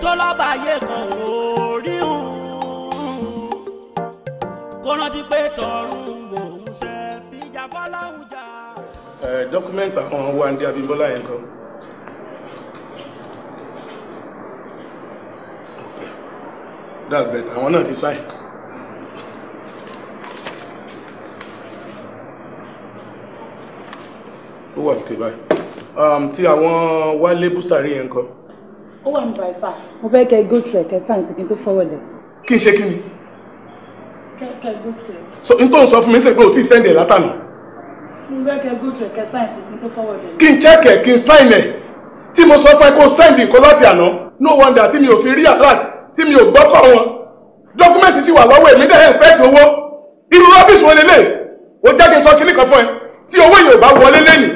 tó lábàáyé kan ò rí hùn kó rántí pé tọ̀run òun ṣe fìjà fọláhùjà. ẹ dọkúmẹ́ǹtì àwọn Wándé Abímbọ́lá yẹn kan. that's better àwọn náà ti sign. ó wà lókè báyìí um, tí àwọn Wálé Búsàrí yẹn kan ó wà nípa ẹ̀sà. mo fẹ́ kẹ́ go through ẹ̀kẹ́ sáyẹ̀nsì kí n tó forward ẹ̀. kí n ṣe kí ni. kẹ́kẹ́ go through. so n tó ń sọ fún mi sí pé o ti send ẹ̀ látànà. mo fẹ́ kẹ́ go through ẹ̀kẹ́ sáyẹ̀nsì kí n tó forward ẹ̀. kí n check kí n sign ẹ̀ tí mo sọ fún ẹ kó send nǹkan láti àná no wonder tí mi ò fi rí alert tí wọn dọ́kúmẹ́ǹtì sì wà lọ́wọ́ èmi dẹ́ expect owó irú rubbish wo lélẹ̀ o jẹ́ kí n sọ kíní kan fún ẹ tí owó yìí ò bá wọlé lẹ́yìn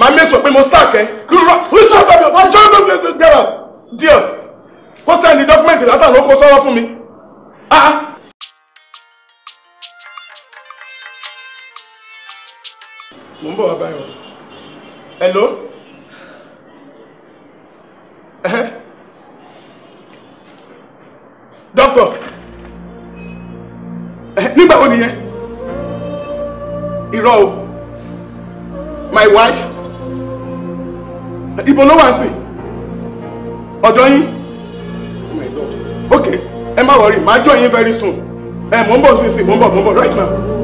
máa mẹ́sàn pé mo sáàkẹ́ irú rubbish wo lélẹ̀ o jẹ́ kí n sọ kíní kan fún ẹ tí owó yìí ò bá wọlé lẹ́yìn máa mẹ́sàn pé mo sáàkẹ́ irú rubbish wo lélẹ̀ diot kó sẹ́ni dọ́kúmẹ̀ntì látàló kó sọ́wọ́ fún mi. Ah, ah. mo ń bọ̀ wá báyọ̀ hello doctor nígbà wo nìyẹn irọ́ o my wife ibo ló wà sí i ọ̀dọ̀ yín oh ok ẹ má wọrí màá jọ yín very soon ẹ mò ń bọ̀ sísìn mò ń bọ̀ mò ń bọ̀ right now.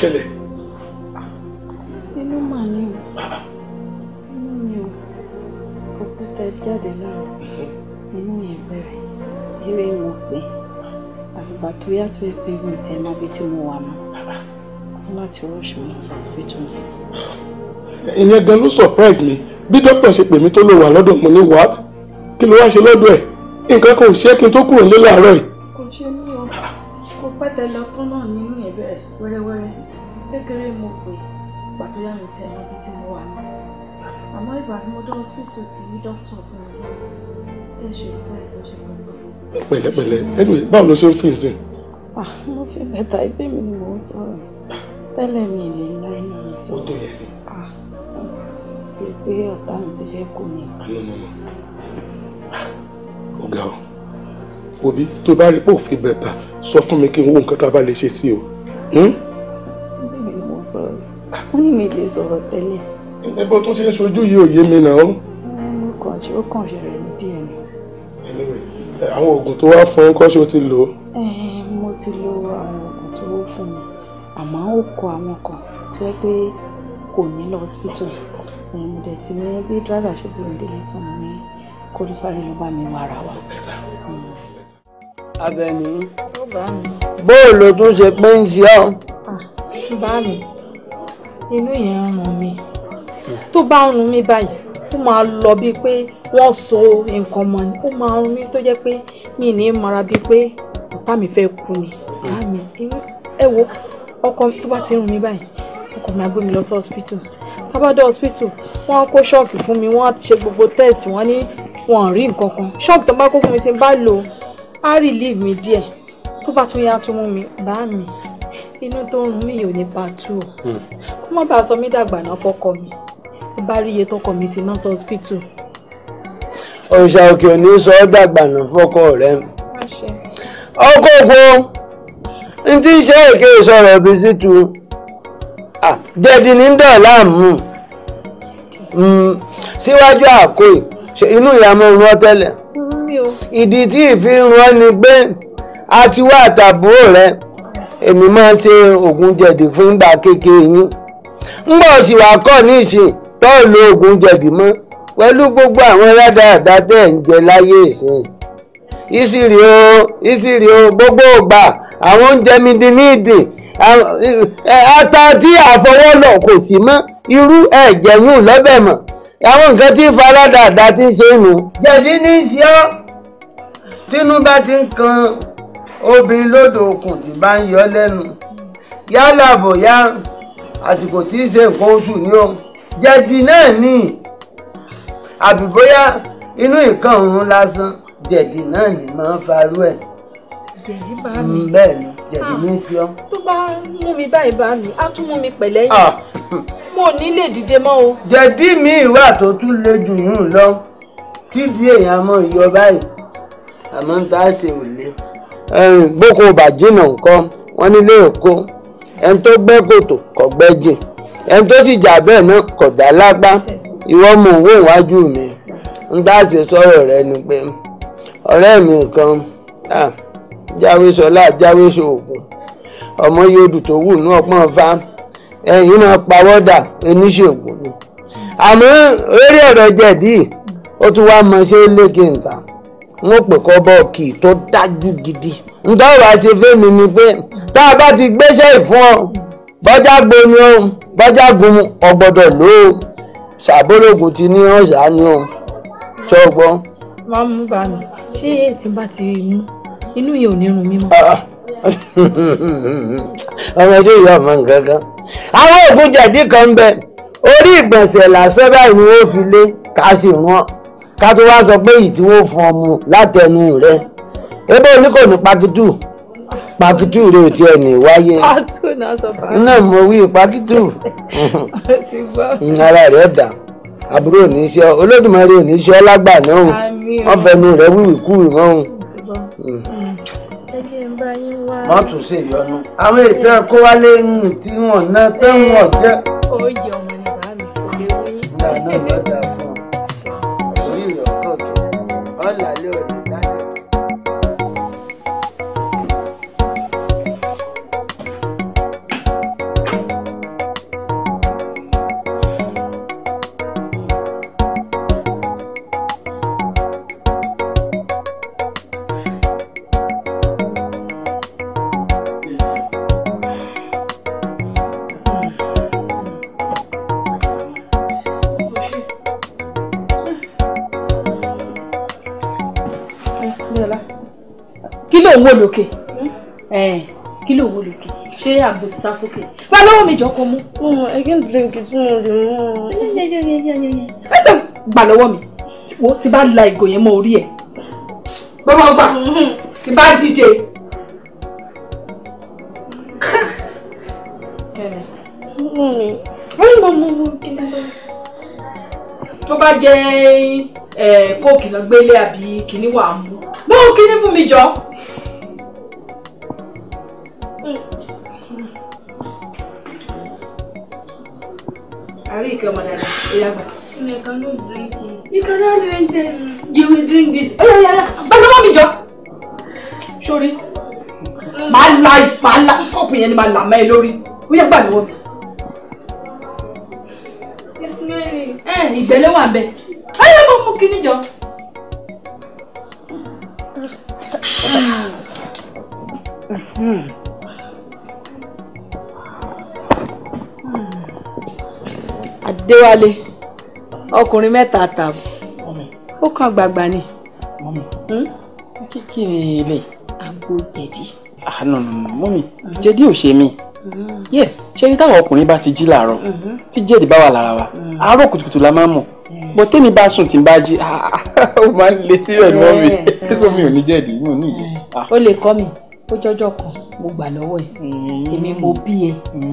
ṣẹlẹ̀? Inú mà ní o. Inú mi ò. Òkúta jáde láàrọ̀. Inú mi bẹ̀rẹ̀. Eré mo pè. Àgbà tó yá tó yẹ pé mi tẹ̀ mọ́ bí tí mo wà mọ́. Láti rush mi lọ sí hospital. Ìyẹn gan ló surprise mi. Bí dókítà ṣe pè mí tó lò wà lọ́dọ̀ mo ní what? Kí ló wá ṣe lọ́dọ̀ ẹ̀? Nǹkan kan ò ṣe é kí n tó kúrò nílé àárọ̀ yìí. Kò ṣe mí o. Kò pẹ́ tẹ lọ tún náà nínú ẹ̀ bẹ́ẹ̀ wẹ́rẹ́wẹ́rẹ́ kékeré mo pè pàtó yá mi tẹ ẹni ibi tí mo wà ní àmọ́ ìgbà tí mo dé hospital ti rí dókítà fún mi ẹ ṣe ìgbà ẹ̀sọ́ ṣe gbogbo. pẹ̀lẹ́pẹ̀lẹ́ anyway báwo ló ṣe ń fìyìn sí. mo fi bẹ̀tà ibé mi ni mò ń sọ̀rọ̀ tẹ́lẹ̀ mi lè ńlá iná mi sọ. ó tó yẹ. pé ọ̀tá mi ti fẹ́ kú mi. ọ̀gá o òbí tó bá rí pé òfin bẹ̀tà sọ fún mi kí n wo nǹkan tá a bá lè ṣe sí o. Hmm? ó ní mi lè sọ̀rọ̀ tẹ́lẹ̀. ẹbọ tó ṣe ń ṣojú yìí ò yé mi náà. ó kàn ṣe ó kàn ṣe rẹ̀ ní díẹ̀ ni. àwọn oògùn tó wá fún yín kọ́ ṣé o ti lò ó. mo ti lo àwọn oògùn tó wó fún mi àmọ́ ó kọ àwọn kan tó yẹ pé kò ní lọ hospital mo dẹ̀ ti ní bí dráìvà ṣe bí òǹdè lẹ́tọ̀ mo ní kó ló sáré ló bá mi wá ara wa. Hmm. Abẹ́ni bóòlù tún ṣe pé ń ṣe ọ́. Ah, báàmì inú yẹn ń rún mi tó bá ń rún mi báyìí ó máa lọ bíi pé wọ́n so nǹkan mọ́ ni ó máa ń rún mi tó jẹ́ pé mi ní mara bíi pé ọ̀tá mi fẹ́ kú ni ọ̀tá mi inú ẹ wo ọkọ tó bá ti ń rún mi báyìí ọkọ mi á gbé mi lọ sí hospital tábàdà hospital wọ́n kó ṣọ́ọ̀kì fún mi wọ́n ṣe gbogbo test wọ́n ní wọn rí nǹkan kan ṣọ́ọ̀kì tó bá kó fún mi ti bá lò á relieve mi díẹ̀ tó bá tún yá tó mú mi bá mi inú tó ń rún mi ò ní pa tú o hmm. kó má bàa sọ mí dàgbà náà fọkọ mi ẹ bá rí iye tọkọ mi ti ná sọ hospital. òòṣà òkè ò ní sọ ọ́ dàgbà náà fọkọ rẹ ọkọ òkú n ti ṣe èké ìṣọ̀rọ̀ bí sítu jẹ̀dì ní dọ̀là mú hmm, síwájú àkó inú ìyàmọ̀ rán tẹ́lẹ̀ ìdí tí ìfi rán ni pé a ti wá àtàbúrò rẹ̀ èmi máa ń ṣe oògùn jẹ̀dì fún ìgbà kékeré yín ńgbà òsì wàá kọ́ níìsín tó lo oògùn jẹ̀dì mọ́ pẹ̀lú gbogbo àwọn rádàdà tẹ̀ ń jẹ láyé ìsìn ìsìrì o ìsìrì o gbogbo ògbà àwọn oúnjẹ mi di ní ìdè ata tí àfọwọ́lọ̀ kò sí mọ́ irú ẹ̀jẹ̀ yún lọ́bẹ̀ mọ́ àwọn nǹkan tí faradà dá ti ń ṣe nù. jẹ̀dí ní í ṣe ọ́ tínú bá ti ń kan obìnrin lódò okùn tí bá ń yọ lẹ́nu yálà bóyá àsìkò tí í ṣe nǹkan oṣù ni ó jẹ̀dí náà ní àbí bóyá inú nǹkan òun lásán jẹ̀dí náà ní máa ń farú ẹ̀. jẹ̀dí bá mi mm, bẹ́ẹ̀ ni jẹ̀dí ah, mi ń ọ́. tó bá mú mi báyìí bá mi á tún mú mi pẹ̀lẹ́yìn ah. mo ò ní lè dìde mọ́ o. jẹ̀dí mi ìwà tó tún le jù yún lọ tí di èèyàn mọ ìyọ báyìí àmọ́ ń tá a ṣe ò lé. bókun ò bá jìnnà nǹkan wọn nílé èkó ẹni tó gbẹ́ kòtò kò gbẹ́ jìn ẹni tó sì jà bẹ́ẹ̀ náà lápá ìwọ mò ń wò mi ń bá ṣe sọ̀rọ̀ rẹ ni ọ̀rẹ́ mi kan jáwé sọlá jáwé ọmọ tó wù ní ni àmọ́ eré ọ̀rọ̀ jẹ̀dí ó tún wá mọ lékè nǹkan. n ó pè kọ́ bọ́ọ̀kì tó dájú gidi ntọ́wọ́ àti fẹ́mi ni pé tá a bá ti gbéṣẹ́ ìfún ọ bọ́jà gbomi ọ bọ́jà gun ọgbọ́dọ̀ ló o ṣàbólògùn ti ní ọ̀sà ni ọ tó gbọ́. máa mú bá mi ṣé ètí bá ti rí mú inú yẹn ò ní rún mi mọ́. Ah, ah. ọmọdé yìí ọmọ nǹkan kan àwọn òògùn jẹ̀dí kan ń bẹ orí ìgbọ̀nsẹ̀ làṣẹ báyìí ni wọ́n fi lé ká sì rán ká tó wá sọ pé ìtìwó fún ọmọ látẹnu rẹ ebe òní kò ní pakitu pakitu rẹ ò tiẹ̀ ní wáyé náà mo wí pakitu ara rẹ dà àbúrò oníṣẹ́ olódùmarè oníṣẹ́ lágbà náà wọ́n fẹnu rẹ̀ wíwì kú ìmọ̀hún. wọ́n tún ṣe ìyọnu àwọn ètò ẹ̀kọ́ wálé tí wọ́n ná tẹ́wọ̀n jẹ́. ó yẹ ọmọ nígbà mi kò lè wí. wò lókè kí ló wò lókè ṣé àgbo ti sá sókè wá lọ́wọ́ mi jọ kó mú. Mm, again drink tí mo lè mú. gbà lọ́wọ́ mi wo ti bá la ìgò yẹn mọ́ orí ẹ̀ gbọ́dọ̀ gbà ti bá díje. tó bá jẹ́ eh, kóòkì lọ gbélé àbí kíní wà á mú. mú kíní fún mi jọ. Ari Kamalala, Oyaba. You cannot drink it. You cannot drink this. You will drink this. Oh, yeah, yeah, oya, bàbá bá mi jọ. Sori, màá la màá la kọ́ọ̀pù yẹn ni màá là mẹ́ lórí. Oya gbà mí wọ́n mi. Ismaili. Ẹ ìgbẹ́lẹ́ me. bẹ́ẹ̀. Ayọ̀ mo mú kíní jọ. Mm-hmm. Hmm. Adéwálé ọkùnrin mẹ́ta àtààbọ̀ ó kàn gbàgbà ni. Hmm? kí ni ilé. agbo jẹ̀dí. ah no no no mọ́mì hmm. jẹ̀dí ò ṣe mí hmm. yes ṣe ni táwọn ọkùnrin bá ti jí làárọ̀ tí jẹ̀dí bá wà lára wa àárọ̀ kùtùkùtù la máa ń mọ̀ bó tèmi bá sùn tí n bá jí ah, ó máa ń le síbẹ̀ ni mọ́mì èso mi ò ní jẹ̀dí mi ò ní ìyẹn. Ah. ó lè kọ́ mi ó jọjọ́ kan mo gbà lọ́wọ́ ẹ̀ èmi mo bí ẹ mo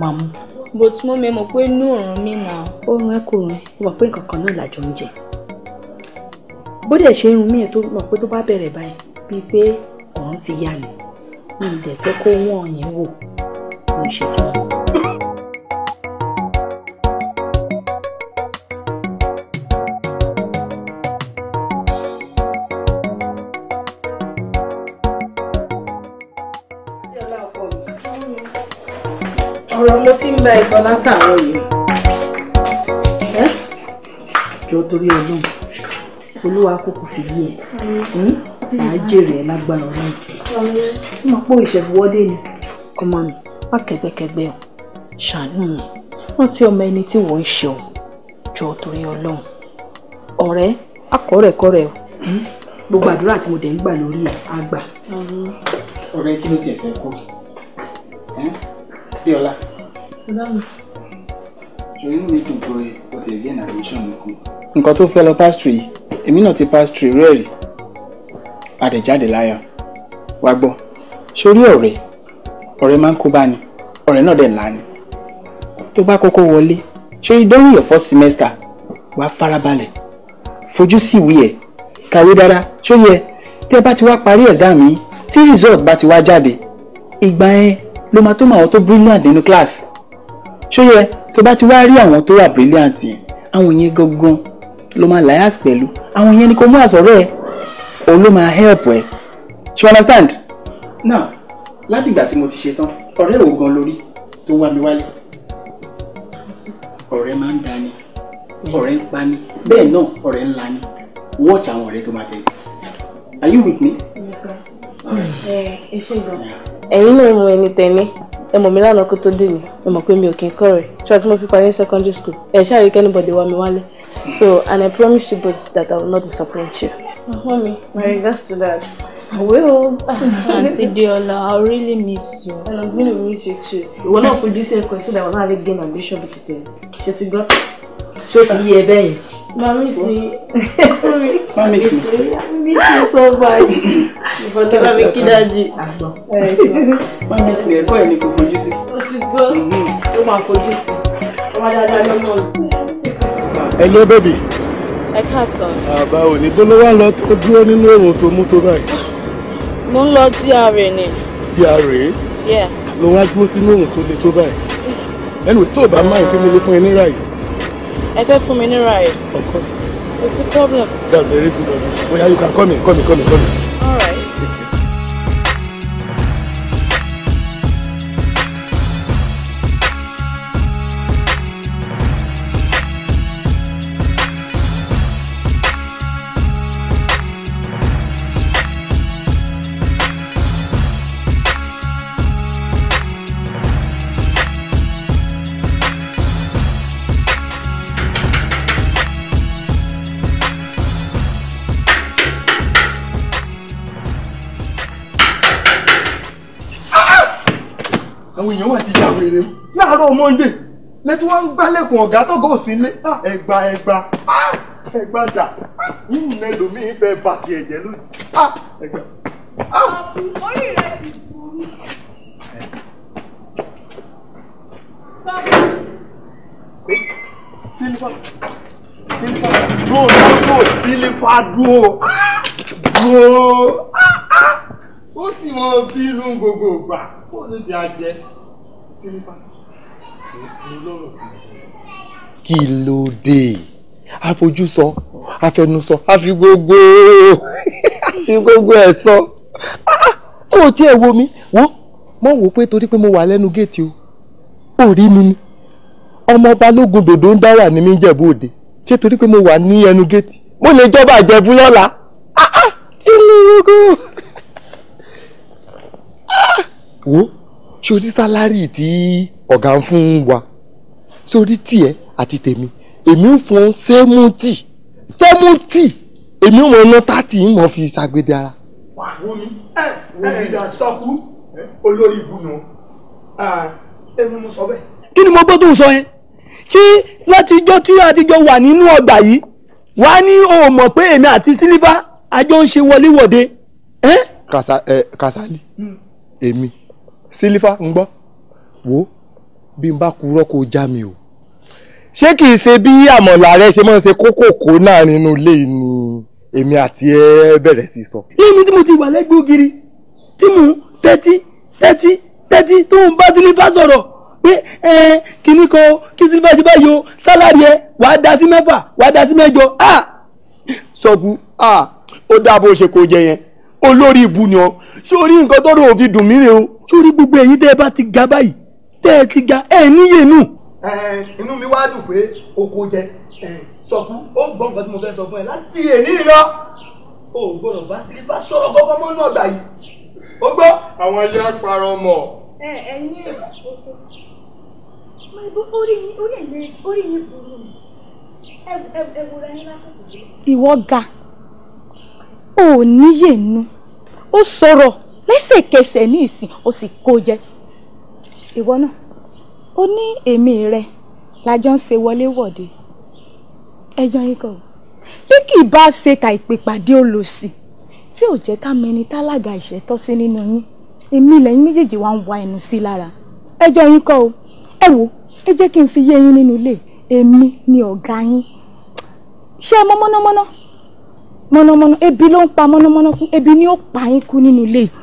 máa mú but mo mẹ́mọ̀ pé inú òórùn mi nà. oorun ẹ kò rùn ó wà pé nǹkan kan náà làjọ ń jẹ bó dẹ̀ ṣe ń rún mí ẹ̀ tó mọ̀ pé tó bá bẹ̀rẹ̀ báyìí bíi pé ọ̀run ti yá ni mi ì dẹ̀ fẹ́ kó wọ́n yẹn wò ló ṣe fún mi. ọ̀rọ̀ mo ti ń bá ẹ sọ látàárọ̀ yìí jọ torí ọlọ́run olúwa kò kò fi yé ẹ máa hm? jèrè ẹ lágbára ọlọ́run mo pò ìṣẹ̀fọwọ́dé ni ọmọ mi má kẹgbẹ́kẹgbẹ́ o ṣàánú mi rántí ọmọ ẹni tí wọ́n ń ṣe òun jọ torí ọlọ́run ọ̀rẹ́ akọ̀rẹ́kọ̀rẹ́ o hm? gbogbo àdúrà tí mo dẹ̀ ń gbà lórí ẹ̀ á gbà. ọ̀rẹ́ kí ló tiẹ̀ fẹ́ kó bí hm? ọlá inú mi dùn gan ọ tẹ̀ gẹ́ nàdéṣàn mi sí. nǹkan tó fẹ́ lọ pásítì yìí èmi náà ti pásítì rẹ̀ rí àdẹ̀jáde láyọ̀ wá gbọ́ sórí ọ̀rẹ́ ọ̀rẹ́ máa ń kó bá ni ọ̀rẹ́ náà dẹ̀ ńlá ni tó bá kọ́kọ́ wọlé ṣé ìdánwò your first semester wàá farabalẹ̀ fojú sí ìwé ẹ̀ kàwé dára ṣó yẹ tẹ́ bá ti wá parí exam yìí tí result bá ti wá jáde ìgbà yẹn ló máa tó mọ àwọn tó brilliant nínú class ṣó yẹ tó bá ti wá rí àwọn tó wà brilliant yẹn àwọn yẹn gangan ló máa lias pẹ̀lú àwọn yẹn ni kò mú àsọ̀rọ̀ ẹ̀ òun ló máa help ẹ̀ you understand. now láti ìgbà tí mo ti ṣetán ọ̀rẹ́ wo gan lórí tó wá mi wálé ọ̀rẹ́ máa ń dání ọ̀rẹ́ ń pa ní bẹ́ẹ̀ náà ọ̀rẹ́ ńlá ní watch àwọn ọ̀rẹ́ tó máa tẹ̀lé are you with me. ẹ̀yin náà mọ ẹni tẹ̀lé ẹ mọ̀ mí lánàá kó tó dé mi ẹ mọ̀ pé mi ò kí n kọ́ rẹ̀ ṣọ́ àti mo fi parí secondary school ẹ̀ ṣáà rí kẹ́nìbọ̀dé wa mi wálé so and I promise you both that I will not disappoint you. Mommy, my regards to that. I will. Ah, Auntie Diola, I really miss you. And I'm going to miss you too. Ìwọ náà fojú sí ẹ̀kọ́ ìṣẹ̀dá wọn náà lè gain ambition bí ti tẹ̀. Ṣé ti gbọ́? Ṣé o ti yí ẹ bẹ́ẹ̀ yẹn? Mami, see. Mami, see. I miss you so much. fọ́tọ̀ bá kí dájú. má mi sì ẹ̀kọ́ ẹ̀ ní kò fojú sí. o ti gbọ́ mm-hmm. ó máa fojú sí ọmọ dáadáa ló mọ̀ ọ́. hello baby. ẹ káàsán. àbá ah, ò ní bọ́lá wà lọ tó dúró nínú òun tó mú tó báyìí. mo ń lọ GRA ni. GRA. yes. ló wá dúró sínú òun tó le tó báyìí. ẹnu tó o bá máa ń ṣe mo lè fún ẹ ní ráàyè. ẹ fẹ́ fún mi ní ráàyè. of course. What's the problem? That's very good. Well, you can come in, come in, come in, come in. Monday lẹ́tí wọ́n ń gbálẹ̀kùn ọ̀gá tọ́gọ́ ò sí ilé ẹgbà ẹgbà ẹgbà dà yín nà ẹlòmíín fẹ́ bà tiẹ̀ jẹ́ lónìí ah, ẹgbà. Ah. orí rẹ ti burú. sílífà sílífà dúró dúró sílífà dúró ah, dúró ó sì mọ bínú gbogbo ìgbà kó o ní ti àjẹ sílífà kí ló dé àfojúsọ àfẹnusọ àfi gbogbo àfi gbogbo ẹ̀ sọ ó ah, tiẹ̀ wo mi wo mo wò pé torí pé mo wà lẹ́nu géètì o ò rí mi ni ọmọ balógun dòdò ń dára ní mi jẹ̀bú òde ṣé torí pé mo wà ní ẹnu géètì mo lè jọba àjẹbú lọ́la ìlú ah, ah, ogun wo sórí sálárì tí ọ̀gá ń fún wa sórí tiẹ̀ àti tèmi èmi ń fún sẹ́mùtì sẹ́mùtì èmi ò mọ tààtì ń mọ̀ fi ṣàgbéde ara. wà á wọ́n mi ẹ ẹ ẹ̀dá sọ́kú olórí ibu nù ẹni mo sọ bẹ́ẹ̀. kí ni mo gbọ́ tó sọ yẹn ṣé látijọ́ tí àtijọ́ wà nínú ọgbà yìí wà á ní o mọ̀ pé èmi àti sílífà àjọ ń ṣe wọléwọ̀de. kàsálí hmm. èmi. Eh? sílífà ń gbọ́ wò ó bí n bá kúrọ́ kó já mi o ṣé kì í ṣe bí àmọ̀là rẹ ṣe máa ń ṣe kókòkò láàrin inú ilé ni èmi àti ẹ bẹ̀rẹ̀ sí sọ. èmi tí mo ti wà lẹ́gbẹ̀ẹ́ ògiri tí mò ń tẹ́tí tẹ́tí tẹ́tí tó ń bá sílífà sọ̀rọ̀ pé ẹ kìíní kan kí sílífà ṣe báyìí o sálárì ẹ wàá da sí mẹ́fà wàá da sí mẹ́jọ sọ̀bù ó dáa bó ṣe kó jẹ yẹn olórí ibu ni ọ nǹkan tó rò ó fi dùn mí rè o sórí gbogbo ẹ̀yin tẹ́ ẹ bá ti ga báyìí tẹ́ ẹ ti ga ẹ níyè nù. inú mi wá dùn pé oko jẹ sọ fún ó gbọ́ nǹkan tí mo fẹ́ sọ fún ẹ láti èní lọ o gbọ́dọ̀ bá sílífà sọ̀rọ̀ kọ́kọ́ mọ́ náà gbà yìí ó gbọ́. àwọn ilé àparọ mọ. ẹ ẹyin ẹ orí orí ẹ orí yín burú ẹ wúra yín lákòókò. ìwọ ga ò níyè nu ó sọ̀rọ̀ lẹ́sẹ̀kẹsẹ̀ ní ìsìn ó sì kó jẹ ìwọ náà ó ní èmi rẹ lájọ ń ṣe wọléwọ̀de ẹjọ́ yín kọ́ bí kì í bá ṣe ta ìpèpàdé olòṣì tí ò jẹ́ ká mẹni tálága ìṣẹ́tọ́ sí nínú yín èmi lẹ́yìn méjèèjì wá ń wa ẹnu sí lára ẹjọ́ yín kọ́ o ẹ wo ẹ jẹ́ kí n fi yé yín nínú ilé èmi ni ọ̀gá yín ṣé ẹ mọ̀ mọ̀nàmọ́ná mọ̀nàmọ́ná ebi ló ń pa mọ̀nàmọ́ná kú ebi ni ó pa yín kú nínú ilé yìí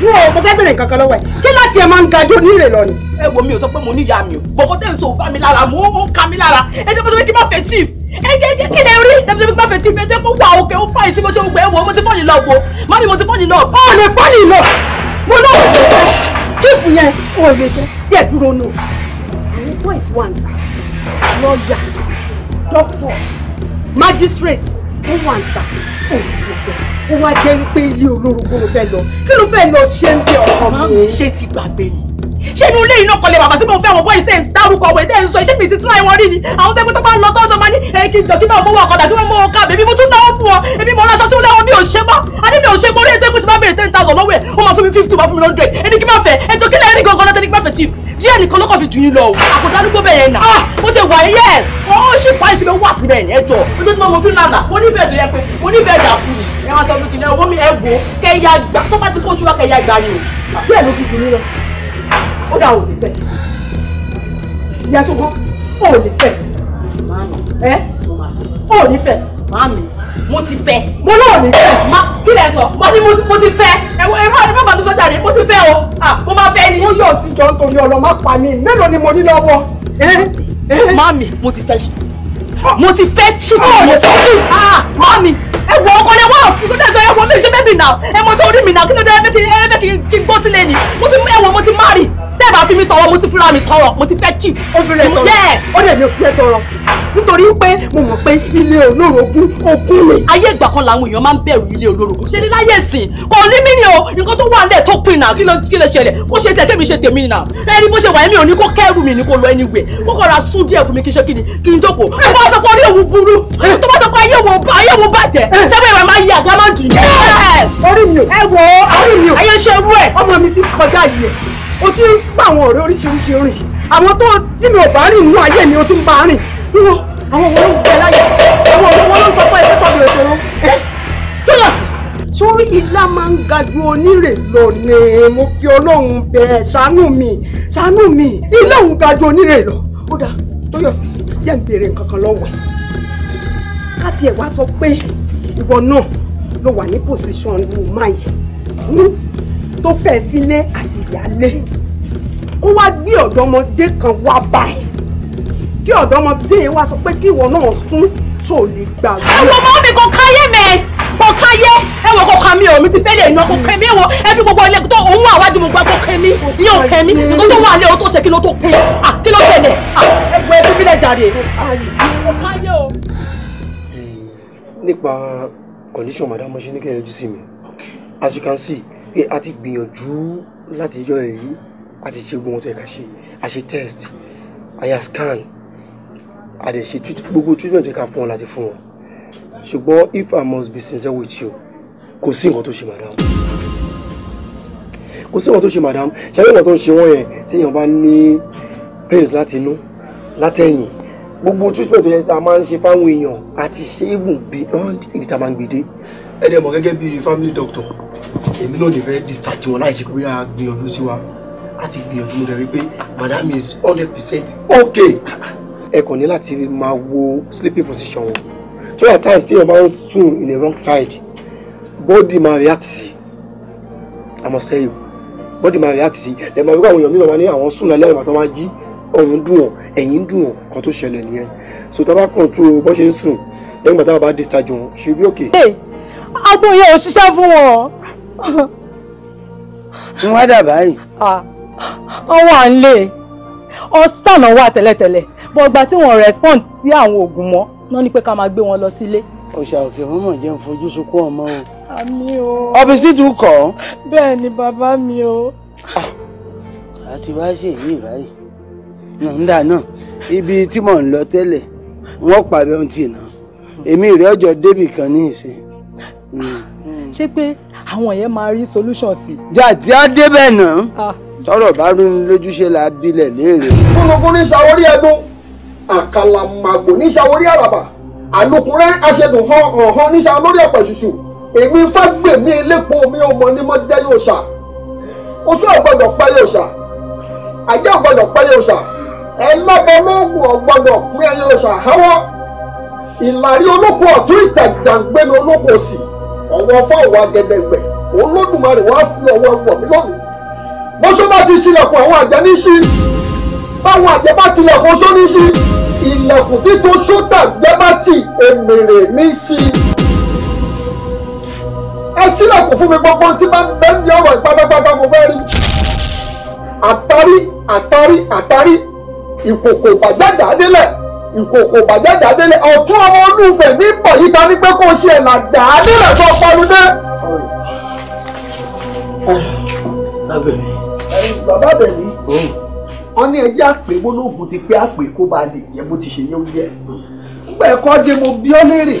dúró mo fẹ́ bèrè nǹkan kan lọ́wọ́ ẹ̀ ṣé láti ẹ̀ máa ń ga jó ní lọ ni. ẹ wo mi ò sọ pé mo níyà mi o bọ̀kọ́ tẹ̀ ń sọ bá mi lára mo ń ka mi lára ẹ ṣe mo sọ pé kí n má fẹ́ chief ẹ jẹ́ jẹ́ kí lè rí ẹ ṣe n má fẹ́ chief ẹ jẹ́ kó wà òkè ó fà ìsí mo gbẹ wo mo ti fọ́ọ̀nì lọ wo má ni mo ti fọ́ọ̀nì lọ. ọ lè fọ́ọ̀nì lọ mo náà ò chief yẹn ò lè fẹ́ magistrate ó wà ń ta ó wá jẹ́ wípé ilé olórogbo ló fẹ́ lọ kí ló fẹ́ lọ ṣe ń bẹ ọkọ mi. ṣé ti gbàgbé ni ṣé inú ilé iná kọlẹ̀ bàbá tí mo fẹ́ àwọn bọ́ọ̀sì tẹ̀ ń dárúkọ ọ̀wẹ̀ tẹ̀ ń sọ ṣé mi ti tún àìwọ̀n rí ni àwọn tẹ́gbẹ́ tó bá lọ tọ́jọ́ máa ní ẹ̀kí ìjọ kí náà mọ́wọ́ ọ̀kadà kí wọ́n mọ́wọ́ ká bèbí mo tún náwó fún ọ èmi mo ránṣọ tí ó lẹ́wọ̀n mi ò ṣe mọ́ àní mi ò ṣe mọ́ orí ètò ìpín ti bá bèrè ten thousand lọ́wọ́ ẹ̀ ó máa fún mi fifty máa fún mi hundred ẹni kí máa fẹ́ ẹjọ́ kí lẹ́ẹ̀rí gangan náà tẹ́ni kí máa fẹ́ chief díẹ̀ nìkan ló kàn fi dùn yín lọ o àkọ́dá arúgbó bẹ́ẹ̀ yẹn nà ah! ó ṣe wà yẹ́s ó ṣì fa ìsinmi wà síbẹ̀ yẹn ẹjọ́ nítorí mo fi lànà mo nífẹ̀ẹ́ tó yẹ pé mo nífẹ̀ẹ́ dà fún mi ẹ máa sọ pé kìnìún owó mi ẹ wò kẹyà gbà tó bá ti kó ṣúwà kẹyà gbà ni o díẹ̀ ló fi dùn yín lọ ó dà òní fẹ́ ìyá tó kọ́ òní fẹ́ ẹ jọ nítorí ọlọ má pa mí mélòó ni mo ní lọ́wọ́. mami mo ti fẹ́ ṣe mo ti fẹ́ ṣe kí mo fẹ́ ṣe ah, mami ẹ wọ ọkọ lẹ wọ ọkọ tẹ sọ ẹ wọ mi ṣe bẹbí náà ẹ mọ tó rí mi náà kí ló dé ẹ fẹ́ kí n gbó sílẹ̀ ni ẹ wọ mo ti má rí bá fi mi tọrọ mo ti fúnra mi tọrọ mo ti fẹ́ chief obìnrin tọrọ yes ó dẹ̀ mi ò fi ẹ tọrọ nítorí pé mo mọ̀ pé ilé olórogún ogún ni. ayé ìgbà kan làwọn èèyàn máa ń bẹ̀rù ilé olórogún ṣe ní láyé ìsìn kò ní mí ni o nǹkan tó wà lẹ̀ tó pin náà kí ló kí lè ṣẹlẹ̀ kó ṣe tẹ̀ kémi ṣe tèmi náà ẹni bó ṣe wà mí ò ní kó kẹ́rù mi ní kó lọ ẹni wẹ̀ kó kọ́ra sún díẹ̀ fún mi kí ṣe kí ni kí n jókòó. tó bá sọ pé orí òun burú tó bá sọ pé ayé wo ayé wo bàjẹ́ ṣé bẹ́ẹ̀ wà máa yí àgbá máa o ti ń bá àwọn ọ̀rẹ́ oríṣiríṣi rìn àwọn tó nínú ọ̀bá rìn nínú ayé mi o ti ń bá rìn nínú àwọn ọmọ wọn bẹ láyé àwọn ọmọ wọn ló ń sọ fún ẹgbẹ́ tọ́bi òṣèré tóyọ̀sì sórí ilá máa ń ga ju onírè lọ ni mo fi ọlọ́run bẹ̀ ṣàánú mi ṣàánú mi ilá òun ga ju onírè lọ ó dáa tóyọ̀sì yẹ́ ń béèrè nǹkan kan lọ́wọ́ ẹ̀ ká tiẹ̀ wá sọ pé ìwọ náà ló wà ní pòsíṣàn lù máa ìyálé kó wá gbé ọ̀dọ́mọdé kan wá báyìí kí ọ̀dọ́mọdé yẹn wá sọ pé kí ìwọ náà sún tó lè gbàgbé. àwọn ọmọ mi kò káyé mẹ́ẹ̀ kò káyé ẹwọ kò kà mí o mi ti fẹ́ lè ná kò kẹ́ mi ẹwọ ẹbí gbogbo ilé tó òun wà wájú mo gbà kò kẹ́ mi ní kẹ́ mi tó tó wà lé o tó ṣe kí ló tó pé à kí ló tẹ̀lé à ẹgbẹ́ tó fi lẹ̀ jáde nípa condition madam mo ṣe ní kẹ́ ẹ yọjú sí mi as you can see pé a ti gbìyànjú láti yọ èyí àti ṣe gbogbo ohun tó yẹ ká ṣe a ṣe test a scan a dẹ̀ ṣe gbogbo treatment tó yẹ ká fún ọ láti fún ọ ṣùgbọ́n if I must be sincere with you kò sí nǹkan tó ṣe madam kò sí nǹkan tó ṣe madam ṣàbí nǹkan tó ń ṣe wọ́n yẹn téèyàn bá ní pains láti inú látẹ̀yìn gbogbo treatment tó yẹ ká máa ń ṣe fáwọn èèyàn àti ṣe beyond ibi tá a máa ń gbé dé ẹ dẹ̀ mọ̀ bíi family doctor èmi náà nífẹ̀ẹ́ discharge wọn láì ṣe pé a gbìyànjú sí wa a ti gbìyànjú mo dẹ̀ pé madam is hundred percent okay ẹ kàn ní láti máa wo sleeping position wọn so at times tí èèyàn máa ń sùn in a wrong side body máa react sí i àmọ́ sẹ́yìn body máa react sí i ẹ̀ máa wípé àwọn èèyàn mìíràn máa ní àwọn sùn lálẹ́ àmọ́ tó máa jí ọ̀run dùn wọn ẹ̀yìn dùn wọn kan tó ṣẹlẹ̀ nìyẹn so tá a bá control bó ṣe ń sùn lẹ́yìn gbàtà bá discharge wọn ṣe bí òkè agbóhùn yẹn ò ṣiṣẹ́ fún wọn. wọ́n dà báyìí. ọwọ́ à ń lè ọ̀sán náà wà tẹ́lẹ̀tẹ́lẹ̀ bọ́ ọgbà tí wọ́n respond sí àwọn oògùn mọ́ náà ni pé ká máa gbé wọn lọ sílé. ọ̀sà òkè wọn mọ̀ jẹ́ ń fojú sunkún ọmọ o. àmì o. ọbísítù kọ́. bẹ́ẹ̀ ni bàbá mi o. àti ah, wá ṣe èyí báyìí nàndà náà ibi tí mò ń lọ tẹ́lẹ̀ wọ́n pàbẹ́ ohun tì náà èmi ìrẹ́ ọjọ́ débì kan ní ìsìn Mm. ṣé pé àwọn yẹn máa rí solution sí. jàdí adébẹ̀ náà ah. tọrọ bá rí ní lójú ṣe là á bilẹ̀ léèrè. kúnnukún ní sàwórí ẹdún àkàlàmàgbò ní sàwórí àràbà àlùkùnrin aṣẹ́gun hàn hàn ní sàwórí lórí ọ̀pẹ̀ ṣùṣù èmi fágbèmí elépo mi ò mọ ní mọ́dé yóò ṣà oṣù ọ̀gbọ́dọ̀ pẹ́ yóò ṣà àjẹ́ ọ̀gbọ́dọ̀ pẹ́ yóò ṣà ẹlẹ́gbẹ̀mọ́gùn ọ̀gbọ́dọ̀ pín ẹyọ ṣà háwọ́ ìlàrí olóko ọ̀tún ìtàjàngbẹ́ni olóko òsì ọwọ́ fáwọn agẹdẹgbẹ̀ olódùmarè wàá fi ọwọ́ ẹ̀wọ̀ mi lónìí bóso bá ti ṣílẹ̀kùn àwọn àjẹ́ ní sí báwọn àjẹ́ bá tilẹ̀kùn só ní sí ilẹ̀kùn títò sótà gbẹ́bàtì èmèrè ní sí ẹ ṣílẹ̀kùn fún mi gbogbo tí bá ń bẹ́ ní ọ̀rọ̀ ìpátápátá mo fẹ́ rí àtàrí àtàrí àtàrí ìkòkò ìbàjáde àdélẹ̀ ìkòkò bàjáde àdélé ọ̀tún ọmọ olúfẹ̀ ní bọ̀ yìí ta ni pé kó o ṣe ẹ̀là gbà á nílẹ̀ tó pọnú dé. bàbá bẹ̀rẹ̀ hmm. wọ́n ní ẹjẹ́ àpè gbólóògùn ti pé àpè kó ba lè jẹ́ bó ti ṣe yẹ́ oúnjẹ. nígbà ẹ̀kọ́ dé mo bí ọ́ léèrè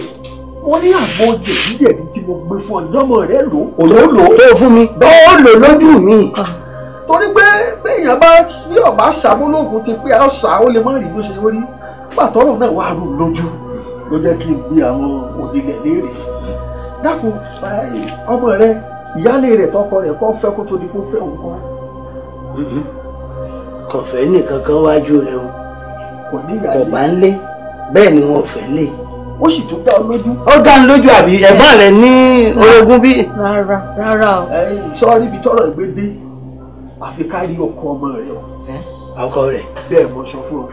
mo ní àgbo jẹ̀díjẹ̀dí tí mo gbé fún ọjọ́mọ rẹ lò ó lò ó tó fún mi ó lò lójú mi torí pé béèyàn bá bí ọba ṣàmúlòògùn ti pé ọ̀sà ó lè má rí bó ṣe rí pàtọ́rọ̀ náà wàá rò lójú ló jẹ́ kí n gbé àwọn òdìlẹ̀ léèrè dákun ọmọ rẹ ìyáálé rẹ tọkọ rẹ kọ́ fẹ́ kó tó di kó fẹ́ òun kọ́. Mm-hmm. kò nìkan kan wájú rẹ o kò ní ìyáálé kò bá ń lé ni wọn ò fẹ́ lè ó sì tún dá ọ lójú. ó dá ọ lójú àbí ẹ̀gbọ́n rẹ̀ ní orogún bí. rárá rárá o. sọ́ọ́rí ibi tọ́rọ̀ ìgbé dé àfi ká rí ọkọ ọmọ rẹ o. ọkọ rẹ. bẹ́ẹ̀ mo sọ fún ọ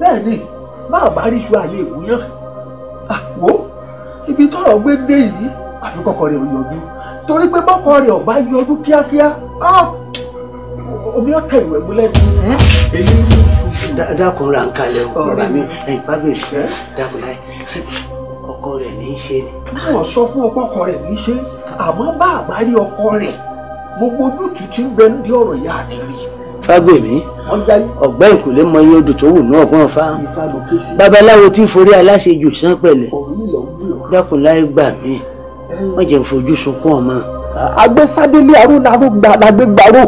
bẹ́ẹ̀ ni bá a bá rí iṣu àlè ìwúyàn àwo ah, ibi tọ́rọ̀ gbé dé yìí àfi kọkọ rẹ̀ ò yọjú torí pé bọ́kọ rẹ̀ ò bá yọjú kíákíá ah, omi ọ̀tẹ̀ ìwẹ̀ múlẹ̀ ni hmm? èyí ń mú iṣu. dákun ra nǹkan lẹ o bàbá mi ẹ̀yin pàgbé dákun láì ọkọ rẹ̀ ní í ṣe ni. báwọn sọ fún ọkọ ọkọ rẹ̀ ní í ṣe àmọ́ bá a bá rí ọkọ rẹ̀ gbogbo ojútùú ti ń bẹ ní ọ̀rọ̀ ìyá rẹ̀ rí i fágbèmí ọ̀gbẹ́ ìkùlé mọ iye odò tó wù náà pọ́n fa babaláwo tí forí aláṣejù sán pẹ̀lẹ́ dákun láì gbà mí wọ́n jẹ́ fojú sunkún ọmọ. agbésádélé arúnarú lágbégbárò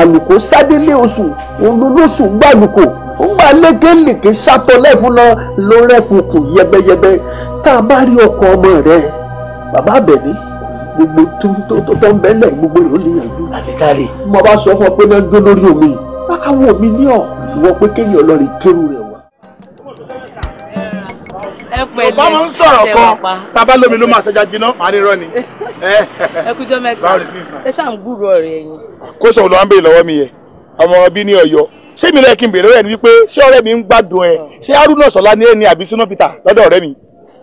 àlùkò sádélé oṣù olólóṣù gbàlùkò ó gbà lékelèké sátọ lẹ́fun lọ ló rẹ́fun kù yẹbẹyẹbẹ tá a bá rí ọkọ ọmọ rẹ bàbá bẹ̀mí gbogbo tó tó ń bẹ́lẹ̀ gbogbo rẹ̀ ó lè yànjú. àkẹ́kẹ́ mo bá sọ fún ọ pé náà dún lórí omi bákàwọ omi ní ọ ìwọ pé kéèyàn ọlọrin kéru rẹ wá. ọ̀pọ̀ máa ń sọ̀rọ̀ kan tábà lómi ló máa ṣẹja jiná màá ní rọ́ọ̀nì. ẹkújọ́ mẹ́ta ẹ ṣáà ń gbúrò rẹ̀ yẹn. kó sọ̀rọ̀ lọ́wọ́ ń mi yẹn ọmọ bí ní ọ̀yọ́ ṣé mi lẹ́yìn kí n béèrè rẹ̀ ni wípé ṣé ọ̀rẹ́ mi ń gbádùn ẹ̀ ṣé Haruna Sọlá ní ẹni àbí Shina Peter lọ́dọ̀ ọ̀rẹ́ mi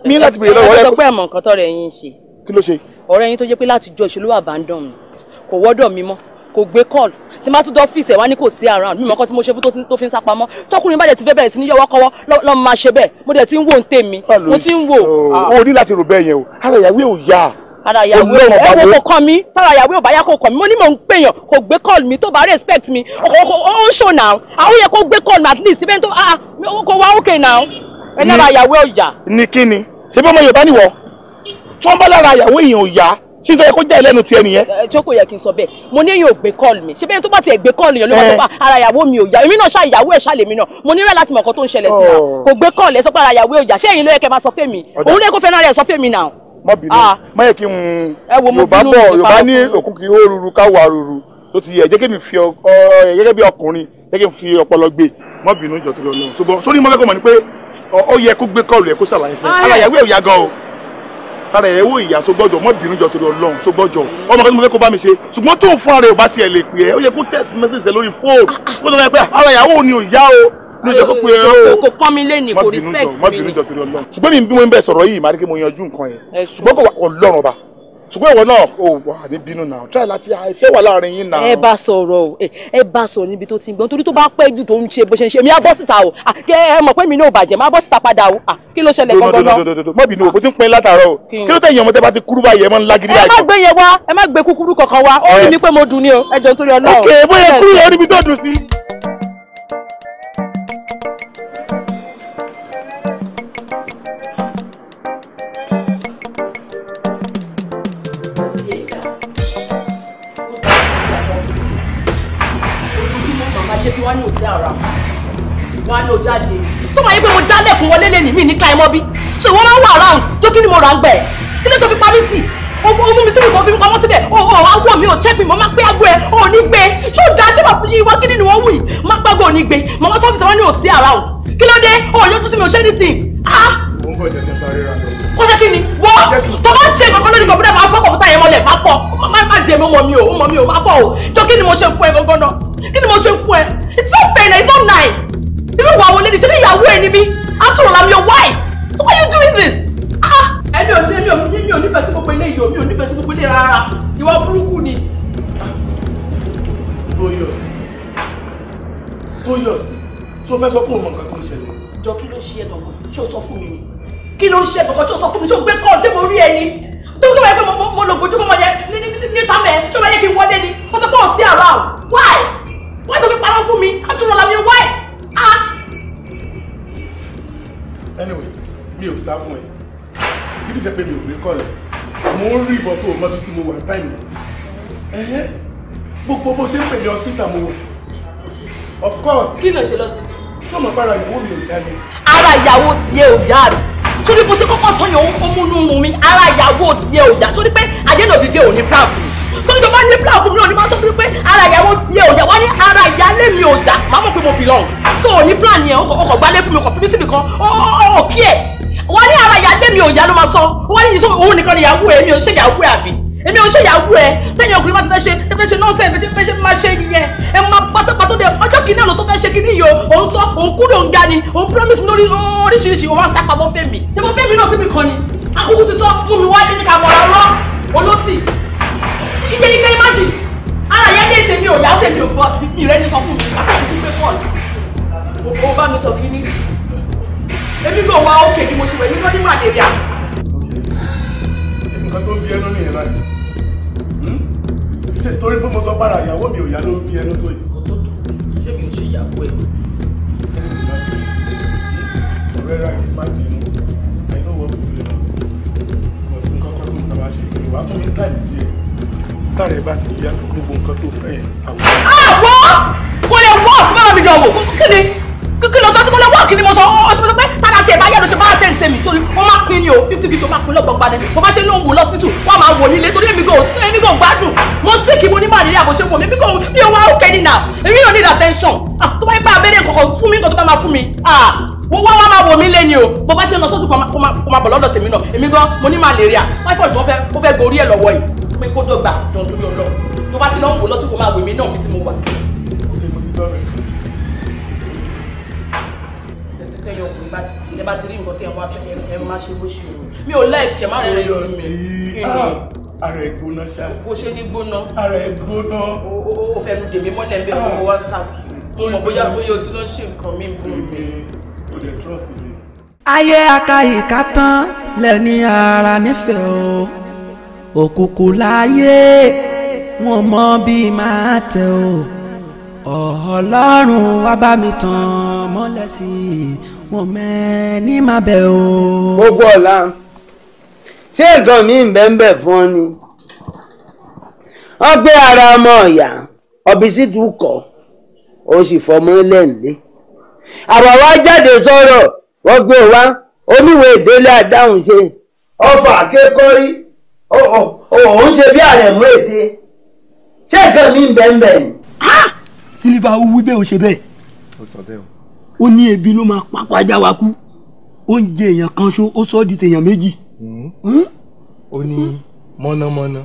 mi láti béèrè lọ́wọ́ rẹ̀. ẹ sọ pé ẹ̀mọ̀ nǹkan tọ́rẹ̀ yín ṣe. kí ló ṣe ọ̀rẹ́ yín tó jẹ́ pé láti jọ ìṣòlówó abandon mi kò wọ́dọ̀ mi mọ́ kò gbé call tí má tún dọ́ fìsẹ̀ wá ní kò sí around mímọ́ kan tí mo ṣe fún tó fi ń sápamọ́ tọkùnrin bá dẹ̀ ti fẹ́ bẹ̀rẹ̀ sí ní yọwọ́ kọ́wọ́ lọ́ máa ṣe bẹ́ẹ̀ mo dẹ̀ ti ń wò ń tèmi mo ti ń wò. o ní láti rò bẹ́ẹ̀ yẹn o ara ìyàwó ò yá ara ìyàwó ẹ kò kàn mí tara ìyàwó ò bá kò kàn mí mo ní mò ń pèèyàn kò gbé call mi tó bá respect mi ó ń ṣò náà àwọn yẹ kó gbé call mi at least ibẹ̀ tó ah, ah, kò wá òkè náà ẹ lára ìyàwó ò yá. ní kíni ṣé bí ọmọ Yorùbá nìwọ tí wọ́n bá lára àyàwó èèyàn ò yá ṣé nítorí kó jẹ́ ẹlẹ́nu tiẹ̀ nìyẹn. tí ó kò yẹ kí n sọ bẹ́ẹ̀ mo ní èèyàn ò gbé kọ́ọ̀lù mi ṣé bẹ́ẹ̀ tó bá tiẹ̀ gbé kọ́ọ̀lù yẹn ló máa tó bá eh. ah, ara ìyàwó mi ò yá èmi náà ṣá ìyàwó ẹ̀ ṣàlèmi náà mo ní rẹ̀ láti mọ̀ kan tó ń ṣẹlẹ̀ sí náà oh. kò gbé kọ́ọ̀lù ẹ̀ sọ pé ara ìyàwó ẹ̀ ò yá ṣé ẹ̀yin ló yẹ kẹ́ máa sọ fẹ́mi òun lè kó fẹ́ náà rẹ̀ sọ fẹ́mi náà. má bínú ah. má yẹ kí n yorùbá bọ̀ yorùbá ní òkú kí ó ruru ká wà ruru tó ti yẹ jẹ́ kí mi fi gẹ́gẹ́ bí ọkùnrin jẹ́ kí n fi ọpọlọ gbé má bínú jọ̀tọ̀ lọ́nà ṣùgbọ́n sórí mọ́lẹ́kọ̀ọ́ mọ̀ ni pé ó yẹ kó gbé kọ́ọ̀lù ẹ̀ kó ṣàlàyé fún un ah, ara ìyàwó ẹ̀ ò gan o ara ẹ̀ wò ìyá so gbọ́jọ mọ́ bínú jọ torí ọlọ́run so gbọ́jọ mo fẹ́ kó bá mi ṣe ṣùgbọ́n tó fún ara ẹ̀ ò bá tiẹ̀ lè pè ẹ́ ó yẹ kó tẹ̀sí mẹ́sẹ̀sẹ̀ lórí fóònù kó tó lọ pé ara ìyàwó ni ò yá o ló jẹ́ kó pé o kò kọ́ mi lé ní kò respect mi ni. ṣùgbọ́n mi bí mo ń bẹ̀ sọ̀rọ̀ yìí màá rí kí mo yanjú nǹkan yẹn ṣùgbọ́n kò wà ọlọ́run ọba ṣùgbọ́n ìwọ náà ò wà ní bínú náà try láti ìfẹ́ wà láàrin yín náà. ẹ bá sọ̀rọ̀ o ẹ bá sọ̀rọ̀ níbi tó ti ń gbọ́n torí tó bá pẹ́ jù tó ń ṣe bó ṣe ń ṣe mi á bọ́ síta o ẹ mọ̀ pé mi náà bàjẹ́ má bọ́ síta padà o kí ló ṣẹlẹ̀ gangan náà. mọ̀ bínú o kò tí ń pin látàárọ̀ o kí ló tẹ̀yìn ọmọ tẹ́ bá ti kúrú báyìí ẹ mọ́ ńlá gidi àjọ. ẹ má gbé yẹn wá ẹ má gbé kúkúrú kankan wá ó ní eh. pé mo dùn ni o ẹ jọ nítorí Ọlọ́run. ok bóyá kúrú yẹn níbi tó dùn sí. wá ní òsì ara wá ní ọjà dé tó máa yẹ pé mo já lẹ́kùn wọlé lẹ́nu mi ní káìmọ́ bí so ìwọ máa ń wà ráhùn tó kí ni mo rà ń gbẹ kí ló tó fi pamí tì o mú mi sílùú kò fi mi pamọ́ sílẹ̀ o o awọ mi ò check mi mo máa pé agbo ẹ o ò ní gbé ṣé o da ṣé wàá fi wá kí ni wọ́n wù yìí máa gbàgbé ò ní gbé màmá sọ́fíìsì wọn ní òsì ara o kí ló dé o ò yọjú sí mi ò ṣe anything ah. mo ń bọ̀ jẹ́ jẹ́ sáré rà lọ kó jẹ́ kí ni wọ́ tó bá ń ṣe ìgbàgbọ́ lórí kọ̀m̀pútà máa fọ́ kọ̀m̀pútà yẹn mọ́lẹ̀ máa fọ́ má má jẹ́ mi mọ́ mi o mọ́ mi o máa fọ́ o jọ kí ni mo ṣe fún ẹ gbọ́ngàn náà kí ni mo ṣe fún ẹ it's not fair na it's not nice irú ìwà wo lẹ́ni ṣe ní ìyàwó ẹ mi after all i'm your wife so why are you doing this. ẹni ah! ò ní ẹni ò ní mi ò nífẹ̀ẹ́ sí gbogbo ilé yìí mi ò nífẹ̀ẹ́ sí gbogbo ilé rárá ìwà burúkú ni. tóyọ̀sí tóyọ̀sí tí o fẹ́ sọ pé o mọ̀ nǹkan tó ń ṣẹlẹ̀. jọ kí ló ṣe ẹ gbọ̀ngàn ṣé o sọ fún mi ni kí ló ṣe gbọ̀ngàn ṣé o sọ fún mi ṣé o gbé kọ́ọ̀ tí mo rí ẹni tó tó bá yẹ pé mo lògójú fún ọmọ yẹn níta mẹ́ẹ̀ ṣé o bá yẹ kí n wọlé ni mo sọ pé o sí àrà o why wọ́n tó fi parọ́ fún mi after all I'm your wife. anyway me ò sá fún ẹ bí kì í ṣe pé mi ò gbé kọ́ rẹ̀ mo ń rí ìbọn tó o but tí mo wà táìmù gbogbo hospital mo of course. kí ló ṣe lọ́sibítù. ṣé mo para won't mi ò yá ara ìyàwó tiẹ̀ ò yá mi torí bó ṣe kọ́kọ́ your own ó múnú run mi ara ìyàwó tiẹ̀ ò yá torí pé àdéhùn òbí dé òní pààbò mi torí tó bá ní plan fún mi náà ni máa sọ fún mi pé ara ìyàwó tiẹ̀ ò yà wá ní ara ìyálé mi ò dà máa mọ̀ pé mo belong tó o ní plan yẹn ọkọ̀ gbalẹ̀ fún mi ọkọ̀ fífi síbi kan ọ̀ kí ẹ̀ wá ní ara ìyálé mi ò yà ló máa sọ wá ní ìṣó òun nìkan ìyàwó ẹ̀ mi ò ṣe ìyàwó ẹ̀ àbí èmi ò ṣe ìyàwó ẹ lẹ́yìn ọkùnrin bá ti fẹ́ ṣe tẹ́fẹ́ ṣe nọ́ọ̀sẹ̀ tẹ́fẹ́ ṣe máa ṣe yẹn ẹ máa pátápátó dẹ ọjọ́ kìíní àná tó fẹ́ ṣe kìíní yìí o òun sọ òun kúrò òun ga ni òun promise lórí oríṣiríṣi òun àṣà pàbọ̀ fẹ́mi tẹ́fọ́ fẹ́mi náà síbi kan ni akókó ti sọ mú mi wá ní ká mọ̀ra olótì ìjẹ́ ní kẹ́lí májì ara yẹn lé tèmi ò yá sí èmi ò gbọ́ sí mi rẹ́ ní sọ fún mi àtàkùn fún pé pọ́ọ̀lù ó bá mi sọ kí ni èmi kò wá òkè ni mo ṣe wẹ̀ èmi kò ní màlẹ́ríà. nǹkan tó ń bí ẹnu nìyẹn báyìí hmm? ṣe torí pé mo sọ para ìyàwó mi ò yá ló ń bí ẹnu tó yìí. kò tó tó ṣé mi ò ṣe ìyàwó ẹ. ọ̀rẹ́ rà yìí má bínú ẹ̀ ló wọ́pọ̀ bínú ọ̀sìn kọ́kọ́ tó ń tàbá ṣe ìwà tó ń tà táàrẹ̀ bá ti yá gbogbo nǹkan tó fẹ́ yẹn àwọn. àwọ̀ ah, kò lè wọ́ọ̀kì bá mi dánwò kí ni kí lọ sọ sí mo lọ wọ́ọ̀kì ni mo sọ ọ sọ pé padà tiẹ̀ bá yẹ̀dọ̀ ṣe bá tẹ̀ ṣe mi torí mo máa pin ni o fifty fifty o máa pin lọ́gbọ̀n gbadẹ mo bá ṣe ló ń wò lọ́sítù wọ́n máa wò nílé torí èmi kò sún èmi kò gbádùn mo sì kí mo ní màlẹ́rì àbòṣe wò mí kò mi ò wá òkè nínà èmi ò ní attention ah, tó bá yẹ pé abẹ́rẹ́ kọ̀ọ̀kan fún mi nǹkan tó bá máa fún mi ah, wọ́n wá wá máa wò mí lẹ́ni o bó bá ṣe lọ sọ́tù kó máa bọ̀ lọ́dọ̀ tèmi náà èmi gan mo ní màlẹ́rì à táífọ̀dù wọn fẹ́ gorí ẹ̀ lọ́wọ́ yìí pé kó dọ̀gba jọ̀ọ́ lórí ọlọ́ tó bá ti lọ́ ń wò lọ́sùn máa wò mí náà bí tí mo wà. mi ò láìkí ẹ má rẹ̀ sí mi. Ah, ara ẹ gbóná ṣá. o ṣe ní gbóná. ara ẹ gbóná. o fẹnu dèmí mọ́lẹ̀ bẹ́ẹ̀ kó o mo mọ̀ bóyá bóyá o ti lọ ṣe nǹkan mi bú mi. o lè trust me. ayé aka ìka tán lẹ́ni ara nífẹ̀ẹ́ o. òkùnkùn láyé wọn mọ bí máa tẹ o ọlọ́run wá bá mi tàn mọ́lẹ̀ sí i wọn mẹ́ni má bẹ̀ o. gbogbo ọ̀la ṣé nǹkan mi ń bẹ́ fún ọ ni wọ́n gbé ara ọmọ ọ̀yà ọbí sì tún kọ́ ó sì fọmọ lẹ́ǹlẹ́ àbàwá jáde sọ̀rọ̀ wọ́n gbé wa oníwèé ìdílé àdáhùn ṣe ọfà kékọ́rí. òun ṣe bí àrẹ̀mú ète ṣé nǹkan mi ń bẹ̀ ń bẹ̀ ni. sílífà ó wí bẹ́ẹ̀ ó ṣe bẹ́ẹ̀ ó ní ebi ló máa pákó ajá wa kú oúnjẹ èèyàn kan ṣó ó sọ ọ́ di tèèyàn méjì. Hmm. Hmm? ó ní mọ̀nàmọ́ná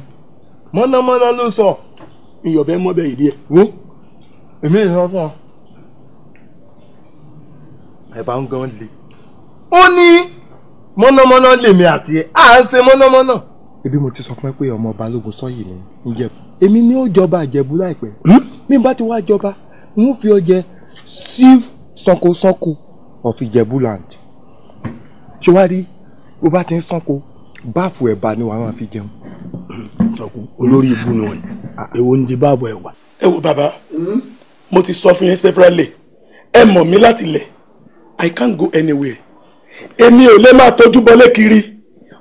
mọ̀nàmọ́ná ló sọ ìyọ̀bẹ mọ́bẹ ìdí ẹ̀. wo èmi ì sọ fún ọ ẹ bá ń gan le ó ní mọ̀nàmọ́ná lèmi àti ẹ̀ à ń ṣe mọ̀nàmọ́ná ebi mo ti sọ fún ẹ pé ọmọ balógun sọyìí ni níjẹ̀bú èmi ni ó jọba àjẹ̀bú láìpẹ́ mi hmm? bá ti wá jọba n ó fi ọ jẹ sankosanko of Ìjẹ̀bú land ṣé wàá rí bó bá ti ń sanko báàfù ẹ̀bà ni wàá máa fi jẹun. Hmm, sọkù olórí ìbú ni wọn ni ah. èwo ń di báàbò ẹwà. ẹ wo bàbá hmm? mo ti sọ fún yín severally ẹ mọ̀ mí láti lẹ̀ i can't go anywhere èmi ò lè máa tọ́jú bọlé kiri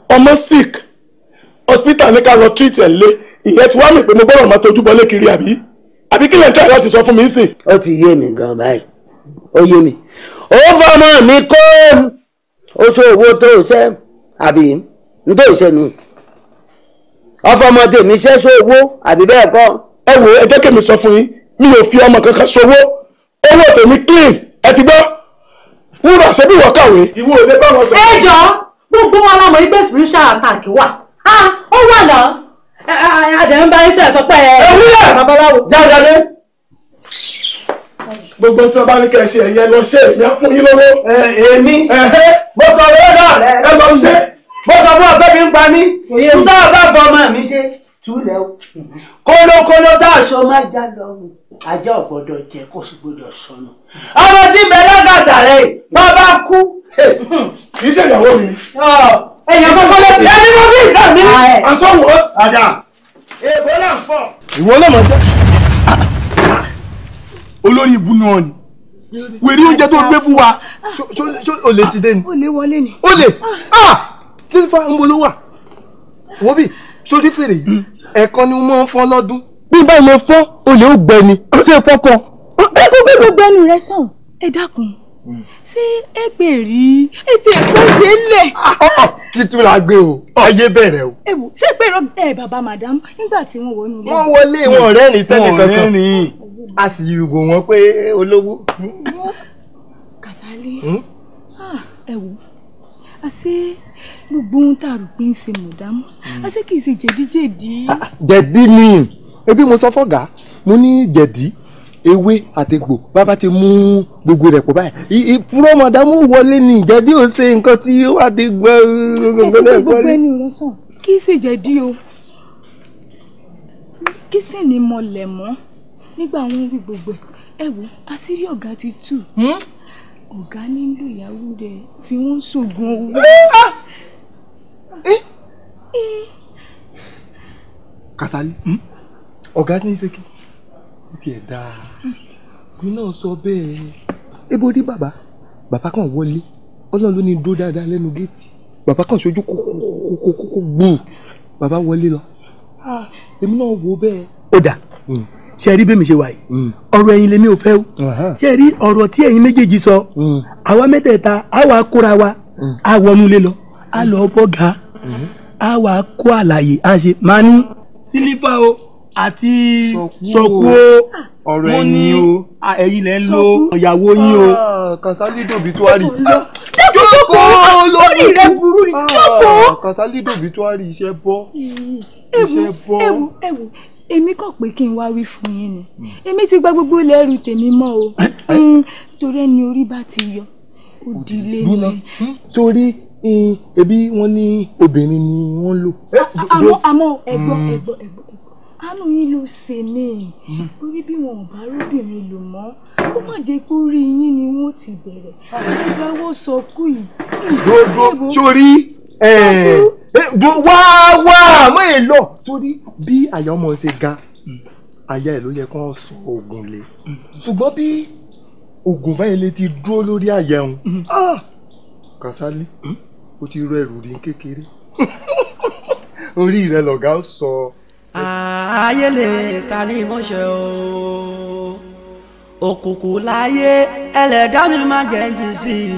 ọmọ sick hospital ní ká lọ treat ẹ̀ lé ìyẹn ti wá mi pé mo gbọ́dọ̀ máa tọ́jú bọ́lé kiri àbí àbí kí lẹ́ńtà láti sọ fún mi sìn. ó ti yé mi gan báyìí ó yé mi ó fọmọ mi kó o ṣe owó tó o ṣe àbí n tó o ṣe nù ọfọmọ tèmi ṣe sówó àbí bẹ́ẹ̀ kọ́. ẹ wo ẹ jẹ́ kí mi sọ fún yín mi ò fi ọmọ kankan sówó owó tèmi clean ẹ ti gbọ́ wúrà ṣe bí wọ́n kàwé. ìwọ ò lè bá wọn sọ. gbogbo wọn la mọ̀ ẹgbẹ́ spiritual attack wà ó wà náà àdẹ̀ ń bá iṣẹ́ sọ pé ẹ. ewúrẹ́ babaláwo jáde gbogbo tí wọn bá ní kẹ ṣe ẹyẹ lọ ṣe èmi á fún yín lówó. èmi mo kọ owó náà ẹ lọ ṣe mo sọ fún ọgbẹ́ mi ń pa mí nígbà bá fọ ọmọ mi ṣe túlẹ̀ o kólókóló tá a sọ máa já lọ ajá ò gbọ́dọ̀ jẹ kó sì gbọ́dọ̀ sọnù ọmọ tí bẹlẹ gàdà rẹ bàbá kú. kì í ṣe ìyàwó mi èèyàn tó kọ́lé ẹni mo bí ìdá mi ah, and so what ada èèbó náà fọ. ìwọ náà mọ̀ jẹ́. olórí ibu náà ni wèrè oúnjẹ tó gbé fún wa ṣó olè ti dé ni. olè wọlé ni. olè ah! Ah! tí n fa ń bolo wà wo bí sórí fèrè yìí ẹ̀ẹ̀kan ni mo máa ń fọ́ lọ́dún. bí báyìí lè fọ́ olè ó gbẹ ni ṣé fọ́ kan. ẹ kó gbẹ́nu rẹ sàn ẹ dákun ṣé ẹ pè rí ètò ẹ̀kọ́ ṣe ń kí tún la gbé o ah. ayé bẹ̀rẹ̀ o. ẹ wò ṣé pé ẹ bàbá madam nígbà tí wọ́n wọnú ilé. wọ́n wọlé wọn ọ̀rẹ́ ní sẹ́ni kankan a sì wò wọ́n pé olówó. Kasali hmm? ah, ẹ wò àṣé gbogbo ohun tá a rò pé ń ṣe madam àṣé kì í ṣe jẹ̀díjẹ̀dí. Ah, jẹ̀dí ni ebi mo sọ fọ́gà mo ní jẹ̀dí ewé àtẹ̀gbò bàbá ti mú gbogbo rẹ̀ pọ̀ báyìí fúrọ́mọ̀dámù wọlé ní ìjẹ́dí ò ṣe nǹkan tí ó wà ti gbọ́. gbogbo ẹni kí sì jẹ̀dí o kí sì ni mo lẹ̀ mọ́ nígbà wọn wí gbogbo ẹ wò àṣírí ọ̀gá ti tú hmm? ọ̀gá nílò ìyàwó rẹ̀ fi wọ́n ṣoògùn owó. Ah! Eh? Eh? Kàtàlí hmm? ọ̀gá ní í ṣe kí ó tiẹ̀ dáa òpin náà sọ bẹ́ẹ̀ ni. ebo rí bàbá bàbá kan wọlé ọlọ́run ló ní dúró dáadáa lẹ́nu géètì bàbá kan ṣojú kókókókó gbòò bàbá wọlé lọ. èmi náà wò bẹ́ẹ̀. ó dà ṣe rí bẹ́ẹ̀ mi ṣe wà yìí ọ̀rọ̀ ẹ̀yin lèmi ò fẹ́ o ṣe rí ọ̀rọ̀ tí ẹ̀yin méjèèjì sọ àwa mẹ́tẹ̀ẹ̀ta àwa kóra wa àwọnulé lọ a lọ bọ́gà a wà kó àlàyé a ṣe máa ní sílífà o àti sọ̀kú o mo ní Ah, ẹ̀yin lẹ ń lo ìyàwó yín o. Ah, Kànsálí dòbí tó a rí. jókòó ah, lórí rẹ burú ni jókòó. Kànsálí dòbí tó a rí iṣẹ́ bọ́. iṣẹ́ bọ́. ẹ̀wù ẹ̀wù èmi kàn pé kí n wá wí fún yín ni hmm. èmi ti gba gbogbo lẹ́rù tèmi mọ́ o eh, eh. Hmm, torí ẹni orí bá ti yọ ó mi. torí hmm. ẹbí wọn ní obìnrin ni wọn lò. Eh, àmọ́ àmọ́ ẹ̀gbọ́n ẹ̀gbọ́n ẹ̀gbọ́n àánú yín ló ṣe mí hmm. orí bí wọn ò bá róbìnrin lò mọ́ ó má jẹ́ pé orí yín ni wọ́n ti bẹ̀rẹ̀ ìgbàwọ́ sọ kú yìí. dodo sórí wá wá àmọ́ èè lọ torí bí àyà ọmọ ṣe ga àyà ẹ̀ ló yẹ kó sọ oògùn lé hmm. ṣùgbọ́n bí oògùn báyìí lè ti dúró lórí àyà òun hmm. ah! Kàsálí ó ti rọ ẹrù rí kékeré orí rẹ lọ̀gá sọ. So, ayé lè ta ní mọ́ṣẹ́ o òkùnkùn láyé ẹlẹ́dá mi má jẹ́ ń jì sí i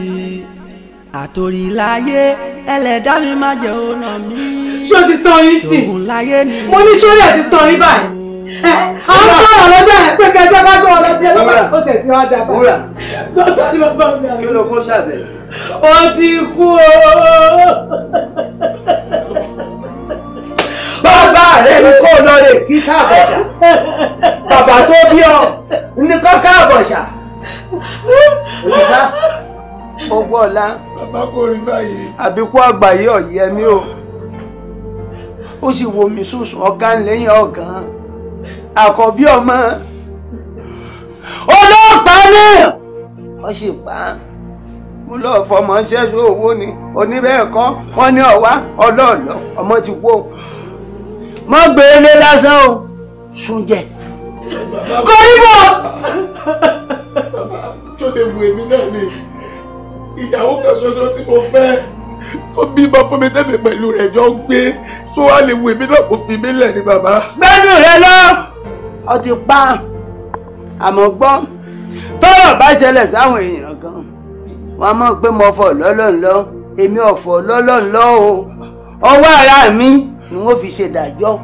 àtòrí láyé ẹlẹ́dá mi má jẹ́ ó nà mí. ṣé o ti tán yín sí i mo ní ṣẹ́rẹ́ ti tán yín báyìí a ń sọ̀rọ̀ lọ́jọ́ yẹn pé kẹjọ́ bá gbọ́ ọlọ́sí ẹlọ́pàá ó tẹ̀ sí ọjà bá lọ́tọ́ ni bàbá mi àná. kí ló kó ṣàbẹ̀. ó ti kú o. rẹ ni kó lọ lè kí káàbọ̀ṣà bàbá tó bí ọ ní kó káàbọ̀ṣà òyìnbá gbogbo ọ̀la bàbá kò rí báyìí àbíkú àgbáyé ọ̀yẹ́ mi o ó sì wo mi sùsù ọ̀gán lẹ́yìn ọ̀gán àkọ́bí ọmọ ọlọ́pàá náà wọ́n sì pa á mo lọ́ọ́ fọmọ ṣẹ́ṣu owó ni oníbẹ̀ẹ́kọ́ wọ́n ní ọ̀wá ọlọ́ọ̀lọ́ ọmọ ti wó mọ́ gbélé lásán o sùn jẹ. kọ́ríbọ̀. bàbá tó lè wù èmi náà ni ìyàwó kan ṣoṣo tí mo fẹ́ tó bímọ fún mi tẹ́mi pẹ̀lú rẹ̀ jọ ń gbé tó wá lè wù èmi náà kò fi mí lẹ̀ ni bàbá. gbẹ́nu rẹ lọ ọ ti pa àmọ́ gbọ́ tọ́rọ̀ bá ṣẹlẹ̀ sáwọn èèyàn kan wọ́n mọ̀ pé mo fọ̀ lọ́lọ́ńlọ́ èmi ọ̀fọ̀ lọ́lọ́ńlọ́ o ọwọ́ ara mi ni wọ́n fi ṣe dàjọ́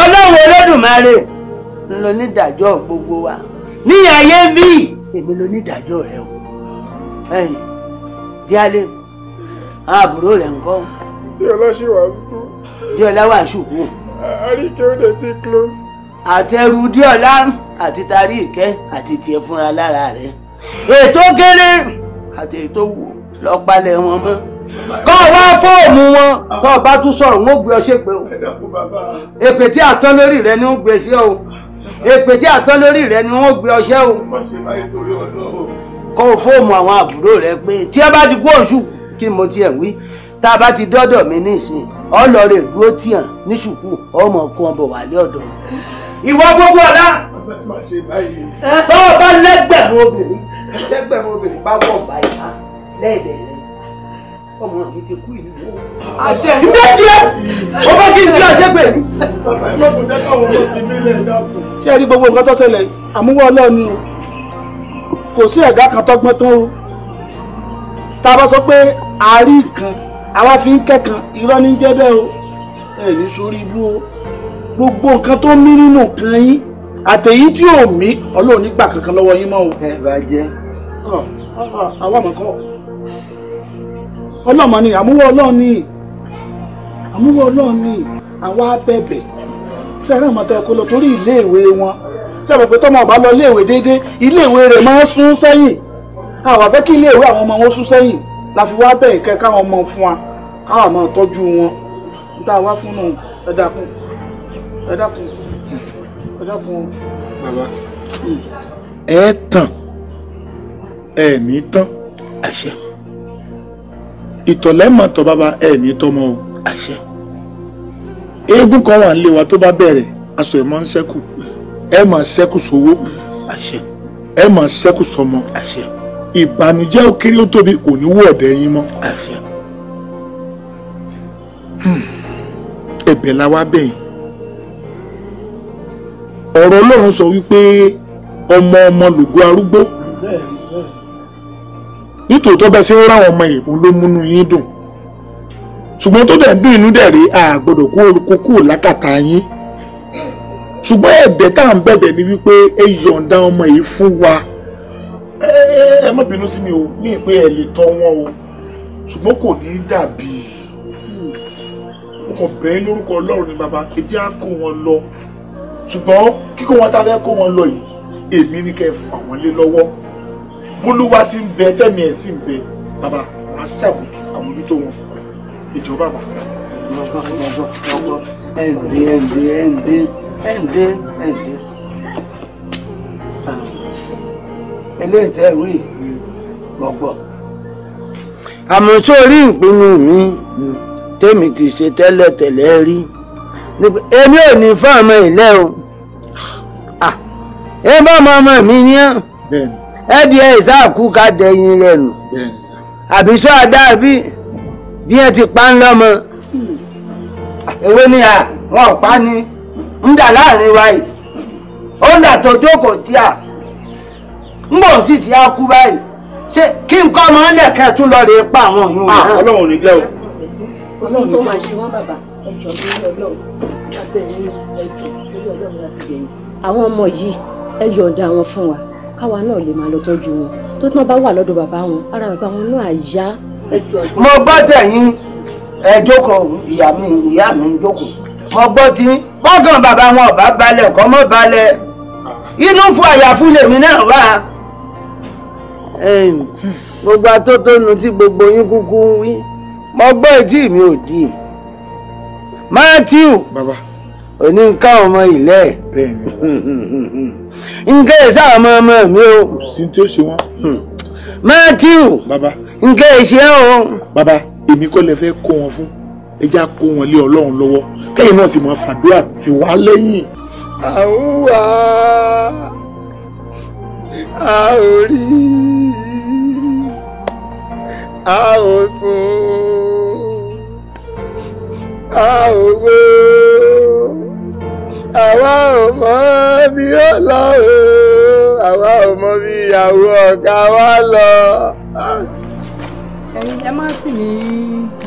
ọlọ́run olódùmarè ń lọ nídàjọ́ gbogbo wa ní ayé bíi èmi ló nídàjọ́ rẹ o ẹyìn díálé àbúrò rẹ ńkọ́. díọ̀lá ṣì wà sùkú. díọ̀lá wà sùkú. àríkẹ́ ó lè ti close. àtẹrù díọ̀lá àti tarí ìkẹ́ àti tiẹ̀ fúnra lára rẹ̀ ètò kéré àti ètò wù lọ́pàá lẹ̀ wọ́n mọ́ kọ́ wá fóòmù wọn ah. kọ́ bá tún sọ̀rọ̀ wọn ó gbé ọ ṣépè o èpè tí àtọ́ lórí rẹ ni ó gbé sí o èpè tí àtọ́ lórí rẹ ni wọ́n gbé ọṣẹ́ o kọ́ o fóòmù àwọn àbúrò rẹ pé tí ẹ bá ti kú oṣù kí mo tiẹ̀ wí tá a bá ti dọ́dọ̀ mi nísìn ọlọ́ọ̀rẹ́ dúró tiẹ̀ ní ṣùkú ọmọ kó wọn bọ̀ wálé ọ̀dọ̀ ìwọ gbogbo ọ̀la tó o bá lẹ́gbẹ̀rún obìnrin lẹ́gbẹ̀rún obìnrin bá wọ̀ báyìí lẹ́ẹ̀dẹ̀ẹ́ ọmọ mi ti kú ìlú. àṣẹ méje ó fẹ́ kí n bí àṣẹ pè mí. bàbá ẹ má kò jẹ́ káwọn ọmọ fi mí lẹ̀ dákun. ṣé ẹ rí gbogbo nǹkan tó ṣẹlẹ̀ àmúwọ́ ọlọ́ọ̀ni o kò sí ẹ̀dá kan tọ́gbọ́n tó o tá a bá sọ pé a rí àwa fi ń kẹ́kan irọ́ ní jẹ́ bẹ́ẹ̀ o ẹ̀ ní sórí ibú o gbogbo nǹkan tó mí nínú nǹkan yín àtẹ̀yí tí ò mí ọlọ́run nígbà kankan lọ́wọ́ yín mọ́ o. ẹ bá jẹ́ àwa ọlọ́mọ ni àmúwọ́ ọlọ́run ni àmúwọ́ ọlọ́run ni àwa bẹ̀bẹ̀ tí ẹ̀rọ ìmọ̀ta ẹ̀kọ́ lọ torí iléèwé wọn tí ẹ̀bẹ̀ pé tọ́mọ ọba lọ iléèwé déédé iléèwé rẹ̀ máa ń sún sẹ́yìn àwa fẹ́ kí iléèwé àwọn ọmọ wọn sún sẹ́yìn la fi wá bẹ̀ ìkẹ́ káwọn ọmọ fún wa káwa máa tọ́jú wọn n tá a wá fún náà ẹ dákun ẹ dákun ẹ dákun. bàbá ẹ tàn ẹ ní tán àṣẹ ìtọ̀lẹ́mọ̀tọ̀ bàbá ẹ̀ ní tọmọ o àṣẹ eégún kan wà nílé wa tó bá bẹ̀rẹ̀ aṣọ ẹ̀ máa ń ṣẹ́kù ẹ̀ máa ṣẹ́kù sówó àṣẹ ẹ̀ máa ṣẹ́kù sọmọ àṣẹ ìbànújẹ́ ó kéré ó tóbi kò ní wọ ọ̀dẹ̀ yín mọ́ àṣẹ hmm. ẹ̀bẹ̀ la wá bẹ̀yìn ọ̀rọ̀ Ọlọ́run sọ wípé ọmọ ọmọ lògo arúgbó. bẹ́ẹ̀ ni nítòótọ́ bẹ́ẹ̀ sí ń ráwọn ọmọ yìí òun ló múnú yín dùn ṣùgbọ́n tó dẹ̀ ń dún inú dẹ̀ rí a gbọ́dọ̀ kó kúrò lákàtà yín ṣùgbọ́n ẹ̀bẹ̀ tá à ń bẹ̀bẹ̀ ni wípé ẹ yọ̀ǹda ọmọ yìí fún wa ẹ má bínú sí mi o ní ìpè ẹ lè tọ́ wọn o ṣùgbọ́n kò ní í dàbí ọkàn bẹ́ẹ̀ lórúkọ ọlọ́run ni bàbá kejì á kó wọn lọ ṣùgbọ́n kíkó wọn tá a fẹ́ kó wọn lọ yìí èmi ni kẹ́ fà wọ́n lé lọ́wọ́ bólúwa ti ń bẹ tẹ̀mí ẹ̀ sì ń bẹ bàbá wàá ṣàbùtù àmójútó wọn ìjọba bàbá. ẹ̀ǹdé ẹ̀ǹdé ẹ̀ǹdé ẹ̀ǹdé ẹ̀ǹdé eléyìí tẹ́ gbọ̀gbọ̀. àmọ́ sórí ìpinnu mi hmm. tèmi ti ṣe tẹ́lẹ̀tẹ́lẹ̀ rí èmi ò ní fún ọmọ ìlẹ́ o ah, ẹ bá ọmọ ọmọ mi ní à ẹdí ẹ ìsáàkú ká dẹyin rẹ nù àbísọ àdáàbí bí ẹ ti pa ń lọmọ ewé ni à wọn ò pa ni ń dà láàrin wa yìí ó ń dà tó jókòó tí à ń bọ̀ sí ti á kú báyìí ṣé kí nǹkan ọmọ ọlẹ̀ kẹtún lọ rè pa àwọn òyìn wọn. ọlọ́run ní jẹ́ o. kò sí tó máa ṣe wọ́n bàbá ẹjọ́ ní ọlọ́run ẹjọ́ lórí ọlọ́run láti gbẹ̀yìn. àwọn ọmọ yìí ẹ yọ̀ǹda wọn fún wa káwa náà lè máa lọ tọ́jú wọn tó tí wọ́n bá wà lọ́dọ̀ bàbá wọn ara bàbá wọn náà yá. mo gbọ́ tẹ̀yìn ẹ jókòó ìyá mi ìyá mi jókòó mo gbọ́ tí kọ́gàn bàbá wọn ò bá balẹ̀ kọ́ mọ́ balẹ̀ inú fún àyàfú lèmi náà wá. gbogbo atótónu tí gbogbo yín kúkú ń wí mo gbọ́ etí mi ò di Matthew oníkà ọmọ ilẹ̀. bẹ́ẹ̀ nǹkan èsì ọmọ ọmọ mi o. sí tí ó ṣe wọn. Hmm. Matthew Baba, èsì ẹ o. Baba, èmi kọ́ lẹ fẹ́ kó wọn fún ẹ já kó wọn lé ọlọ́run lọ́wọ́ kẹ́yìn náà sì máa fàdúrà tì wá lẹ́yìn. àwùwá a ò rí a ò sùn a ò gbé àwa ò mọ bí ó lọ o àwa ò mọ bí ìyàwó ọ̀gá wa lọ. ẹ̀yin ẹ má sì ní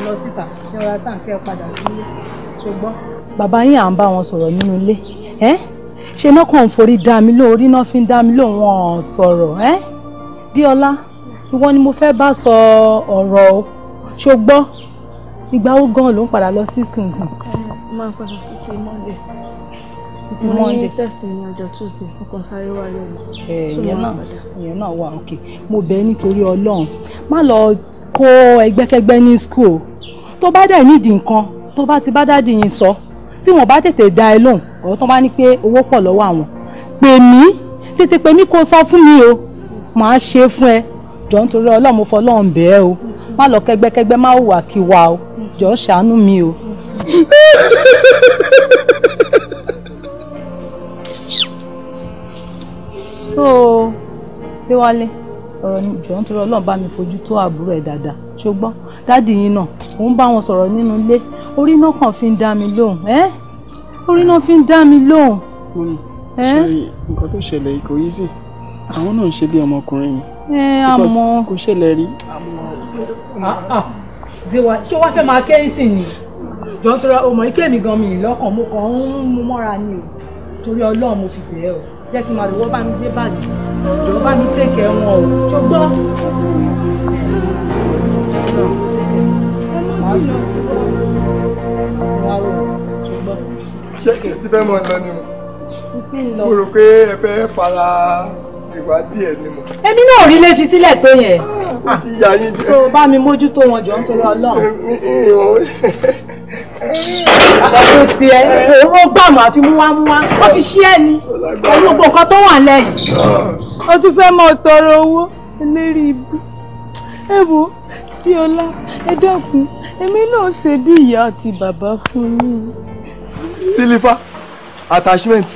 lọ síta ṣé ọ̀rá tàǹkẹ́ padà sílé ṣùgbọ́n. bàbá yín à ń bá wọn sọ̀rọ̀ nínú ilé ṣe náà kàn ń forí dá mi lóhùn orí náà fi ń dá mi lóhùn wọn sọ̀rọ̀ díọ́lá ìwọ ni mo fẹ́ bá sọ ọ̀rọ̀ o ṣùgbọ́n ìgbà wo gan-an ló ń padà lọ sí school nìkan. máa ń padà sí ti monday títí Monday. mo ní test ní ọjọ́ Tuesday mo kàn sáré wá lẹ́nu. ìyẹn náà ìyẹn náà wà ok mo bẹ̀ ẹ́ nítorí Ọlọ́run má lọ kó ẹgbẹ́kẹ́gbẹ́ ní school tó bá dẹ̀ nídìí nǹkan tó bá ti bá dáàdì yín sọ tí wọ́n bá tètè dá ẹ lóhùn ọ̀rọ̀ tó bá ní pé owó pọ̀ lọ́wọ́ àwọn pè mí tètè pè mí kó sọ fún mi o màá ṣe fún ẹ jọ nítorí Ọlọ́run mo fọlọ́run bẹ̀ ẹ́ o má lọ kẹ́gbẹ́kẹ́gbẹ́ má hùwà kíwà o jọ ṣàánú mi o. so déwálé ọ̀rọ̀ ni jọ̀ọ́ nítorí ọlọ́run bá mi fojú tó àbúrò ẹ̀ dáadáa ṣùgbọ́n dáàdì yín náà òun bá wọn sọ̀rọ̀ nínú ilé orí náà kàn fi ń dá mi lóhùn ẹ́ orí náà fi ń dá mi lóhùn. mọ̀mí ṣe nǹkan tó ṣẹlẹ̀ kò yí sí àwọn náà ń ṣe bí ọmọkùnrin mi. ẹ àmọ́ kò ṣẹlẹ̀ rí. Ah, ah. ṣé wàá fẹ́ máa kẹ́yìn sí ni jọ̀ọ́ nítorí ọmọ ikẹ́ mi gan mi lọ́kàn mo kàn ń mú mọ́ra ni o torí ọlọ́run mo fi bẹ́ẹ̀ o jẹ́ kí n máa lè bá mi gbé báàgì jọ̀ọ́ bá mi tẹ̀kẹ̀ wọn o tó gbọ́. ṣé kí ti fẹ́ mọ lọ ni mo rò pé ẹ fẹ́ fara ìwà díẹ̀ ni mo. èmi náà rí lè sílẹ̀ tó yẹn. Ah, mo ti yà yín jẹ. so bá mi mójútó wọn jọ ń torí Ọlọ́run o ti ẹ owó gbàmù àfi múwámúwá ó fi ṣí ẹ ni pẹ̀lú gbogbo nǹkan tó wà lẹ́yìn. ó tún fẹ́ mọ tọrọ owó eléré ibú ẹ wo bíọ́lá ẹ dákun èmi náà ṣe bí ìyá àti bàbá fún yín. sílífà attachment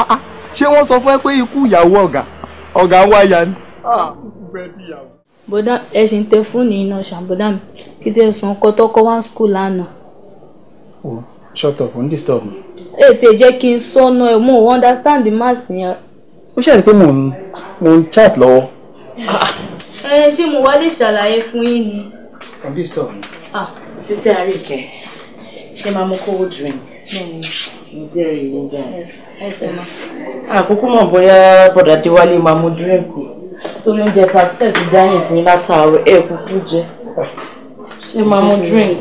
ah, ah. ṣé wọ́n sọ fún ẹ pé ikú ìyàwó ọ̀gá ọ̀gá wáyà ni. Ah, bọ́dá ẹ tẹ fóònù iná ṣàbọ̀dá mi kí tẹ sàn kọ́tọ́kọ́ wá school lánàá o shut up o n disturb me. ẹ tiẹ̀ jẹ́ kí n sọnù ẹ mo understand the mass yẹn. ó ṣàlàyé pé mò ń mò ń chat lọ́wọ́. ẹ ṣé mo wá lè ṣàlàyé fún yín ni. o disturb me. ah títí àríkẹ́ ṣé máa mú kówó drink. ǹjẹ́ rí i ǹjẹ́ rí i. àkókò mọ̀ bóyá bọ̀dà déwálé máa mú drink o torí oúnjẹ ta set dáhìn fún yín látàárọ̀ ẹ̀ kúkú jẹ ah, ṣé máa mú drink.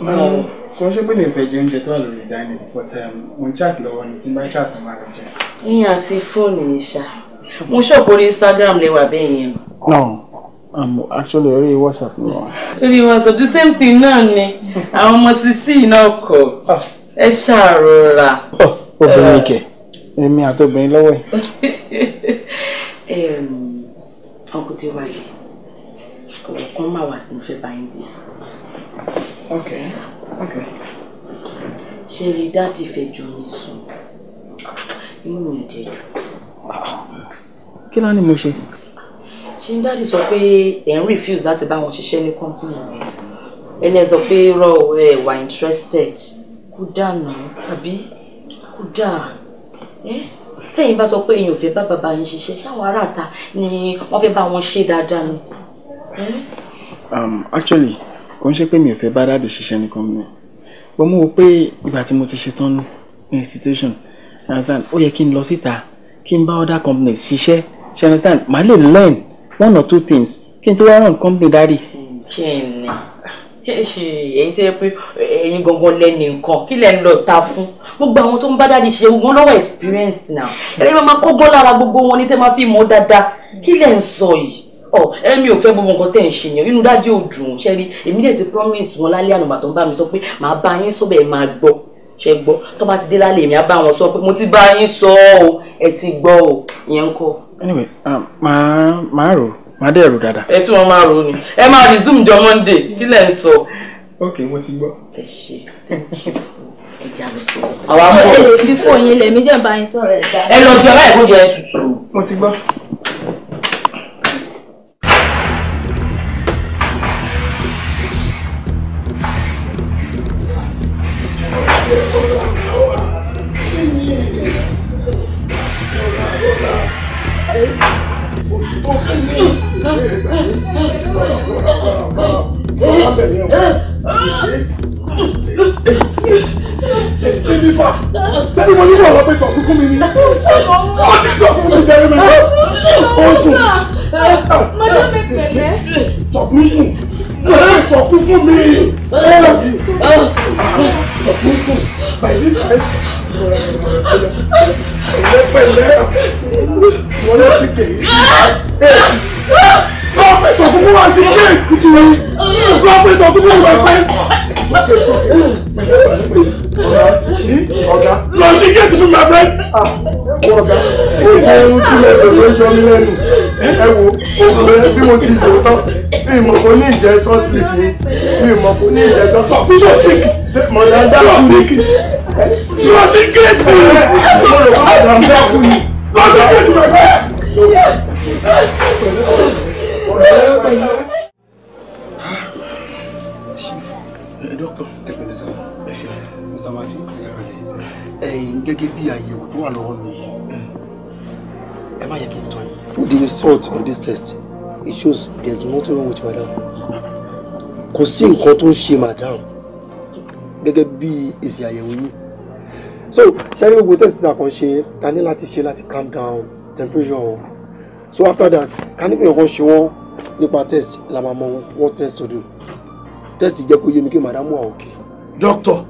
Mm kò ṣe pé mi fẹ́ jẹ oúnjẹ tó wà lórí dání but um, mo chat lọ́wọ́ ni tí n bá chat mo máa lọ jẹ. yín àti fóònù ìṣá mo ṣọ̀pọ̀ orí Instagram lẹ́wà bẹ́ẹ̀ yẹn. no i'm actually orí WhatsApp ni wọn. orí WhatsApp the same thing náà ni àwọn ọmọ sisi náà kọ ah. ẹ ṣàrọra. Oh, obìnrin ìkẹ èmi àti obìnrin lọ́wọ́ ẹ̀. ọkùnrin wálé ọ̀rọ̀ kan máa wà sí mo fẹ́ bá yín dé ṣe rí dáàdì fẹ́ jù mí sùn inú mi ò dẹ̀ jù. kí ló ní mo ṣe. ṣe ń dáàdì sọ pé ẹ̀ ń refuse láti bá wọn ṣiṣẹ́ ní kọ́ńpìnì rẹ̀ ẹni ẹ sọ pé rọ ẹ wà interested kó dànù àbí kó dà ẹ́ tẹ́yìn bá sọ pé èèyàn ò fẹ́ bá bàbá yín ṣiṣẹ́ ṣáwọn aráàta ni wọ́n fẹ́ bá wọn ṣe dáadáa ni. Um, actually kò ń ṣe pé mi ò fẹ́ bá dáàdì ṣiṣẹ́ ní company but mo wò pé ìgbà tí mo ti ṣetán ní institution understand ó yẹ kí n lọ síta kí n bá other companies ṣiṣẹ́ ṣe understand màá lè learn one or two things kí n tó wá run company dáàdì. kí ni èyí tẹ́ pé ẹ̀yin gangan lẹ́nu nǹkan kí lẹ́ ń lọ ta fún gbogbo àwọn tó ń bá dáàdi ṣe wọn lọ́wọ́ experience now ẹ̀yin máa kọ́gbọ́n lára gbogbo wọn ní tẹ́ máa fi mọ̀ dáadáa kí lẹ́ ń sọ yìí ọ oh, ẹ̀mí eh, ò fẹ́ gbogbo nǹkan tẹ̀ ń ṣe yẹn inú dájú ò dùn ṣe rí èmi dẹ̀ ti promise wọn lálẹ́ àná bàtọ́ ń bá mi sọ pé màá bá yín sọ́bẹ̀ ẹ̀ máa gbọ́ ṣe gbọ́ tó bá ti dé lálẹ́ èmi á bá wọn sọ pé mo ti bá yín sọ ọ ẹ ti gbọ́ ọ ìyẹn ń kọ́. anyway um, màá màá rò màá dẹ̀ rò dáadáa. ẹ tí wọ́n máa rò ni ẹ máa resume jọ monday kí lẹ́ ń sọ. ok mo ti gbọ́. ẹ ṣe àwa ń bọ̀. ẹ lè fi fóònù yín lèmi bá yín sọ̀rọ̀ ẹ̀ dáadáa. ẹ lọ jọ aláìkó jẹ tutù. mo ti gbọ́. sẹ́ni mo nílò ọ̀rọ̀ pé sọ fún mi ni ó ti sọ fún mi bẹ́ẹ̀ mi ó sùn sọ fún sùn sọ fún fún mi sọ fún sùn by this time pẹ̀lẹ́pẹ̀lẹ́ wọn lọ sí pé lọ pẹ sọ fún wọn sí géètì mi lọ pẹ sọ fún wọn pẹ. ọ̀gá lọ sí géètì mi máa bẹ́ẹ̀. ọ̀gá ohun tí mo bẹ̀rẹ̀ yọ mí lẹ́nu ẹ wo obìnrin bí mo ti lò tán bí mo kò ní ìjẹ́ sọ́ọ̀sì mi bí mo kò ní ìjẹ́ sọ́ọ̀sì mi. mọ̀nà dá lọ sí kì í lọ sí géètì lọ sí géètì pẹ̀lẹ́. Eh, dókítà ẹ pẹ̀lẹ́ sá ẹ ṣe mr martin ẹ̀yin gẹ́gẹ́ bí àyẹ̀wò tó wà lọ́wọ́ mi yìí ẹ má yẹ kí n tọ́ yìí. the result of this test it shows there is nothing wrong with madam kò sí nǹkan tó ń ṣe madam gẹ́gẹ́ a èsì so ṣẹ́rí gbogbo test tí a kàn ṣe ta ní láti ṣe láti calm down temperature wọn so after that ká ní pé ọ̀kan ṣe wọ́n nípa test la máa mọ what test to do test jẹ́ kó yé mi kí madam wà òkè. doctor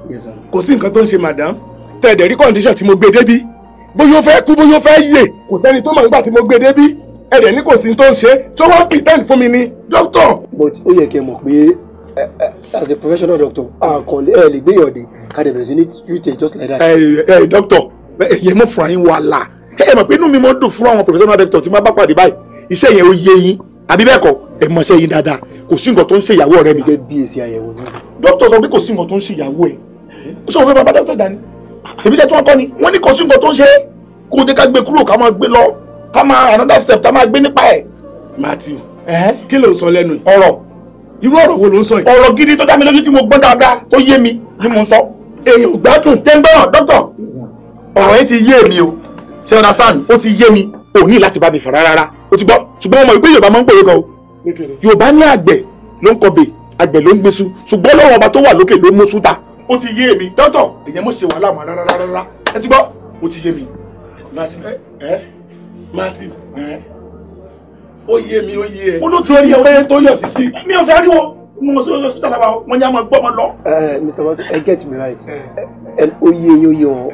kò sí nǹkan tó ń ṣe madam tẹ̀dẹ̀ rí condition tí mo gbé débi bóyá ó fẹ́ kú bóyá ó fẹ́ yè kò sẹ́ni tó mọ̀ nígbà tí mo gbé débi ẹ̀rẹ̀ ní kò sí tó ń ṣe tó wá pretend fún mi ni doctor. but ó yẹ kí ẹ mọ̀ pé as a professional doctor àkànlé ah, ẹ lè gbéyàn dé kàdébẹ̀ sí ní treat just like that. ẹ ẹ doctor ẹyẹ mọ fún ayin wàhálà ẹ mọ̀ pé inú mi mọ̀ ń dùn fún àwọn professional doctor tí máa bá pàdé báyìí iṣẹ́ yẹn ó yé yín àbí bẹ́ẹ̀ kọ́ ẹ mọ̀ iṣẹ́ yín dáadáa kò sí nǹkan tó ń ṣe ìyàwó ọ̀rẹ́ mi. gẹ́gẹ́ bí èsì àyẹ̀wò mi. doctor sọ pé kò sí nǹkan tó ń ṣe ìyàwó ẹ̀ ó sọ fún bàbá doctor dání àbí tẹ́ tí wọ́n kọ́ ni wọ́n ní kò sí nǹkan tó ń ṣe kó o jẹ́ ká gbé kúrò ká máa gbé lọ ká máa another step ká máa gbé nípa ẹ̀. Matthew kí ló ń sọ lẹ́nu ọ̀rọ̀ irú ọ̀rọ̀ wo ló ń sọ yìí. ọ̀rọ̀ gidi tó dá mi lójú tí mo gbọ́ dáadáa tó yé mi ni mo ń sọ. èyí ò gbádùn. tẹ́ńgbọ́n dọ́kọ̀ ọ̀rọ̀ yẹn ti yé mi o ṣe ọ̀dà sáà ó ti yé mi ò ní láti bá mi fà rárá o ti gbọ́ ṣùgbọ́n ọmọ ìgbé Yorùbá máa ń pòye kan o. Yorùbá ní àgbẹ̀ ló ń kọbè àgbẹ̀ ló ń gbésù ṣùgbọ́n lọ́wọ́ ọba tó wà lókè ló mú súta. ó ti yé mi dọ́tọ̀ èyàn mọ̀ ṣe wàhálà mọ́ rárá rárá ẹ ti gbọ́ ó ti yé mi. máa ti ẹ máa ti ẹ ó yé mi ó yé ẹ. mo ló ọ̀rẹ́ tó yọ sí sí mi ò fẹ́ rí wọn mo sọ yọ síta lábàá wọn ni a máa gbọ́ wọn lọ. Mr. Watson ẹ get me right ó yé yín ó yé wọn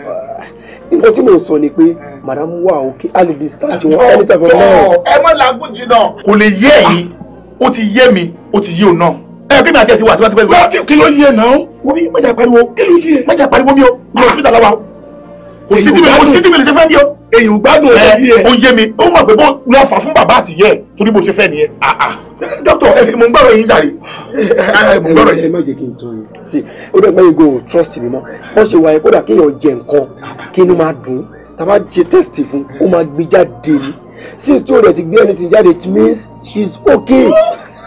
nǹkan tí mò ń sọ ni pé madam wà òkè a lè discharge wọn ẹni tàbí ọ̀nà ẹ̀. ẹ mọ̀ làágùn jìnnà. kò lè yé yín ó ti yé mi ó ti yé òun náà ẹ kí ni àti ẹ ti wà tí wọ́n ti pẹ́ mi. kí ló yé náà. wọ́n mi mẹ́jà pariwo kí ló yé. mẹ́jà pariwo mi o. mo lọ sí ìdàlọ́wọ́ kò sí tí mi kò sí tí mi lè ṣe gbádùn ẹ o yé mi ó mọ̀ pé bó lọ fà fún bàbá àtìyẹ torí bó ṣe fẹ́ nìyẹn. Ah, ah. dókítà mo ń gbọ́dọ̀ yín jàre eh, eh, mo ń gbọ́dọ̀ yín. ẹ má jẹ́ kí n tán yín. sí ó dẹ̀ mẹ́rin go trust mi mọ́ wọ́n ṣe wáyé kódà kéèyàn jẹ nǹkan kí inú máa dùn tàbá ṣe test fún ó máa gbé jáde ni since tí o dẹ̀ ti gbé anything jáde it means she is okay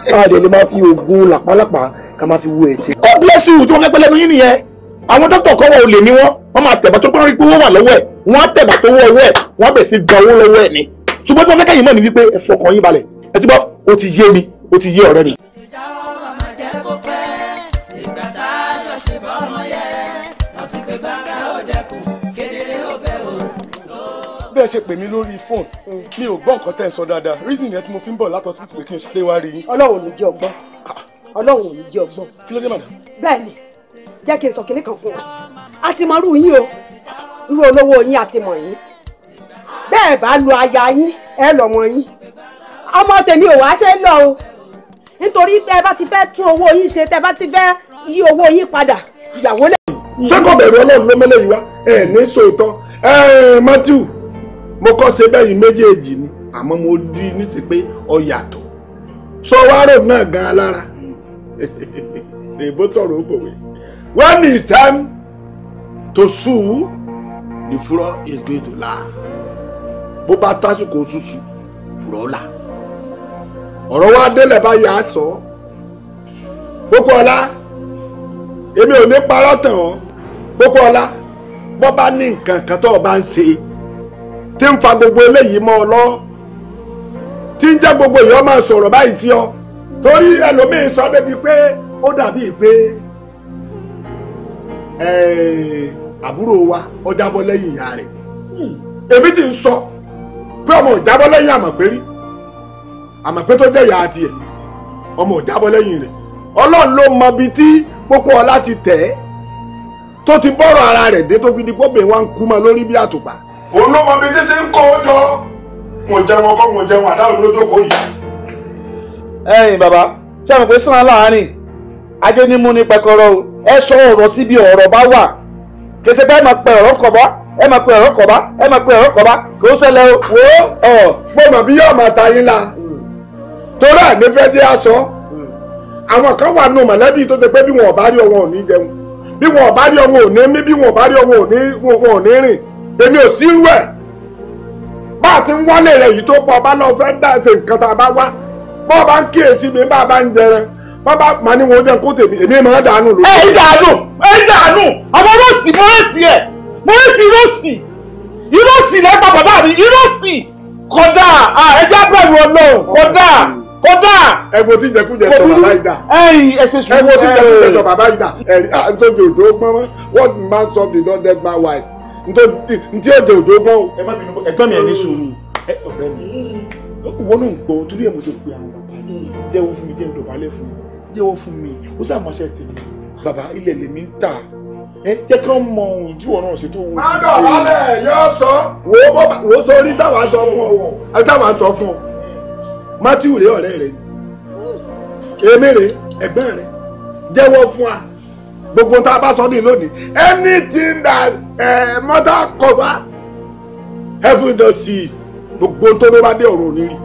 káàdé lè máa fi oògùn làpálàpá ká máa fi wo ètè. God bless you tí wọ́n fẹ́ pẹ́ lẹ́nu yín nìyẹn àwọn dókítà kan wọ olè ní wọn wọn máa tẹ̀bà tó pọ́n rí pé wọ́n wà lọ́wọ́ ẹ̀ wọ́n á tẹ̀bà tó wọ́ ọwọ́ ẹ̀ wọ́n á bẹ̀rẹ̀ sí gba owó lọ́wọ́ ẹ̀ ni ṣùgbọ́n tí wọ́n fẹ́ kẹ́yìn mọ̀ wípé ẹ fọkàn yín balẹ̀ ẹ ti gbọ́ ó ti yé mi ó ti yé ọ̀rẹ́ mi. bẹ́ẹ̀ ṣe pè mí lórí fóònù mi ò gbọ́ nǹkan tẹ́ ẹ sọ dáadáa reason yẹn tí mo fi ń bọ̀ láti hospital pé kí n ṣàlẹ́ wá rí yín. ọlọ́run ò ní jẹ́ ọgbọ́n ọlọ́run ò ní jẹ́ ọgbọ́n. kí ló dé màdà. bẹ́ẹ̀ ni jẹ́ kí n sọ kinní kan fún ọ a ti mọ irú yín o irú olówó yín a ti mọ̀ yín bẹ́ẹ̀ bá lu aya yín ẹ lọ wọn yín ọmọ tèmi ò wá ṣe ń lọ o nítorí pé ẹ bá ti fẹ́ tún owó yín ṣe tẹ́ ẹ bá ti fẹ́ yí owó yín padà ìyàwó lẹ. jacob ẹ̀rọ ọlọ́run ló mẹ́lẹ̀ yìí wá ẹ̀ ní sòótọ́ ẹ̀ matthew mo kọ́ ṣe bẹ́yìí méjèèjì ni àmọ́ mo di níṣẹ́ pé ọ yàtọ̀ sọ wárò náà gan-an lára èbó sọ̀rọ̀ ó bòwe. When it's time to sue, the floor is going to lie. Bó bá tásìkò tútù, furor là. Ọ̀rọ̀ wa délẹ̀ báyìí á sọ. Pópóọlá, èmi ò ní parọ́ tàn ọ́. Pópóọlá, bó bá ní nǹkan kan tó o bá ń ṣe, tí ń fa gbogbo eléyìí mọ́ ọ lọ́wọ́ tí ń jẹ́ gbogbo èèyàn máa sọ̀rọ̀ báyìí sí ọ torí ẹlòmíín sọ débi pé ó dàbíi pé Eh, àbúrò wa ó jábọ́ lẹ́yìn ìyá rẹ̀ hmm. èmi ti ń sọ pé ọmọ ò jábọ́ lẹ́yìn àmọ̀pérí tó jẹ́ ìyá tiẹ̀ ọmọ ò jábọ́ lẹ́yìn rẹ̀ ló mọ ibi tí ti tẹ̀ tó ti ara rẹ̀ dé tó fi di pọ́bìn wa ń kú mọ́ lórí bí àtùpà. òun ló mọ ibi títí ń kó o jọ mo jẹun ọkọ mo jẹun àdáhùn ẹ sọ ọ̀rọ̀ síbi ọ̀rọ̀ bá wà kèsì bá ẹ máa pẹ ọ̀rọ̀ kọ̀bá ẹ máa pẹ ọ̀rọ̀ kọ̀bá ẹ máa pẹ ọ̀rọ̀ kọ̀bá kò o. wo ọ bí yóò máa ta la torí àní fẹ́ jẹ́ aṣọ àwọn kan wà nù mọ̀lẹ́bí tó ti bí wọn ò bá rí ní jẹun bí wọn ò bá rí ọwọ́ ò mí bí wọn ò bá rí bàbá màá ní wọn jẹ́ kó tèmi èmi máa dànù lórí. ẹ ń dànù ẹ ń dànù àwọn rọ́ọ̀sì mo rántí ẹ mo rántí rọ́ọ̀sì ìrọ́ọ̀sì lẹ́gbàá bàbá mi ìrọ́ọ̀sì kódà ẹjẹ́ abẹ́rù ọlọ́run kódà kódà. ẹgbẹ́ tí jẹkújẹ sọ bàbá yìí dà. ẹyìn ẹsẹ sùn. ẹgbẹ́ tí jẹkújẹ sọ bàbá yìí dà. ẹ̀rí àtòjì òdò gbọ́n mọ́ what man sọ the don dead man wife ntí èdè òdò gbọ́n o. ẹgbẹ́ mi ẹ̀ ní sùúrù ọ̀rẹ́ mi wọnú gbọ́ torí ẹ̀ mo ṣe pé àwọn bàbá jẹ́wọ́ fún mi jẹ́ ń fún mi jẹ́wọ́ fún mi ó sàmọ́ṣẹ́ tèmi bàbá ilẹ̀ lèmi ń tà ẹ jẹ́ kí wọ́n mọ ohun tí wọ́n ṣe tó wọ́n. má dọ̀ wálẹ̀ yọ sọ wo wo sórí táwa sọ fún ọ táwa sọ fún ọ matthew rèé ọ̀rẹ́ rẹ emere ẹ̀gbọ́n rẹ jẹ́wọ́ fún wa gbogbo tá bá sọ ní lónìí anything that ẹ mọ́tà kọ̀ọ̀bá heaven don see gbogbo tó ló bá dé ọ̀rọ̀ òní rí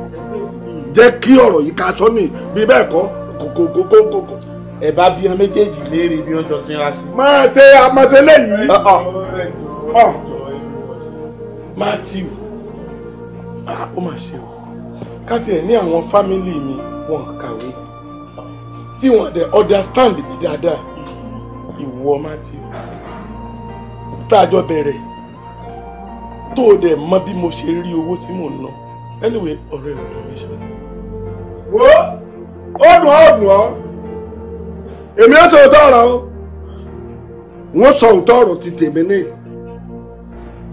jẹ́ kí ọ̀rọ̀ yìí ká sọ ní bí bẹ́ẹ̀ kọ́ kòkòkòkòkò ẹ bá bí wọn méjèèjì léèrè bí wọn jọ sinra sí. máa tẹ àmọ̀tẹ́ lẹ́yìn. matthew ó mà ṣe o káti ẹ̀ ní àwọn fámìlì mi wọn kàwé tí wọn dẹ̀ understand mi dáadáa ìwọ matthew tá a jọ bẹ̀rẹ̀ tó o dẹ̀ mọ bí mo ṣe rí owó tí mò ń ná anyway ọ̀rẹ́ ọ̀rẹ́ mi ṣe. wọ́n. ó dùn ọ dùn ọ́ èmi ó sọ òótọ́ ọ̀rọ̀ o sọ ụtọ ọ̀rọ̀ ti tèmi ní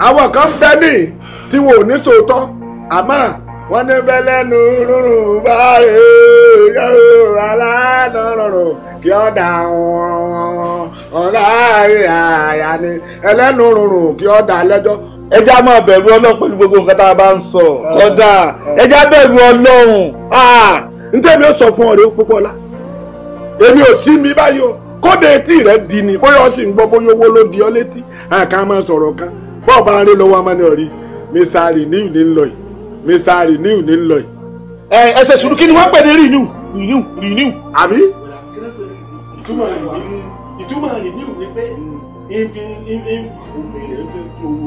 àwọn kan bẹ ní tí wọn ò ụtọ sòótọ́ àmọ́ wọ́n ní bẹ́lẹ́nu rúrùn báyìí e, yóò aláàánú rọrùn kí ọ dà wọ́n ọ̀la àyà ni ẹlẹ́nu rúrùn kí ọ dà lẹ́jọ́ ẹjá máa bẹ̀rù ọlọ́run pẹ̀lú gbogbo nǹkan tá a bá ń sọ kódà ẹjá bẹ̀rù ọlọ́run. Ah! ntẹ́mi ó sọ fún ọ̀rẹ́ Pópóọlá èmi ò sí mi báyìí o kóde etí rẹ di ni bóyá ó sì ń gbọ́ bóyá owó ló di ọ létí àká máa sọ̀rọ̀ kan bọ́ọ̀ bá rí lọ́wọ́ amání ọ̀rí Mr. Renew ní lọ yìí Mr. Renew ní lọ ẹ ẹsẹ sùúrù kí ni wọn pè ní renew renew renew. àbí. ìtumọ̀ renew ìtumọ̀ renew ni pé ìfi ìfi òmìnira ń fẹ́ kí owó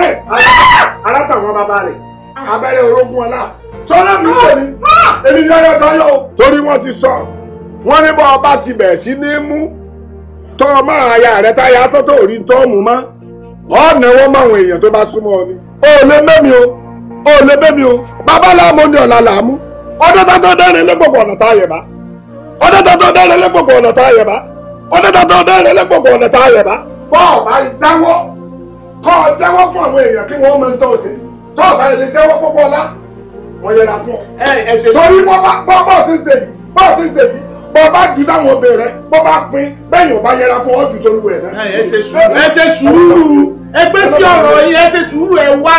rẹ̀. ara ah! ah! tàwọn ah! bàbá rẹ̀ abẹ́rẹ́ orógún ọlá. sọ́lá mi jẹ́ mi èmi yára dayọ̀ o. torí wọ́n ti sọ wọ́n ní ọba ti bẹ̀ẹ̀ sí ní mú tọ́ ọmọ àyà rẹ táyà tó tó rí tọ́ọ̀mù mọ́ ọ̀nà wọn máwọn èèyàn tó ọ o lè mẹ́mi o o lè mẹ́mi o mo ni ọ̀la làámú ọdún tó tó dẹ́rẹ́ ọ̀nà tá ọ jáwọ́ fún àwọn èèyàn kí wọ́n wọ́n yẹra fún ọ. torí wọ́n bá bọ́ bọ́ sí tèmi bọ́ sí tèmi bọ́ bá ju táwọn obìnrin rẹ bọ́ bá pín bẹ́yìn ọba yẹra fún ọ ju torú ẹ̀ náà. ẹ ṣe sùúrù ẹ gbé sí ọ̀rọ̀ yìí ẹ ṣe sùúrù ẹ wá.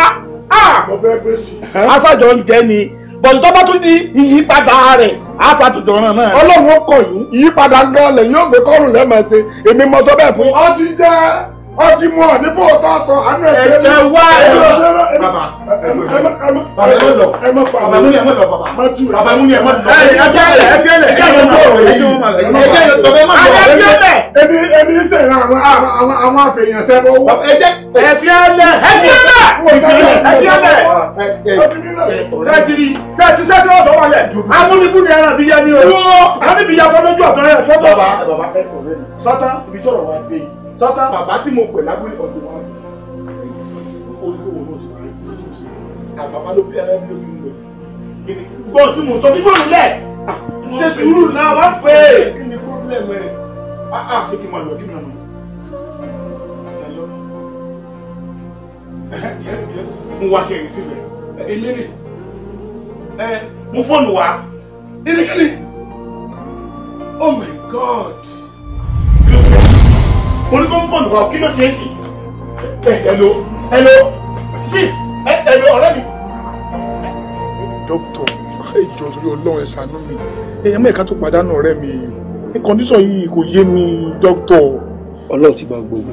aṣájọ ń jẹ ni bọ̀dù tó bá tún di ìyípadà rẹ̀ á ṣàtúntò ọ̀ràn náà. ọlọ́run ó kọ̀ yín ìyípadà gan-an lẹ́yìn ògbé kọ́rùn lẹ́ẹ̀mọ̀ ṣe èmi mọ̀ sọ bẹ́ẹ̀ fún. ó ti jẹ́ ọ ti mú ọ ní bó tọ́ sọ àánú ẹ̀ ẹ wá ẹ lọ bàbá ẹ lọ lọ ẹ mọ pa bàbá múni ẹ mọ lọ bàbá má tu bàbá múni ẹ mọ lọ. ẹ ẹ fiẹlẹ ẹ fiẹlẹ ẹ jẹ mọ ọ̀rọ̀ yìí ẹ jẹ bàbá má lọ ẹ fiẹlẹ. ebi ebi sẹ ẹ àwọn àwọn àwọn àfẹyàn sẹ bọ wọ. ẹ jẹ ẹ fiẹlẹ ẹ fiẹlẹ ẹ fiẹlẹ sẹtiri sẹti sẹti wọn sọ wọn lẹ amúnibú ni ẹran bí yẹ ni o. àwọn ibi ya fọdọjú ọtọ rẹ fọdọ sọtá ibi tọrọ wa dé yìí sọ́tà bàbá tí mo pè lábúlé ọ̀tún wọn olówó náà ti parí àbàbá ló bí ẹlẹ́bí ló bí mi lò gbọ́n tí mo sọ fífò nílẹ̀ ṣe sùúrù náà wá fẹ́ kí ni pọ́blẹ́mù ẹ̀ á ah, ah, ṣe kí n máa lọ kí n máa lọ. yes yes mo wá kẹrin sílẹ̀ èmi ni mo fóònù wá ìrìkìrì oh my god oníkóhùn fóònù wa kí ló ṣe é sí. hello hello chief hello ọ̀rẹ́ mi. dókítà ìjọ torí ọlọ́run ẹ̀ ṣàánú mi èèyàn mẹ́ẹ̀ká tó pàdánù ọ̀rẹ́ mi ní kọ́ndíṣọ̀ yìí kò yé mi dókítà. ọlọ́run ti gba gbogbo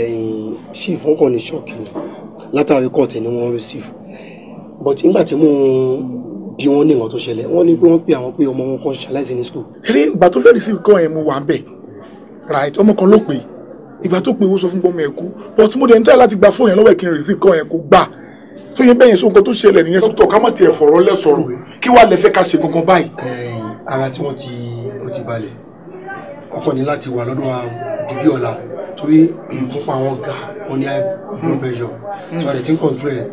ẹ̀yìn chief wọn kàn ní ṣọ́ọ̀kì ni látàrí kọ́ọ̀tẹ̀ ni wọ́n receive but nígbà tí mo bí wọ́n ní nǹkan tó ṣẹlẹ̀ wọ́n ní pé wọ́n pe àwọn pé ọmọ wọn kan ṣaláìsí ní school. eré ìgbà tó fẹ́ receive gan ẹ̀ mo wà ń bẹ̀ right ọmọ kan ló pè ìgbà tó pè ó sọ fún gbọmọ ẹ but mo dẹ̀ ń tẹ́ láti gba fóònù yẹn lọ́wọ́ ẹ̀ kí n receive kọ́ yẹn kó gbà tó yẹ bẹ́yẹn sóhun kan tó ṣẹlẹ̀ nìyẹn. dókítà ká má tiẹ̀ fọ̀rọ̀ lẹ̀ sọ̀rọ̀ hmm. kí wàá lẹ fẹ́ ká ṣe gangan báyìí. ara tí wọ́n ti wọ́n ti balẹ̀ ọkọ ní láti wà lọ́dọ̀ dìbí ọ̀la torí ìfúnpá wọn ga wọn ní high blood hmm. Hmm. so i dey think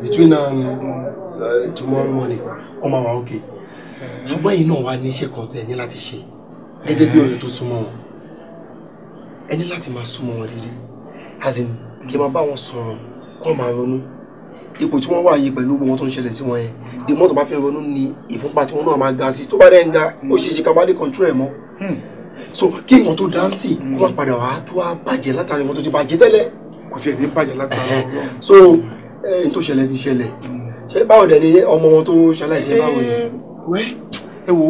between um, uh, tomorrow morning wọ́n máa wà okay ṣùgbọ́n yìí náà wà ní iṣẹ́ kan tẹ̀ ní láti ṣe gẹ́gẹ́ bí ọ̀rẹ́ tó súnmọ́ wọn ẹ ní láti máa súnmọ́ wọn rere as in kí ẹ máa bá wọn sọ̀rọ̀ kó máa ronú ipò tí wọ́n wà yìí pẹ̀lú ohun tó ń ṣẹlẹ̀ sí wọn yẹn the more tó bá fi ronú ni ìfúnpá tí wọn náà máa ga sí tó bá dẹ̀ ń ga ó ṣe é ṣe ká má lè control ẹ̀ mọ́ hmm. so kí nǹkan tó dáńsì kó wá padà wá tó wá bàjẹ́ látàrí nǹkan tó ti bàjẹ́ tẹ́lẹ̀. kò tiẹ̀ ní bàjẹ́ látàrí so n tó ṣẹlẹ̀ ti ṣẹlẹ̀ hmm. ṣé báwo dẹ̀ ni ọmọ wọn tó ṣaláìsí báwo ni. Eh, ẹ wo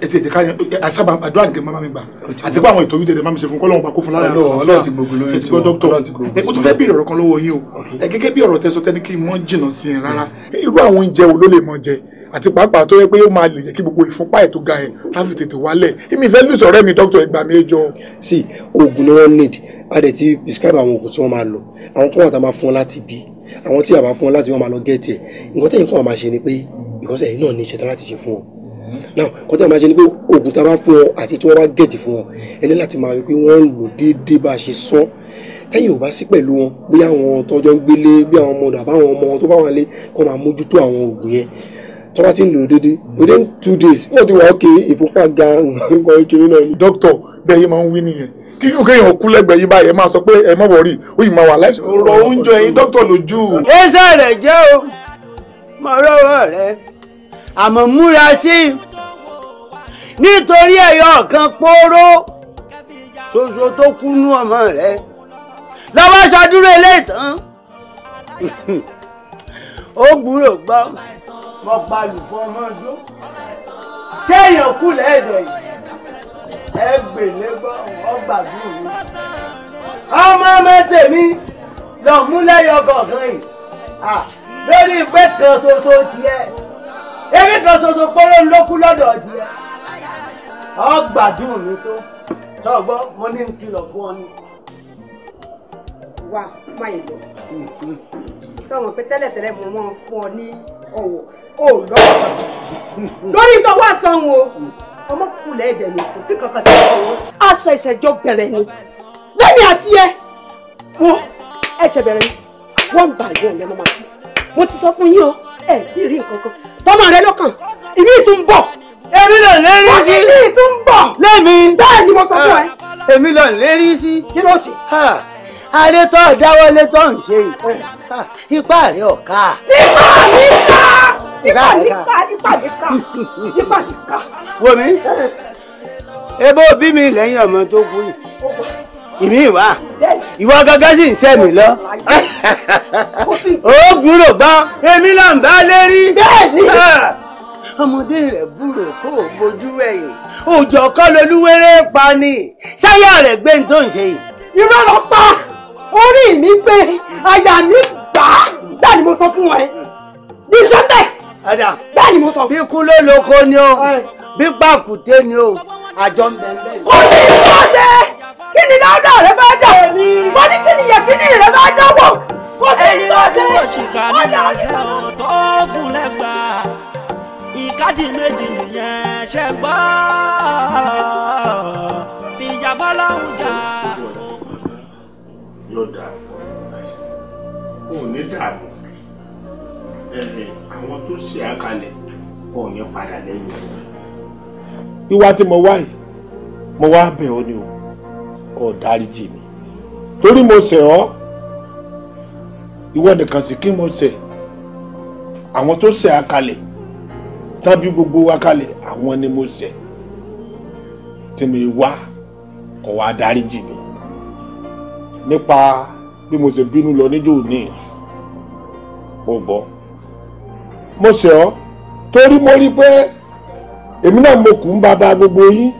ètè ètè káyọ àṣàbà àdúrà nìkan máa mi gbà àti pé àwọn ètò yìí tètè máa mi ṣe fún kọ́lọ́hún pa kó fún lára ọlọ́run ti gbogbo lórí ti gbọ́ dókítọ̀ mo tún fẹ́ béèrè ọ̀rọ̀ kan lọ́wọ́ yín o gẹ́gẹ́ bí ọ̀rọ̀ tẹ́sọ tẹ́ni kí n mọ́ jìnnà sí yẹn rárá irú àwọn oúnjẹ wo ló lè mọ jẹ àti pàápàá tó yẹ pé ó máa lè jẹ́ kí gbogbo ìfúnpá ẹ̀ tó ga yẹn láfi tètè wálẹ̀ èmi fẹ́ lùsọ̀ ọ̀rẹ́ mi dókítọ̀ ẹgbà mi jọ. sí oògùn ni wọ́n need a dẹ̀ ti prescribe àwọn oògùn tí wọ́n máa lò àwọn kan wà tá a máa fún wọn láti bí àwọn tí a bá fún wọn láti wọ́n máa lọ gẹ̀ẹ́tì ẹ̀ nǹkan tẹ̀yìn kan máa ṣe ni pé because ẹ̀yin náà ní ìṣẹ̀tàn láti ṣe fún wọn now kọjá máa ṣe ni pé oògùn tá a bá fún wọn àti tí wọ́n bá gẹ̀jì fún wọn ẹni láti máa rí pé wọ́n ń lò déédéé bá a ṣe sọ tẹ́yìn ò bá sí pẹ̀lú wọn bí àwọn tọ́jọ́ ń gbélé bí àwọn ọmọdé àbáwọn ọmọ tó bá wà lé kó máa mójútó àwọn oògùn yẹn tó bá ti ń lò déédéé within two days wọ́n ti wà ókè ìfúnpá ga nǹkan kiri náà ni. dókítà bẹ́ẹ̀ yìí máa ń wí nìyẹn kí yóò kéèyàn kú lẹ́gbẹ̀ẹ́ yín báyìí ẹ máa sọ pé ẹ mọ̀ wọ̀rí ó yìí máa wà láìsí. ọ̀rọ̀ oúnjẹ yín dókítà lójú. ẹsẹ̀ rẹ̀ jẹ́ o mọ̀rọ̀ rẹ̀ àmọ́ múra sí i nítorí ẹ̀yọ̀ kan póró ṣoṣo tó kúnú ọmọ rẹ lọ́wọ́ ṣàdúró eléyìí tán ó gbúrò gbọ́ mọ́ palù fún ọmọ ọjọ́ ṣé èèyàn kù lẹ́ẹ̀dẹ̀ yìí ẹ gbèlé gbọ́ ọgbàdúró mi ọmọ ọmọ tèmi lọ́ọ̀ múlẹ̀ yọ kọ̀ọ̀kan yìí lórí ìpè kan ṣoṣo tiẹ̀ èmi kan ṣoṣo péré ló kú lọ́dọ̀ ọ̀jẹ̀ ọgbàdùn mi tó tọ́gbọ́ mo ní nkìlọ̀ fún ọ ni. wà máyì lọ sọmọ pé tẹ́lẹ̀tẹ́lẹ̀ mo máa ń fún ọ ní ọ̀wọ̀ o lọ́wọ́ lórí tó wá sanwó ọmọkùnrin ẹ̀dẹ̀ ni kò sí kankan tí wọ́n wọ́n. aṣọ ìṣẹ̀jọ bẹ̀rẹ̀ ni lẹ́mi àti ẹ wo ẹ̀ṣẹ̀ bẹ̀rẹ̀ ni one by one lẹ́mọ̀ máa fi mo ti sọ fún yín o ẹ̀ tí ì rí nǹkan kan tọmọ rẹ lọkàn ìmí ìtún bọ. èmi ló lérí sí. wọ́n ní ìmí ìtún bọ̀. lẹ́mi. bẹ́ẹ̀ ni mo sọ fún ẹ. Ah, èmi ló lérí sí. kí ló ṣe. alẹ́ tó dáwọ́lé tó ń ṣe yìí eh, ipá rẹ̀ ọ̀ka. ipá mi ká ipá mi ká ipá mi ká ipá mi ká. wo mi ebo bí mi lẹ́yìn ọmọ tó kú yìí ìmí ìwà ìwọ gángan sì ń sẹ́mi lọ. sí. oògùn rò gbọ́ èmi là ń bá lérí. bẹ́ẹ̀ni. ọmọdé rẹ̀ búrò kó o bójú ẹ̀yìn òjò kọ́ lolúwẹ́rẹ́ pa ni ṣáyà rẹ̀ gbé ní tó ń ṣe yìí. irọ́ lọ pa orí mi gbé àyà mi gbà á bẹ́ẹ̀ ni mo sọ fún ẹ ní sunday bẹ́ẹ̀ ni mo sọ. bí kú ló lóko ni o bí pàkúté ni o àjọ ń bẹ lẹ́yìn. kò ní í kọ́ ṣe kí ni dáadáa rẹ bá dà wọ́n ní kí ni yẹ kí ni rẹ bá dà wọ́n kò sí ní ọdẹ ìkádì méjì nìyẹn ṣe gbọ́ fìjà fọlọ́hún jà. yóò dà ó ní dààmú àwọn tó ṣe àkàlẹ̀ ò ní padà lẹ́yìn. ìwà tí mo wá yìí mo wá bẹ̀ ọ́ ni o ò dáríjì mi torí mo ṣẹ̀ ọ́ ìwọ nìkan sì kí mo ṣe àwọn tó ṣe àkàlẹ̀ tàbí gbogbo wa kalẹ̀ àwọn ni mo ṣe tèmi wá kó wá dáríjì mi nípa bí mo ṣe bínú lọ níjọ́ òní o gbọ́ mo ṣe ọ́ torí mo rí pé èmi náà mo kù ń bàbá gbogbo yín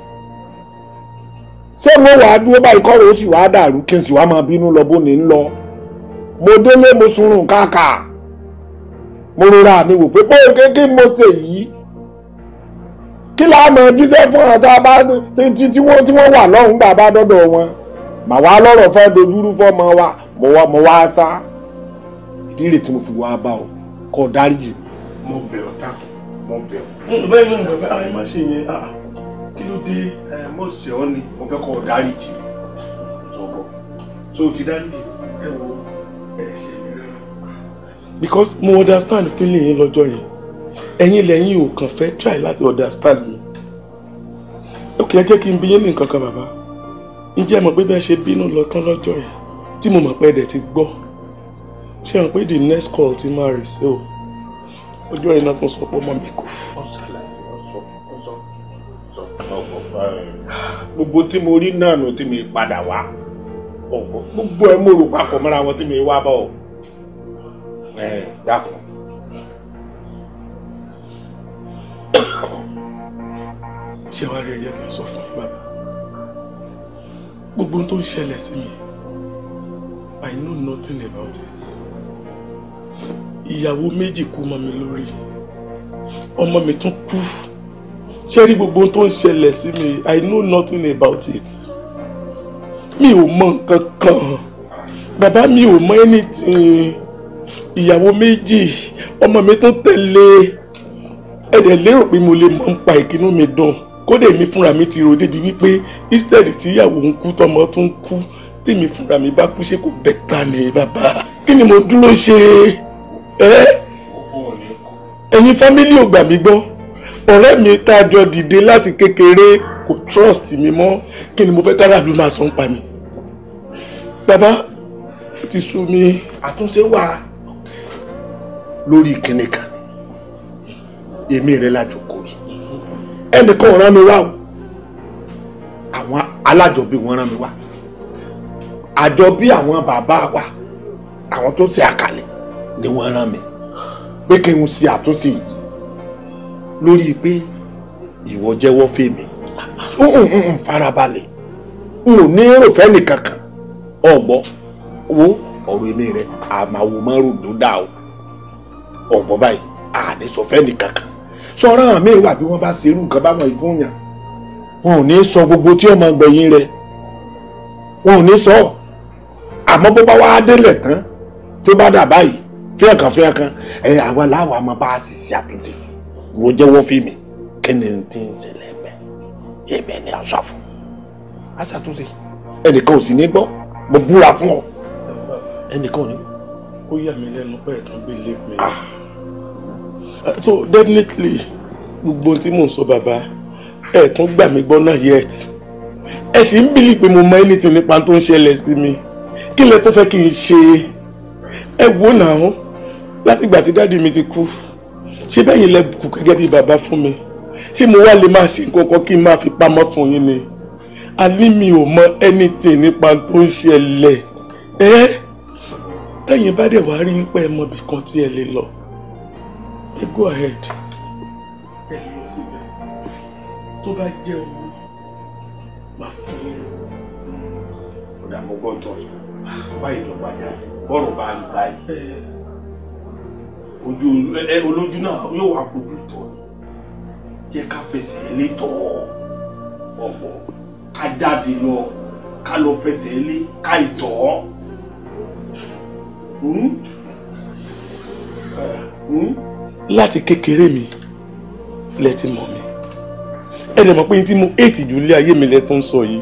ṣé mo wàá dúró báyìí kọ́rọ̀ ó sì wàá dàrú kí n sì wàá máa bínú lọ bó ni ń lọ mo délé mo sunrun kàkà mo rora mi wò pé pé kí mo ṣe yìí kí la mọ̀ jíṣẹ́ fún àwọn tá a bá tí tí wọ́n tí wọ́n wà lọ́hùn bàbá dọ́dọ̀ wọn mà wá lọ́rọ̀ fẹ́ dojúrú fọ́mọ wa mo wá mo wá sá ìdí rẹ̀ tí mo fi wá bá ọ kó o dáríjì mi. mo bẹ̀ ọ́ ta mo bẹ̀ ọ́. bẹ́ẹ̀ ni bàbá ẹ má ṣe yẹn ah, kí ló dé mo ṣe ọ́ ni mo fẹ́ kó o dáríjì mi sọ̀rọ̀ tó o ti dáríjì ẹ wò ó because mo understand feeling yín lọ́jọ́ yẹn ẹ̀yin lẹ́yìn ò kàn fẹ́ try láti understand me. Okay, ẹ jẹ́ kí n bi yín ní nǹkan kan bàbá ǹjẹ́ mọ̀ pé bẹ́ẹ̀ ṣe bínú lọ tán lọ́jọ́ yẹn tí mo mọ̀ pé ẹ̀dẹ̀ ti gbọ́ ṣé mọ̀ pé the next call ti máa rè sí o ọjọ́ yẹn náà tún sọ pé ọmọ mi kò fún gbogbo tí mo rí náà nù tí mi padà wá ọ̀pọ̀ gbogbo ẹ̀ mòrò papọ̀ mọ́ra wọn tí mi wá bọ̀ ẹ̀ dákun. ṣé wàá rí ẹjẹ kí n sọ fún bàbá gbogbo tó ń ṣẹlẹ̀ sí mi I know nothing about it ìyàwó méjì kú mọ́ mi lórí ọmọ mi tún kú ṣé rí gbogbo tó ń ṣẹlẹ̀ sí mi I know nothing about it mi ò mọ nǹkan kan bàbá mi ò mọ anything ìyàwó méjì ọmọ mi tó tẹ̀lé ẹ̀dẹ̀ lérò pé mo lè mọ̀ ń pa ìkínú mi dùn kódà èmi fúnra mi ti rò débi wípé instead tí ìyàwó ń kú tọmọ tó ń kú tèmi fúnra mi bá kú ṣe kò bẹ́tà ni bàbá kí ni mo dúró ṣe ẹ́ ẹ̀yin fámílì ò gbà mí gbọ́ ọ̀rẹ́ mi tá a jọ dìde láti kékeré kò trust mi mọ́ kí ni mo fẹ́ dára ló máa sọ ń pa mi bàbá ti sú mi àtúnṣe wà lórí ìkíni kan èmi rẹ̀ lájòkó yìí ẹnìkan ò rán mi wá o àwọn alájọbí wọn rán mi wá àjọbí àwọn bàbá wa àwọn tó ti àkàlẹ̀ ni wọ́n rán mi pé kí n ṣe àtúnṣe yìí lórí pé ìwọ jẹ́wọ́ fèmí Mm, mm, mm, farabalẹ̀ n ò ní rò fẹ́ni kankan ọ̀gbọ́ wo ọ̀rọ̀ ilé rẹ àmàwò máa rò ló dà o ọ̀gbọ́ báyìí àní sọ fẹ́ni kankan sọ̀rọ̀ àwọn míì wà bí wọ́n bá ṣe irú nǹkan báwọn ìfúnyàn wọn ò ní sọ gbogbo tí ọmọ gbẹ̀yìn rẹ wọn ò ní sọ àmọ́ bó bá wá délẹ̀ tán tó bá dà báyìí fíyàn kan fíyàn kan ẹ àwa láwa máa bá a sì ṣe àtúnṣe sí wo jẹ́wọ́ fíìmù kí ni n ti ń ṣẹlẹ̀ èmi ni aṣọ́fún. aṣàtúnṣe ẹnìkan ò sì ní gbọ́ mo búra fún ọ ẹnìkan ò ní. ó yà mí lẹ́nu pé ẹ̀tàn bíi lè mi. Ah. Ah, so definitely gbogbo ohun tí mò ń sọ bàbá ẹ tún gbà mí gbọ́ náà yet ẹ sì ń bìlì pé mo mọ anything nípa tó ń ṣẹlẹ̀ sí mi kí lẹ tó fẹ́ kí n ṣe ẹ wò náà látìgbà tí dáàdi mi ti kú ṣé bẹ́ẹ̀ yìí lẹ kù gẹ́gẹ́ bíi bàbá fún mi ṣé mo wá lè máa ṣe kankan kí n máa fi pamọ́ fún yín ni àní mi ò mọ anything nípa tó ń ṣẹlẹ̀ ẹ́ tẹ̀yìn bá dẹ̀ wá rí ń pẹ́ mọ́bì kan tí ẹ lè lọ ẹ go ahead ẹ lọ síbẹ̀ tó bá jẹ́ owó máa fún yín ọ̀dà mo gbọ́ tọ̀ yìí báyìí ló padà sí bọ́ọ̀rù bá ń báyìí ojú olójú náà yóò wá fojú tọ̀ jẹ́ ká fẹsẹ̀ ilé tọ̀ ọ̀pọ̀ ká jáde lọ ká lọ fẹsẹ̀ ilé ká ìtọ̀ hmm? eh, hmm? láti kékeré mi lẹ ti mọ̀ mi ẹ mọ̀ pé tí mo èètì jù lé ayé mi lẹ tó ń sọ yìí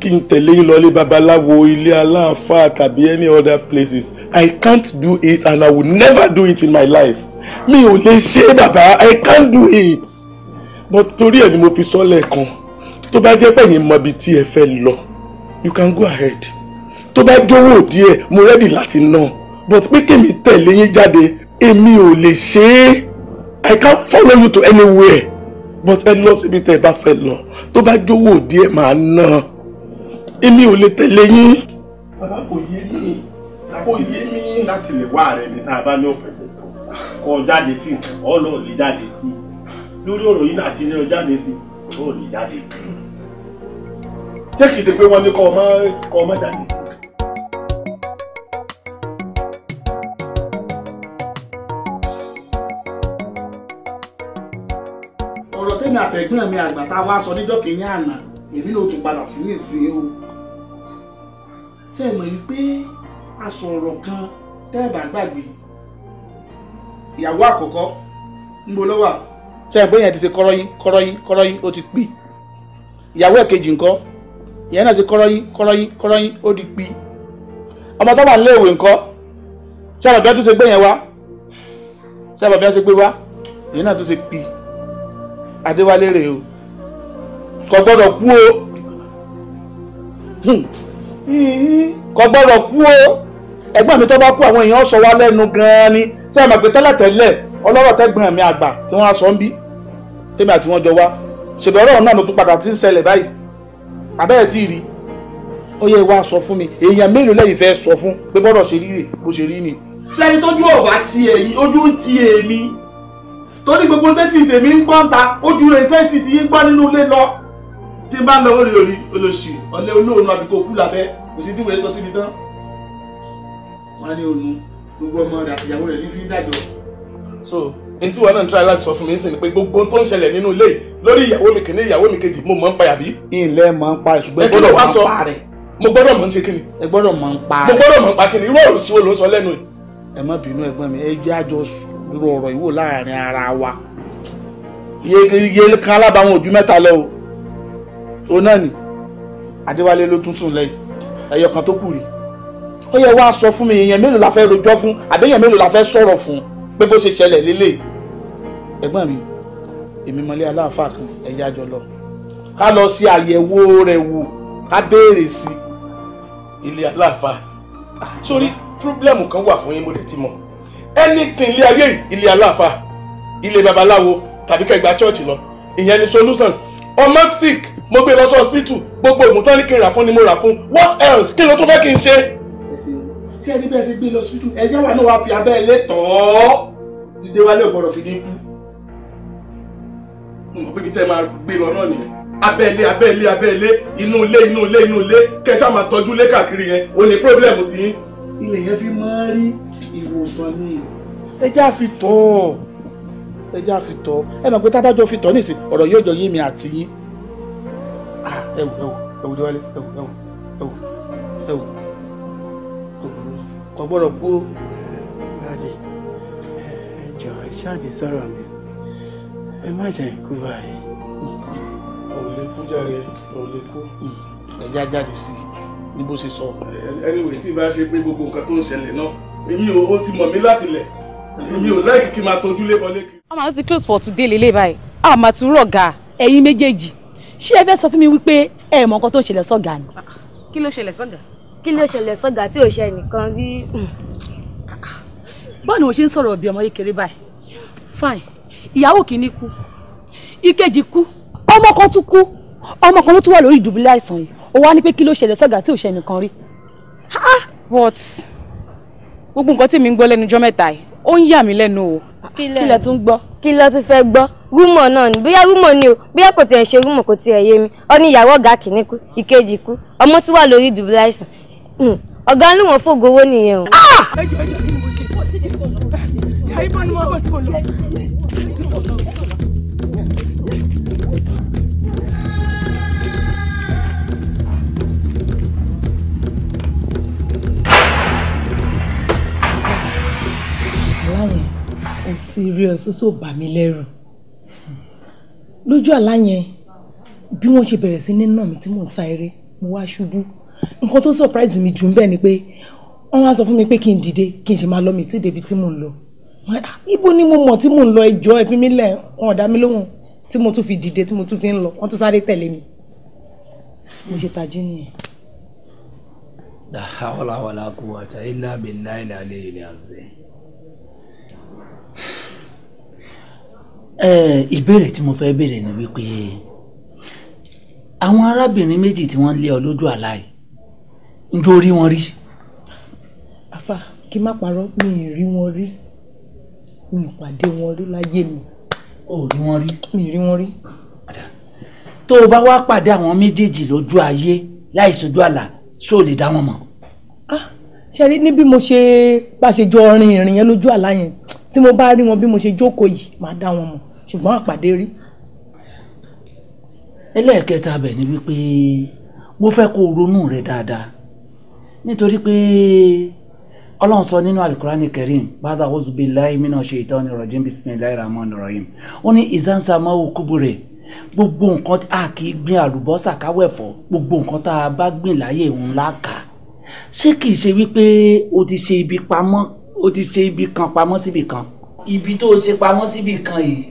kí n tẹ̀lé yín lọ ilé babaláwo ilé aláàfáà tàbí any other places I can't do it and I will never do it in my life mi ò lè ṣe bàbá i can't do it but torí ẹ̀ ni mo fi sọ lẹ́ẹ̀kan tó bá jẹ́ pẹ̀yìn mọbi tí ẹ fẹ́ lọ you can go ahead tó bá jówó díẹ̀ mo ready láti ná but pé kèmí tẹ̀lé yín jáde èmi ò lè ṣe é i can't follow you to anywhere but ẹ lọ síbi tẹ́ ẹ bá fẹ́ lọ tó bá jówó díẹ̀ màá ná èmi ò lè tẹ̀lé yín. bàbá kò yé mi kò yé mi láti lè wá rẹ ní tá a bá ní òpè ọ jáde sí ọ lọ lè jáde sí lórí ọ̀rọ̀ yìí náà ti ní ọ jáde sí ọ lè jáde sí ṣé kìí ṣe pé wọ́n ní kọ́ ọmọ kọ́ ọmọ jáde sí. ọ̀rọ̀ tẹ́mi àtẹ̀gbọ́n mi àgbà tá a wá sọ níjọ́ kìíní àná èmi ló tún padà sí ní ìsìn o ṣé ẹ mọ̀ wípé a sọ̀rọ̀ kan tẹ́ gbàgbé ìyàwó àkọ́kọ́ níbo ló wà. sọ yẹn pé yẹn ti ṣe kọ́rọ́yín kọ́rọ́yín ó ti pì ìyàwó ẹ̀kejì ńkọ́ ìyẹn náà ti kọ́rọ́yín kọ́rọ́yín kọ́rọ́yín ó di pì ọmọ tó wà o kò gbọ́dọ̀ kú o hmm. kò kú o mi tó bá tí a mọ̀ pé tẹ́lẹ̀tẹ́lẹ̀ ọlọ́rọ̀ tẹ́gbọ̀n mi àgbà tí wọ́n á sọ ń bí tèmi àti wọn jọ wá ṣèbẹ̀ ọ̀rọ̀ náà ló tún padà ti ń ṣẹlẹ̀ báyìí àbẹ́rẹ́ tí ì rí ó yẹ wá sọ fún mi èèyàn mélòó lẹ́yìn fẹ́ sọ fún pé bọ́dọ̀ ṣe rí rè bó ṣe rí ni. sẹ́ni tójú ọ̀bá ti ẹ̀yìn ojú ń ti èmi torí gbogbo tẹ́tì tèmi ń gbọ́n ta ojú rẹ̀ tẹ́tì ti ń gbọ́ nínú ilé lọ tí n bá lọ orí orí olóṣì ọ̀lẹ́ olóòórùn àbíkó kú làbẹ́ kò sí tí wòye sọ síbi tán wọ́n á ní òun gbogbo ọmọ rẹ̀ àtìyàwó rẹ̀ ní fi ń so n tí wọn náà ń try láti sọ fún mi ń sìn ni pé gbogbo tó ń ṣẹlẹ̀ nínú ilé lórí ìyàwó mi kìíní ìyàwó mi kejì mo mọ̀ ń pa yàbí. ilé mọ̀ ń pa ṣùgbọ́n ìgbọ́dọ̀ mọ̀ ń pa rẹ̀. mo gbọ́dọ̀ mọ̀ ń ṣe kíni. ẹ gbọ́dọ̀ mọ̀ ń pa rẹ̀. mo gbọ́dọ̀ mọ̀ ń pa kíni irú ọ̀rọ̀ ṣíwó ló ń sọ lẹ́nu ẹ má bínú ẹ̀gbọ́n mi ẹ jẹ́ àjọ rọ ọ̀rọ̀ ìwò láàrin ara wa. iye kan alábàáwọn ojú mẹ́ta lọ o náà ni Adéwálé ló tún sùn lẹ́yìn ẹyọ kan tó kù rèé ó yẹ wá sọ fún mi èèyàn mélòó la fẹ́ rojọ́ fún àbẹ́yàn mélòó la fẹ́ sọ̀rọ̀ fún pé bó ṣe ṣẹlẹ̀ lélẹ̀ ẹ̀gbọ́n mi èmi mọ̀lẹ́ aláàfáà kan ẹ̀yà jọ lọ ká lọ sí àyẹ̀wò rẹ̀ wò ká béèrè sí ilé aláàfáà sórí pírọ́blẹ́mù kan wà fún yín mo dẹ̀ ti mọ̀ anything ilé ayé ilé aláàfáà ilé babaláwo tàbí kẹgbà chọ́ọ̀chì lọ ìyẹn ni solution ọmọ sick mo gbé lọ sí hospital gbogbo ìmùtọ́ kí n rà fún ni mo rà fún what else kí ló tún fẹ́ kí n ṣe tí ẹni bẹ́ẹ̀ ṣe gbé lọ síbítù ẹjẹ́ wa náà wá fi abẹ́ ilé tàn ọ́ ti dé wálé ọ̀gbọ́dọ̀ fi dín kú. mo pé kí tẹ́ máa gbé lọ náà nìyẹn abẹ́ ilé abẹ́ ilé abẹ́ ilé inú ilé inú ilé inú ilé kẹ́sà máa tọ́jú ilé káàkiri yẹn ó ní pírọ́blẹ̀mù ti yín. ilé yẹn fi máa rí ìwòsàn ni ẹjẹ́ àfi tọ́ ẹjẹ́ àfi tọ́ ẹ mọ̀ pé tábàjọ́ fi tọ́ nìsín ọ̀rọ̀ yóò jọ yín mi àti yín. Ah, ẹ wò ẹ wò ẹ wò ẹ wò ẹ wò ẹ wò ẹ wò kò gbọ́dọ̀ kú. Dádì, ẹ jọ ẹ ṣáàjì sọ̀rọ̀ mi, ẹ má jẹ́ ikú báyìí. Òun kú jáde, òun kú. Ẹja jáde sí ní bó ṣe sọ. Anyway, tí ìbá ṣe pé gbogbo nǹkan tó ń ṣẹlẹ̀ náà, èmi ò ti mọ̀ mí láti lẹ̀. Èmi ò láìkí kí máa tojú lé wọlé kiri. Ọmọ àwọn ti close for today lélẹ̀ báyìí. Àwọn àmà tún rọ̀ ga ẹ̀yin méjèèjì. Ṣé ẹ fẹ́ sọ fún mi wípé ẹ mọ̀ nǹkan tó ń ṣẹlẹ̀ sọ́gà ni? Kí ló ṣẹlẹ̀ sọ́gà? kí ló ṣẹlẹ̀ sọ́gà tí ò ṣe nìkan rí. Hmm. báwo ni ṣe ń sọ̀rọ̀ bí ọmọ kékeré báyìí fine ìyàwó kìíní kú ìkejì kú ọmọ kan tún kú ọmọ kan ló tún wà lórí ìdùbúlẹ̀ àìsàn yìí ó wá ní pé kí ló ṣẹlẹ̀ sọ́gà tí ò ṣe nìkan rí. but gbogbo nǹkan tí mi ń gbọ́ lẹ́nu ọjọ́ mẹ́ta yìí ó ń yà mí lẹ́nu o. kí lẹ tún fẹ́ gbọ́ rúmọ̀ náà ni bóyá rúmọ̀ ni o bóyá kò tiẹ̀ ṣe rúmọ̀ kò tiẹ̀ yé mi ó ní ìyàwó ọ̀gá kìíní kú ìkejì kú ọmọ tún wà lórí ìdùbúlẹ̀ àìsàn Hmm. ọ̀gá ni wọ́n fògo owó nìyẹn o. Ah! aláyẹn ò serious ó tó bà mí lẹ́rù lójú àlá yẹn bí wọ́n ṣe bẹ̀rẹ̀ sí ní nà mí tí mò ń sá eré mo wá ṣubú nǹkan tó surprise mi jù ń bẹ́ẹ̀ ni pé wọ́n wá sọ fún mi pé kí n dìde kí n ṣe máa lọ mi tí débi tí mò ń lọ ibo ni mo mọ̀ tí mò ń lọ ẹjọ́ ẹ̀fín mi lẹ̀ wọn ò dá mi lóhùn tí mo tún fi dìde tí mo tún fi ń lọ wọ́n tún sáré tẹ̀lé mi mo ṣe tají nìyẹn. la hawla wala quwwata illa billahi al-aliyyil azim. ìbéèrè tí mo fẹ́ béèrè ni wípé àwọn arábìnrin méjì tí wọ́n lé ọ lójú àlá njó rí wọn rí. àfà kí má parọ́ mi ì rí wọn rí mi ì pàdé wọn rí láyé mi. ò rí wọn rí. mi ì rí wọn rí. tó o bá wá pàdé àwọn méjèèjì lójú ayé láì sojú àlà ṣó o lè dá wọn mọ̀. Ah, ṣe rí ní bí mo ṣe bá ṣe jọ ìrìn yẹn lójú àlá yẹn tí mo bá rí wọn bí mo ṣe jókòó yìí màá dá wọn mọ̀ ṣùgbọ́n àpàdé rí. ẹlẹ́ẹ̀kẹta bẹ̀ ni wípé mo fẹ́ kó o ronú rẹ̀ dáadáa nítorí pé ọlọ́run sọ nínú alukurani karim bàdà ọ̀sùnbíláì mina ṣèitán rọ̀jìn bisimilayi rahman rahim ó ní ìzánsàmáwò kúbúrè gbogbo nǹkan a kì í gbin àlùbọ́sà káwẹ̀fọ́ gbogbo nǹkan tá a bá gbìn láyé òun la kà ṣé kì í ṣe wípé o ti ṣe ibi pamọ́ o ti ṣe ibi kan pamọ́ síbi kan ibi tó o ṣe pamọ́ síbi kan yìí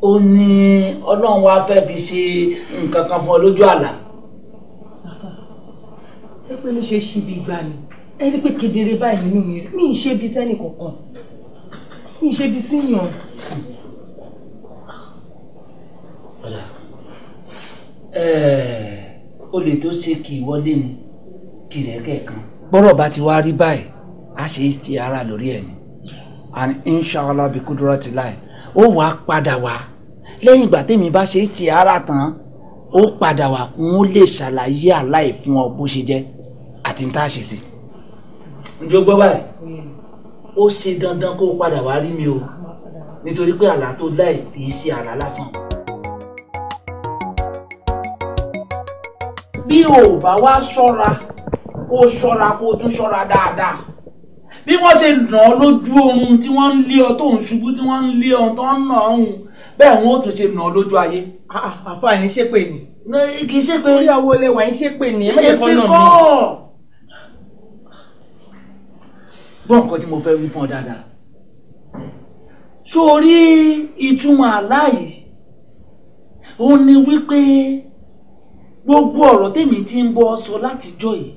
ó ní ọlọ́run wá fẹ́ fi ṣe nǹkan kan fún ọ lójú àlá pé mo ṣe ṣíbi ìgbà ni ẹ rí pé kedere báyìí nínú mi mi ì ṣe bí sẹ́nì kankan mi ì ṣe bí síyàn. olè tó ṣe kì í wọlé ni kì í rẹ́kẹ̀ kan. bọ́rọ̀ bá ti wá rí báyìí a ṣe é ti ara lórí ẹ̀ ni and inshallah bí kúdúrà ti láì ó wàá padà wá lẹ́yìn ìgbà tèmi bá ṣe ti ara tán ó padà wá n ó lè ṣàlàyé àláì fún ọ bó ṣe jẹ́ àti tá a ṣe sí. ǹjẹ́ o gbọ́ báyìí ó ṣe dandan kó o padà wá rí mi o nítorí pé àlá tó láì kì í ṣe àlá lásán. bí o ò bá wá ṣọ́ra kó o ṣọ́ra kó o tún ṣọ́ra dáadáa bí wọ́n ṣe nà ọ́ lójú oorun tí wọ́n ń lé ọ tó ń ṣubú tí wọ́n ń lé ọ tó ń nà ọ́hún bẹ́ẹ̀ wọ́n ó tún ṣe nà ọ́ lójú ayé. Ah, àfa yẹn ṣépè ni. kì í ṣépè. orí àwo lẹwà yẹn ṣépè ni. èpè kọ́ gbọ́ nǹkan tí mo fẹ́ wí fún ọ dáadáa sórí ìtumọ̀ aláì ó ní wípé gbogbo ọ̀rọ̀ tèmi ti ń bọ́ sọ látijọ́ yìí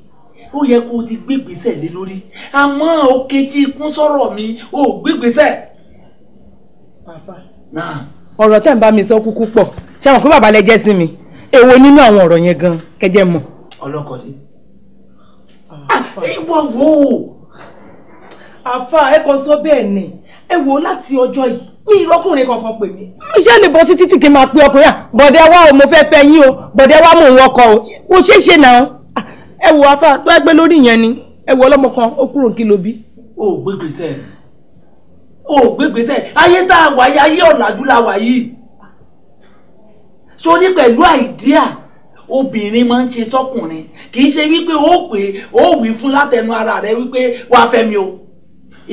ó yẹ kó o ti gbégbèsè lé lórí àmọ́ o kejì kún sọ̀rọ̀ mi ò gbégbèsè. bàbá ọ̀rọ̀ tẹ́ ń bá mi sọ kúkú pọ̀ ṣé àwọn kó bàbá lẹ jẹ́ sí mi èwo nínú àwọn ọ̀rọ̀ yẹn gan kẹjẹ mọ̀. ọlọ́kọ̀dé ah, ìwọ wo afa ẹkọ sọ bẹ́ẹ̀ ni ẹ wò láti ọjọ yìí mi ìrọ́kùnrin kankan pè mí. iṣẹ́ ni títí kí n máa pe ọkùnrin à bọ̀dẹ̀ o mo fẹ́ fẹ́ yín o bọ̀dẹ̀ mò ń wọkọ̀ o kò ṣeé ṣe náà ẹ wò tó ẹgbẹ́ lórí ni ẹ wò ọlọ́mọ kan ó o ò o ò ayé tá a wáyé ayé wà yìí pẹ̀lú àìdíà obìnrin máa ń ṣe sọ́kùnrin kì í ṣe wípé ó pè ó wí fún látẹnu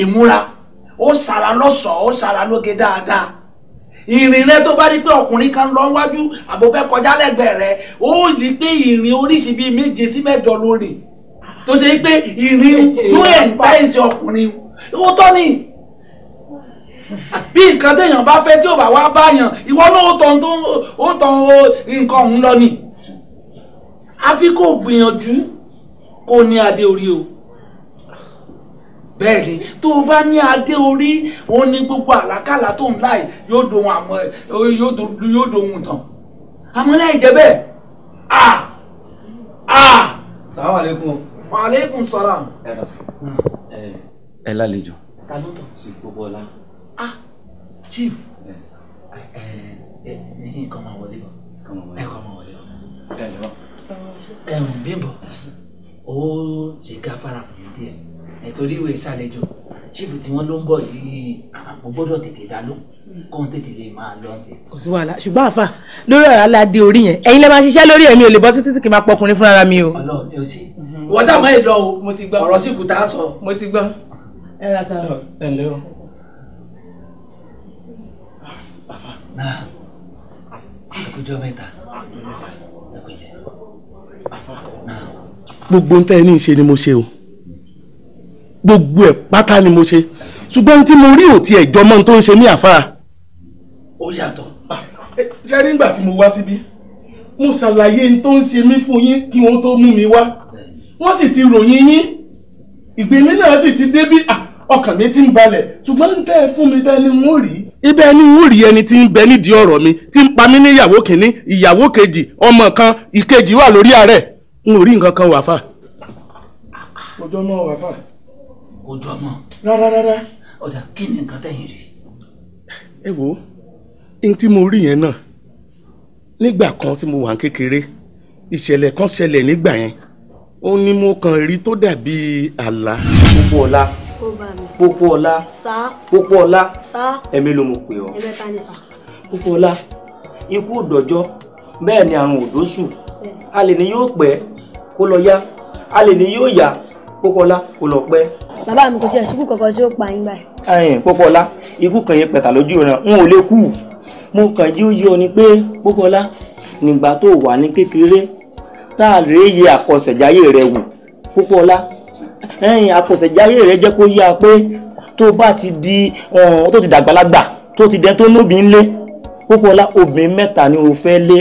ìmúra ó sara lọ́sọ̀ọ́ ó sara lóge dáadáa ìrìn rẹ tó bá rí pé ọkùnrin kan lọ wájú àbò fẹ́ kọjá lẹ́gbẹ̀ẹ́ rẹ ó rí pé ìrìn oríṣi bíi méje sí mẹ́jọ lórí tó ṣe pé ìrìn ló ẹ̀ bá ẹ̀sìn ọkùnrin ó tọ́ ni bí nǹkan téèyàn bá fẹ́ tí ò bá wá báyàn ìwọ náà ó tàn ó tàn nǹkan ọ̀hún lọ ni àfi kò gbìyànjú kò ní adé orí o bẹ́ẹ̀ ni tó o bá ní adé orí òun ni gbogbo àlákàlà tó ń láì yóò dohun àmọ́ yóò dohun tán àmọ́ láì jẹ́ bẹ́ẹ̀ à à. sàwọn àlékún. wàlékún sọlá. Hmm. ẹ lálejò. ta ló tọ̀. sí gbogbo ọlá. ah chief ẹ ní nǹkan máa wọlé bọ̀ ẹ kọ́ máa wọlé bọ̀ ẹ ń bímbọ̀ o ṣe gáfárà fún mi nítorí ìwé ìsàlẹ̀jọ ṣífù tí wọ́n ló ń bọ̀ yìí àpò ah, gbọ́dọ̀ tètè dá ló kóun tètè lè máa lọ ti. kò sí wàhálà ṣùgbọ́n àfà lórí ọ̀rọ̀ aládé orí yẹn ẹ̀yin lè máa ṣiṣẹ́ lórí ẹ̀mí ò lè bọ́ sí títí kí n máa pọkùnrin fúnra mi o. ọlọ́run mi ò sí wọ́n sàmọ́ ẹ̀ lọ o mo ti gbọ́ ọ̀rọ̀ síkù tá a sọ. mo ti gbọ́ ẹ ra ta. ẹ ǹlẹ́ o. àfà. náà ẹkújọ mẹ́ta ẹkújẹ. àfà. gbogbo ń tẹ́ ẹ ní gbogbo ẹ̀ pátá ni mo ṣe ṣùgbọ́n tí mo rí òtí ẹ̀jọ́ mọ́ tó ń ṣe ní àfáà. ó yàtọ̀ ah, ṣe rí nígbà tí mo wá síbí mo ṣàlàyé n tó ń ṣe mí fún yín kí wọ́n tó mú mi wá wọ́n sì ti ròyìn yín ìgbèmí náà sì ti débí ah, ọkàn mi ti ń balẹ̀ ṣùgbọ́n tẹ́ ẹ fún mi tẹ́ ni n ó rí. ibẹ̀ ni n ó rí ẹni tí ń bẹ nídìí ọ̀rọ̀ mi tí ń pa mí ní ìyàwó kìíní ìyàwó kejì ọmọ kan ìkejì wà lórí ààrẹ n ò rí nǹkan kan wàfà. ọjọ́ náà wàfà ojú ọmọ. rárá rárá. ọ̀dà kí ni nǹkan tẹ̀yìn rí. ẹ wo n tí mo rí yẹn náà nígbà kan tí mo wà kékeré ìṣẹ̀lẹ̀ kan ṣẹlẹ̀ nígbà yẹn ó ní mo kàn rí tó dàbí àlá. gbogbo ọ̀la gbogbo ọ̀la gbogbo ọ̀la ẹ̀mí ló mo pè ọ́ gbogbo ọ̀la ikú òdòjọ́ bẹ́ẹ̀ ni àrùn òdòsù a lè yóò pẹ́ kó lọ yá a lè yóò yá pópọ́lá kò lọ pẹ́. bàbá mi kò tiẹ̀ sùkú kankan tí ó pa yín báyìí. ẹyìn pópọ́lá ikú kan yẹn pẹ̀tà lójú ìran n ò lè kú mo kàn jí ó yọ ni pé pópọ́lá nígbà tó wà ní kékeré tá a lè yẹ àkọsẹ̀jáyé rẹ wò pópọ́lá ẹyìn àkọsẹ̀jáyé rẹ jẹ́ kó yá pé tó bá ti di tó ti dàgbàlagbà tó ti dẹ́n tó lóbi ńlé pópọ́lá obìnrin mẹ́ta ni o fẹ́ lé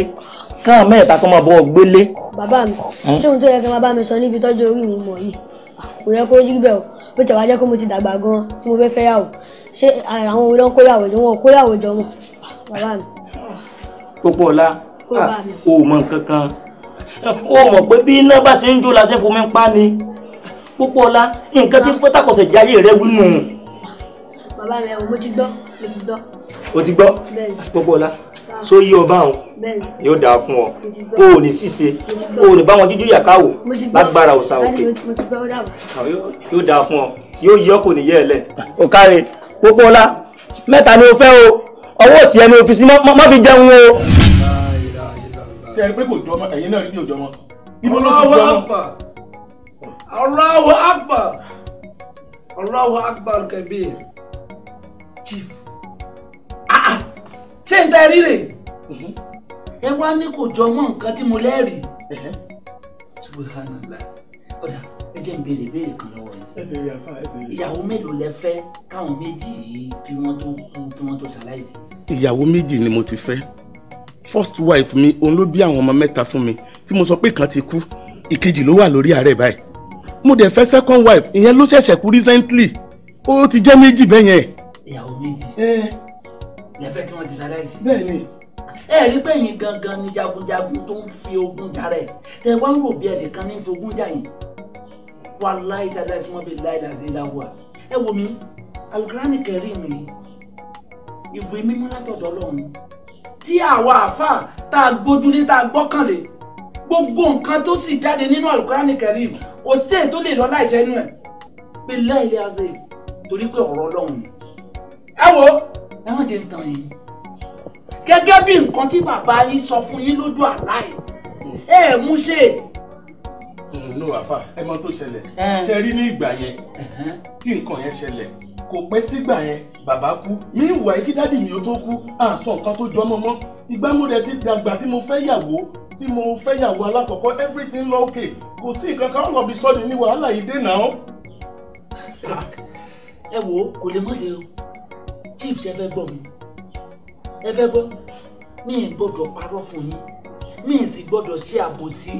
káà mẹ́ta kan máa bọ́ ọ gbélé. bàbá mi ṣé òun tó yẹ kí n máa bá mi sọ níbi tọ́jú orí mi mọ̀ yìí kò kó rí bẹ́ẹ̀ bó ti wá jẹ́ pé mo ti dàgbà gan tí mo fẹ́ fẹ́ yàwó ṣé àwọn òun ló ń kóyàwó jọ wọn kóyàwó jọ mọ bàbá mi. pópó ọlá o mọ nǹkan kan o mọ̀ pé bí iná bá ṣe ń jó la ṣe fomi ń pa ni pópó ọlá nǹkan tí pátákọ̀sẹ̀ jẹ́ ayé rẹ wínú. bàbá mi ẹ̀ mo ti gbọ́ mo ti gbọ́. o ti gbọ́ pópó ọlá so yí ọba àwọn yóò dáa fún ọ kó o ní ṣìṣe kó o ní bá wọn dídú yàkáwò lágbára òsà òkè yóò dáa fún ọ yóò yí ọ kò ẹ lẹ. o káre gbogbo ọlá mẹ́ta ni o fẹ́ o ọwọ́ òsì ẹni òfin sí má fi jẹun o. ṣe é pé kò jọmọ ẹ̀yin náà rí bí ò jọmọ ibo ló ti jọmọ. Allahu Akbar Allahu chief ṣé n tẹ ríre mhm. ẹ wá ní kò jọ mọ́ nǹkan tí mo lẹ́rìí mhm. subhanallah ọ̀dà ẹ jẹ́ n béèrè béèrè kan lọ́wọ́ yìí ìyàwó mélòó lẹ fẹ́ káwọn méjì yìí bí wọ́n tó bí wọ́n tó ṣaláìsí. ìyàwó méjì ni mo ti fẹ́ first wife mi òun ló bí àwọn ọmọ mẹ́ta fún mi tí mo sọ pé kan ti kú ìkejì ló wà lórí àárẹ̀ báyìí mo dẹ̀ fẹ́ second wife ìyẹn ló ṣẹ̀ṣẹ̀ kú recently ó ti jẹ́ méjì bẹ́yẹn. ìyàwó méjì lẹ́fẹ̀ẹ́ tí wọ́n ti ṣaláìsí. bẹ́ẹ̀ni. ẹ rí pé yín gangan ni jagunjagun tó ń fi ogun dára ẹ tẹ wá ń rò bí ẹnìkan ní fi ogun jà yín wà láì ṣaláìsí wọn bí láì láti láwùwà ẹ wò mí alukurani kẹrin mi ìwé mímọ́ látọ̀dọ̀ Ọlọ́run tí àwa àáfàá tá a gbójúlé tá a gbọ́kànlé gbogbo nǹkan tó sì jáde nínú alukurani kẹrin ò sí ètò lè lọ láìṣẹ́ nù ẹ̀ pé láìlé azẹ́ torí pé ọ̀rọ̀ Ọlọ́run ni ẹ wò ó ẹ má jẹ́ ń tàn yín gẹ́gẹ́ bí nǹkan tí bàbá yín sọ fún yín lójú àlá yìí ẹ ẹ mú ṣe. Mm, nù àfà ẹ mọ tó ṣẹlẹ̀ ṣe rí ní ìgbà yẹn tí nǹkan yẹn ṣẹlẹ̀ kò pẹ́ sígbà yẹn bàbá kú mi ìwà yìí kí dádì mi ó tó kú àṣọ nǹkan tó jọ mọ́mọ́ ìgbà ti dàgbà tí mo fẹ́ yàwó tí mo fẹ́ yàwó alákọ̀ọ́kọ́ everything lọ òkè kò sí nǹkan kan lọ bí sọ́ni ní wàhálà yìí dènà. ẹ wo kò lè mọ̀ lé o chief ṣe fẹ́ gbọ́ mi ẹ fẹ́ gbọ́ mi ì gbọ́dọ̀ parọ́ fún yín mi ì sì gbọ́dọ̀ ṣe àbòsí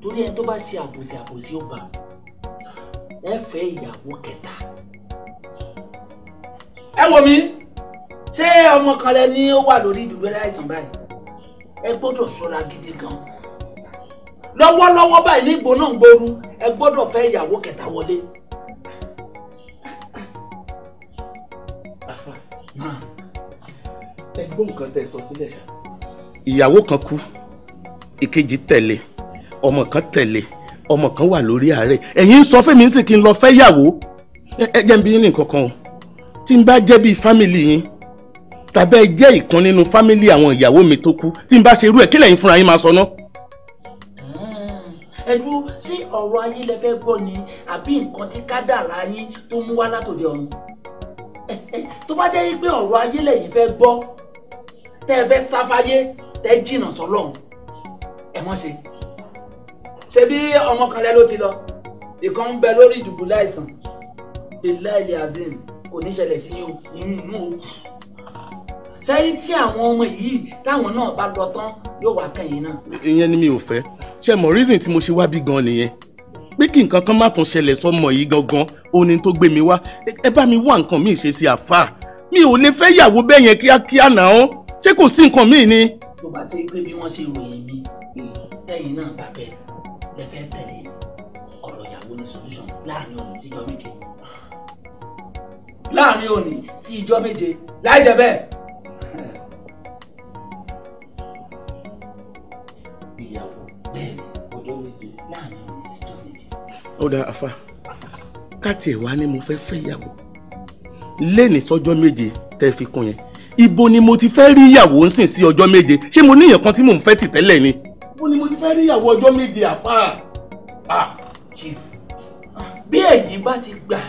torí ẹni tó bá ṣe àbòsí àbòsí ó bá ẹ fẹ́ ìyàwó kẹta. ẹ wò mí ṣé ọmọ kan rẹ ni ó wà lórí ìdúgbẹ́rẹ́ àìsàn báyìí ẹ gbọ́dọ̀ ṣọ́ra gidi gan-an lọ́wọ́lọ́wọ́ báyìí ní ìgbóná ń gbooru ẹ gbọ́dọ̀ fẹ́ ìyàwó kẹta wọlé gbọ́ nǹkan tẹ́ ẹ sọ sílẹ̀ ṣá. ìyàwó kan kú ìkejì tẹ̀lé ọmọ kan tẹ̀lé ọmọ kan wà lórí àárẹ̀ ẹ̀yin ń sọ fẹ́mi ń sì kí n lọ fẹ́ yàwó ẹ jẹ́ n bí nǹkan kan o tí n bá jẹ́ bíi fámìlì yín tàbí ẹ jẹ́ ìkan nínú fámìlì àwọn ìyàwó mi tó kú tí n bá ṣe irú ẹ̀ kí lẹ́yìn fúnra yín máa sọ náà hmm. ẹ̀dúró sí ọ̀rọ̀ ayé lẹ fẹ́ gbọ́ ni àbí nǹkan tí kádàrá yín tó mú wá látòde ọ̀run tó bá jẹ́ pé ọ̀rọ̀ ayé lẹ̀yin fẹ́ gbọ́ tẹ́ ẹ fẹ́ sáfáyé tẹ́ jìnnà sọ́lọ́run ẹ mọ̀ ṣe ṣe bí ọmọ kan lẹ ló ti lọ ìkan ń bẹ lórí ìdùbò láìsàn bíláìlì azeem kò ní ṣẹlẹ̀ sí yín inú o sẹ́yìn tí àwọn ọmọ yìí táwọn náà bá lọ tán yóò wá kẹ́yìn náà. ìyẹn ni mi ò fẹ́ ṣe mọ̀ reason tí mo ṣe wá bí gan nìyẹn pé kí nǹkan kan má tún ṣẹlẹ̀ sọmọ yìí gangan òní tó gbé mi wá ẹ bá mi wá nǹkan mi ṣe sí àáfàá mi ò lè fẹ́ yàwó bẹ́ẹ̀ yẹn kíákíá náà ṣé kò sí nǹkan míì ni. tó bá ṣe pé bí wọ́n ṣe ròyìn mi lẹ́yìn náà bá bẹ̀ lẹ fẹ́ tẹ̀lé ọ̀rọ̀ ìyàwó ní solution láàrin òní sí ìjọ méje láàrin òní sí ìjọ méje láì jẹ́ bẹ́ẹ̀. ìyàwó bẹ́ẹ̀ ọjọ́ méje láàrin òní sí ìjọ méje. ó dáa àfa káàtì ẹ̀ wá ni mo fẹ́ fẹ́ ìyàwó lẹ́nìí sọ́jọ́ méje tẹ́ fi kún yẹn ibo ni mo ti fẹ́ rí ìyàwó ń sìn sí ọjọ́ méje ṣé mo níyàn kan tí mò ń fẹ́ tì tẹ́lẹ̀ ni. ibo ni mo ti fẹ́ rí ìyàwó ọjọ́ méje àfárà. Ah, chief ah, bí ẹ̀yin bá ti gbà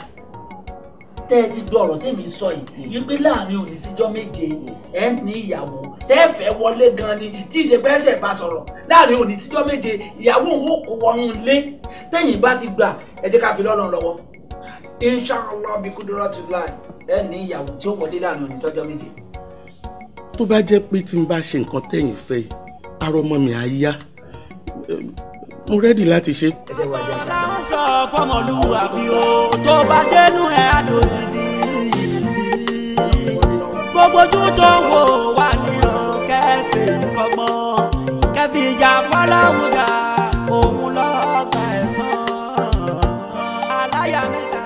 tẹ́ ẹ ti gbọ́ ọ̀rọ̀ tèmi sọ yìí wípé láàrin òní síjọ́ méje ẹ ní ìyàwó tẹ́ ẹ fẹ́ wọlé gan ni tí ìṣe pẹ́sẹ̀ bá sọ̀rọ̀ láàrin òní síjọ́ méje ìyàwó òun ò kó wọnú ilé tẹ́yìn bá ti gbà ẹ jẹ́ ká fi lọ́lọ́run lọ́wọ́ inshallah bí kúndúrà tó láì ẹ ní ìyàwó tí ó wọlé láàrin òní sọ́jọ́ méje tó bá jẹ́ pé tí n bá ṣe nǹkan tẹ̀yìn fẹ́ yìí ara ọmọ mi á yá mo rẹ́dì láti ṣe. ọlọ́run sọ fọmọlúwàbí o tó bá dénú ẹ̀ àdó dídí gbogbo ojú tó wò wá ní o kẹfì kọmọ kẹfì ìjà fọláwùjà òun lọ́ọ̀gbà ẹ̀sán aláya mẹ́ta.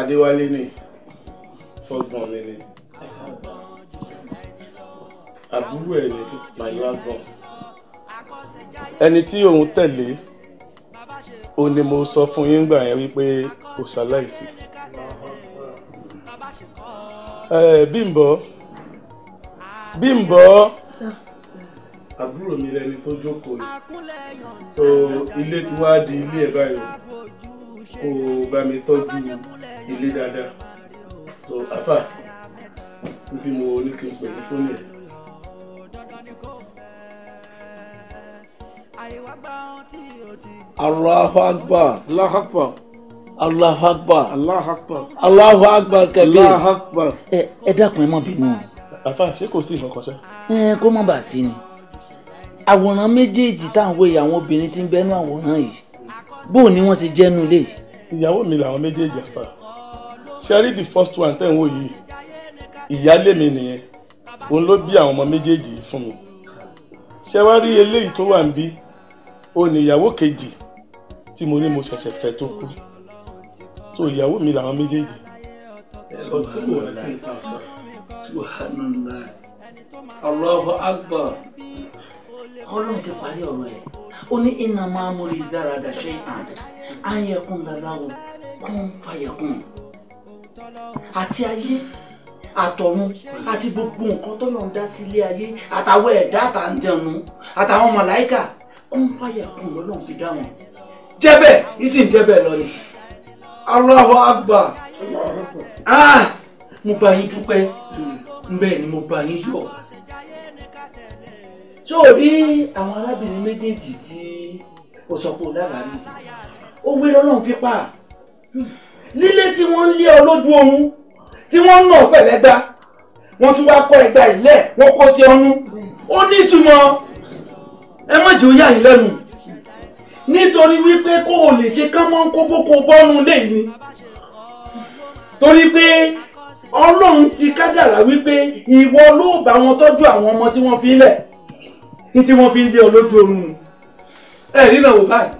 Adéwálé ni first mi ni àbúrò ẹ̀ ní my last born ẹni tí òun tẹ̀lé ó ní mo sọ fún yín gbà yẹn wípé kò ṣaláìsí Bímbọ́ Bímbọ́ àbúrò mi lẹni tó jókòó yìí tó ilé tí wàá di ilé ẹ̀ báyìí kó o bá mi tọ́jú ilé dáadáa tó afa tí mo ní kí n pè é fún mi. Allahu Akbar. Allahu Akbar. Allahu Akbar. Allahu Akbar. Allahu Akbar kẹ̀kẹ́. Allahu Akbar. Ẹ ẹ dákun ẹ má bínú. Àfa ṣé kò sí ìfọkàn sẹ́? Ẹ kó má bàa sí ni. Àwòrán méjèèjì tá à ń wo ìyàwó obìnrin tí ń bẹ́nu àwòrán yìí. Bó ni wọ́n ṣe jẹ́nu lé? Ìyàwó mi làwọn méjèèjì àfa. Ṣẹ́rí the first one tẹ̀ ń wò yìí. Ìyálé mi nìyẹn. Òun ló bí àwọn ọmọ méjèèjì yìí fún mi. Ṣé wá rí eléyìí tó wà ń bí? ó ní ìyàwó kejì tí mo ní mo ṣẹ̀ṣẹ̀ fẹ́ tó kú tó ìyàwó mi làwọn méjèèjì. Allahu akbar ọlọ́run ti parí ọ̀rọ̀ ẹ̀ ó ní iná máa mú rí zárada ṣe hàn áyẹkùn laláwo kún fàyẹkùn àti ayé àtọ̀run àti gbogbo nǹkan tó lọ́n dá sílé ayé àtàwọn ẹ̀dá àtàǹjẹ̀nu àtàwọn màláìkà ó ń fàyà kù lọ́nà fi dá jẹ́bẹ̀ ìsì jẹ́bẹ̀ lọ ni. Allahu Akbar ah, mo bá yín dúpẹ́ bẹ́ẹ̀ ni mo bá yín yọ̀. ṣé o rí àwọn arábìnrin méjèèjì tí o sọ pé o lára mi ó gbé lọ́nà fipá lílé tí wọ́n ń lé ọ lójú oorun tí wọ́n ń nà pẹ̀lẹ́gbá wọ́n tún wá kọ́ ẹgbà ilẹ̀ wọ́n kọ́ sí ọnú ó ní ìtumọ̀ ẹ má jẹ́ ó yà yín lẹ́nu nítorí wípé kó o lè ṣe kán mọ́ kó bó kó bọ́nu lè ní torí pé ọlọ́run ti kádàrá wípé ìwọ ló bá wọn tọ́jú àwọn ọmọ tí wọ́n fi lẹ̀ ní tí wọ́n fi ń lé olójú oorun ẹ rí náà wò báyìí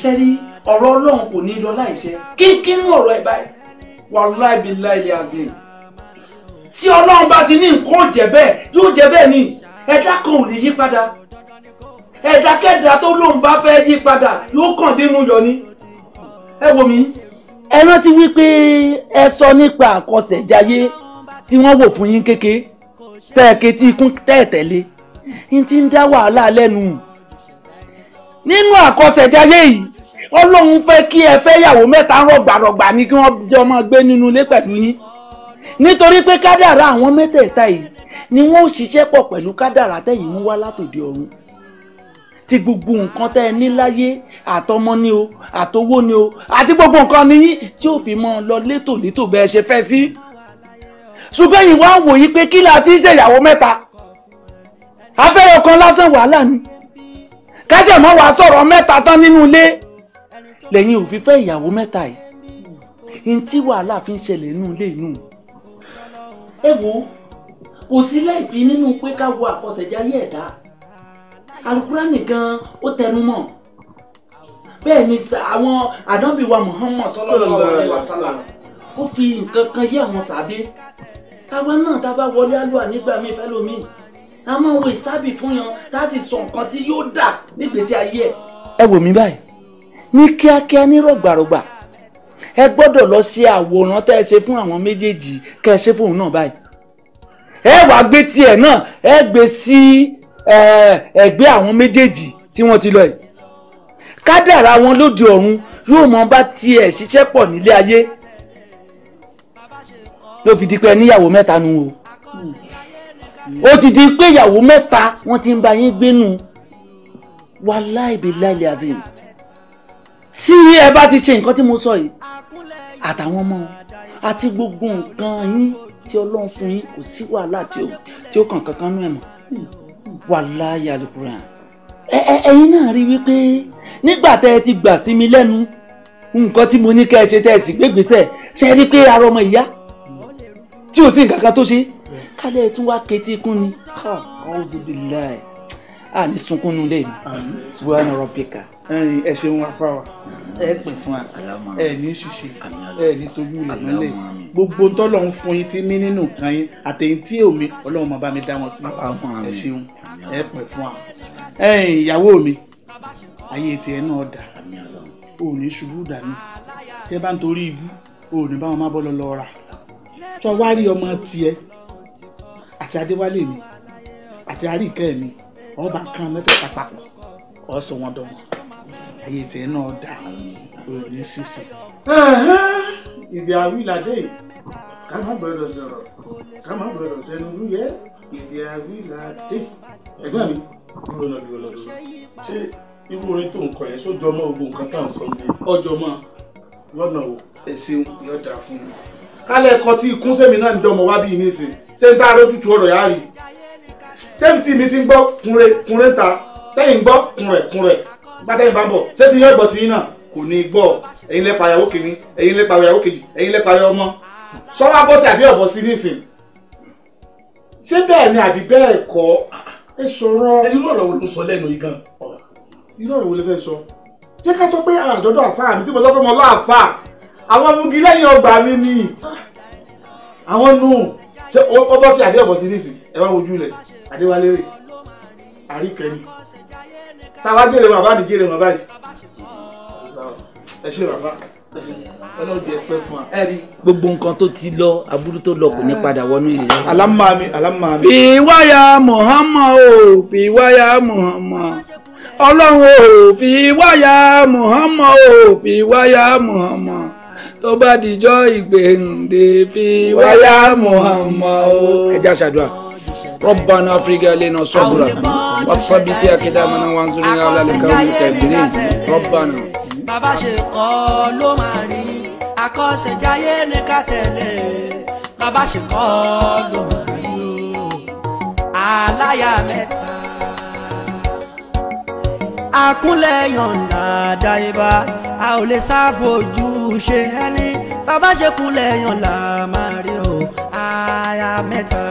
ṣe rí ọ̀rọ̀ ọlọ́run kò ní lọ láìṣe kíkínú ọ̀rọ̀ ẹ̀ báyìí wàláì bíláì yàzìn tí ọlọ́run bá ti ní nǹkan ò jẹ́ bẹ́ẹ̀ yóò jẹ́ bẹ́ẹ̀ ni ẹ̀dá kan ò lè yí padà ẹ̀dákẹ́dá tó lóun bá fẹ́ yí padà yóò kàn dénú yọ ni ẹ wò mí. ẹ rántí wípé ẹ sọ nípa àkọsẹ̀jayé tí wọ́n wò fún yín kéke tẹ̀ẹ̀kẹ́ tí ikún tẹ̀ẹ̀tẹ̀lé yín ti ń dá wàhálà lẹ́nu. nínú àkọsẹ̀jayé yìí ọlọ́run fẹ́ kí ẹ fẹ́ yàwó mẹ́ta rọ̀gbàrọ̀gbà ni kí wọ́n jọ máa gbé nínú ilé pẹ̀lú yín nítorí pé kádàrá àwọn mẹ́tẹ̀ẹ̀ta yìí ni wọ́n ó ṣiṣẹ́ pọ̀ pẹ̀lú kádàrá tẹ̀yìn ń wá látòde ọ̀run ti gbogbo nǹkan tẹ́ ẹ ní láyé àtọmọ ni o àtowó ni o àti gbogbo nǹkan ni yín tí ò fi mọ lọ létòlétò bẹ́ẹ̀ ṣe fẹ́ sí. ṣùgbọ́n ẹ̀yin wá wò yí pé kí la ti ń ṣèyàwó mẹ́ta afẹ́yọ̀ kan lásán wàhálà ni kájàmọ́ wàá sọ̀rọ̀ mẹ́ta tán nínú ilé lẹ́yìn ò fi fẹ́ ìyàwó mẹ́ta yìí ní tí wàhálà fi ń ṣẹlẹ̀ nínú ilé inú. ẹ wo kò sí láìfi nínú pé ká wo àkọsẹ̀jáyé ẹ̀dá alukurani gan ó tẹnu mọ́ bẹ́ẹ̀ ni àwọn àdánbì wa Muhammad sallallahu alaihi wasallam ó fi nǹkan kan yé àwọn sàbí táwa náà tá a bá wọlé àlùwà nígbà míì fẹ́ lómi a máa wo ìsábì fún yan tá a sì sọ nǹkan tí yóò dà nígbèésí ayé ẹ̀. ẹ wò mí báyìí ní kíákíá ní rọ̀gbàrọ̀gbà ẹ gbọ́dọ̀ lọ ṣe àwòrán tẹ́ ẹ ṣe fún àwọn méjèèjì kẹ́ ẹ ṣe fóun náà báyìí ẹ wá gbé tiẹ̀ náà ẹ gbé sí ẹgbẹ́ àwọn méjèèjì tí wọ́n ti lọ yìí kádàrá wọn lóde ọ̀run yóò mọ bá tiẹ̀ ṣiṣẹ́ pọ̀ nílé ayé ló fi di pé níyàwó mẹ́ta nu o ó ti di pé ìyàwó mẹ́ta wọ́n ti ń ba yín gbénu wàláì bíláì azim tí ẹ bá ti ṣe nǹkan tí mo sọ yìí àtàwọn ọmọ àti gbogbo nǹkan yín tí ọlọ́run fún yín kò sí wàhálà tí ó kàn kankan nú ẹ̀ mọ́ wàhálà yàlùkùrà ẹ̀yin náà rí wípé nígbà tẹ́ ẹ ti gbà sí mi lẹ́nu nǹkan tí mo ní kẹ́ ẹ ṣe tẹ́ ẹ sì gbégbèsè ṣe rí pé ara ọmọ ìyá tí ò sí nǹkan kan tó ṣe kálẹ̀ tún wá kétí kún ni ọ̀hún ti bí láì àní sunkún nulẹ̀ mi ṣùgbọ́n ọ̀rọ̀ pẹ̀ka ẹ ṣeun apá wa ẹ pè fún wa ẹ ní ṣìṣe ẹ ní tójú ilẹ̀ mọ́lẹ̀ gbogbo ń tọ́lọ̀ ń fún yín tí mí nínú kan yín àtẹ̀yìn tí èmi ọlọ́run máa bá mi dá wọn sí ẹ ṣeun ẹ pè fún wa ẹ̀yin ìyàwó mi ayé tiẹ̀ náà dà ò ní ṣubú dànù tí ẹ bá ń torí ibú ò ní báwọn má bọ́ lọ lọ rà tó wá rí ọmọ tiẹ̀ àti adéwálé mi àti àríkẹ́ mi ọba kan mẹ́tẹ̀ẹ̀ta papọ̀ ọ̀sùn wọn dọ̀wọ́n ayé tiẹ̀ náà dà òní sísè. ìbí àwí làdé ká má gbọ́dọ̀ sọ̀rọ̀ ká má gbọ́dọ̀ sẹ́nu lúyẹ ìbí àwí làdé. ẹ̀gbọ́n mi dúró lọ dúró lọ dúró ṣé irú orin tó ń kọ yẹn sójọ mọ́ ogun nǹkan tá à ń sọ ní ọjọ́ mọ́ lọ́nà o ẹ ṣeun yóò dáa fún mi. kálẹ̀ ẹ̀kọ́ tí ikún sẹ́mi náà ń dọ́mọ wá bí i nísìn ṣé ń tá a rójútu ọ̀rọ̀ yá rí tẹ́mi tí mi ti ń gbọ́ kúnrẹ́ kúnrẹ́ ta tẹ́yìn gbọ́ kúnrẹ́ kúnrẹ́ gbàtẹ́yìn bá ń bọ̀ ṣé ti yọ ìbọn ti yín náà kò ní gbọ́ ẹ̀yin lẹ́pa ìyàwó kìíní ẹ̀yin lẹ́pa ìyàwó kejì ẹ̀yin lẹ́pa ìyàwó ọmọ sọ́wọ́ bọ́sẹ̀ àbí ọ̀bọ̀ sí nísìn ṣé bẹ́ẹ̀ ni àbí bẹ́ẹ̀ kọ́ ẹ sọ̀rọ̀. irú ọ̀rọ̀ wo ló sọ lẹ́nu yìí gan. irú ọ̀rọ̀ wo lè fẹ́ sọ. ṣé ká sọ pé àjọ̀dọ̀ àfáà mi tí mo sọ fún ọmọ láàfà àwọn ọmọge lẹ́yìn ọgbà mi ni àwọn nù ṣé ọbọ̀ sí àbí ọ̀bọ̀ sí nísìn ẹ wá wojú rẹ̀ Adéwálé rè àríkẹ́ni sáwá jèrè bàbá ní jèrè bàbá yìí ẹ ṣe bàbá ẹ ṣe ọlọ́jẹ pẹ́ fún wa. ẹ rí gbogbo nǹkan tó ti lọ aburú tó lọ kò ní padà wọnú ìlú. alámàmí alámàmí. fi wáyà Muhammad o fi wáyà Muhammad ọlọ́run o fi wáyà Muhammad o fi wáyà Muhammad tó bá dijọ́ ìgbéǹde fi wáyà Muhammad o. ẹ já ṣàdúrà. ربنا افرج علينا صبرا وثبت اقدامنا وانصرنا على القوم الكافرين ربنا bàbá ṣe kọ́ ló máa rí àkọ́ṣejayé ní ká tẹ̀lé bàbá ṣe kọ́ ló máa rí aláya mẹ́ta. àkúnlẹ̀ yọ̀ǹda dáìbá a ò lè ṣàfojú ṣe ẹni bàbá ṣe kúnlẹ̀ yọ̀ǹda máa rí o aya mẹ́ta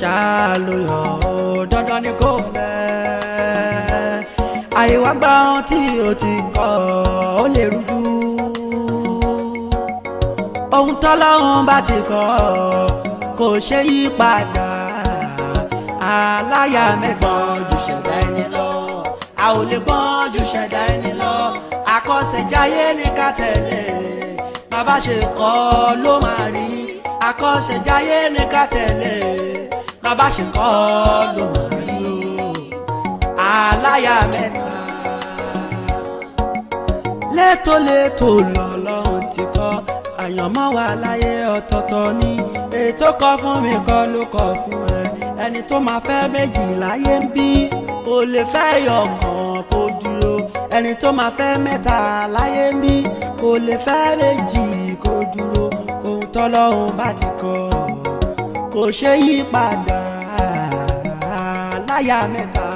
ṣàlùyọ̀ dandan ni kò fẹ́. àyèwá gba ohun tí o ti kọ́ ó lè rújú. ohun tọ́lọ́run bá ti kọ́ kò ṣe yí padà. aláya mẹ́ta jù ṣẹ̀dá ẹni lọ a ò lè gbọ́n jù ṣẹ̀dá ẹni lọ àkọsẹ̀jáyé ní ká tẹ̀lé bàbá ṣe kọ́ ló máa rí àkọsẹ̀jáyé ní ká tẹ̀lé tọ́ba ṣe kọ́ ló mọ̀ rí aláya mẹ́ta létòlétò lọ́lọ́run ti kọ́ àyànmọ́ wa láyé ọ̀tọ̀ọ̀tọ̀ ni ètò kọ́ fún mi kọ́ ló kọ́ fún ẹ ẹni tó máa fẹ́ méjì láyé ń bí kò lè fẹ́ yọ̀ọ̀kan kó dúró ẹni tó máa fẹ́ mẹ́ta láyé ń bí kò lè fẹ́ méjì kó dúró ohun tọ́lọ́run bá ti kọ́ ọ kò ṣe yí padà láyà mẹ́ta.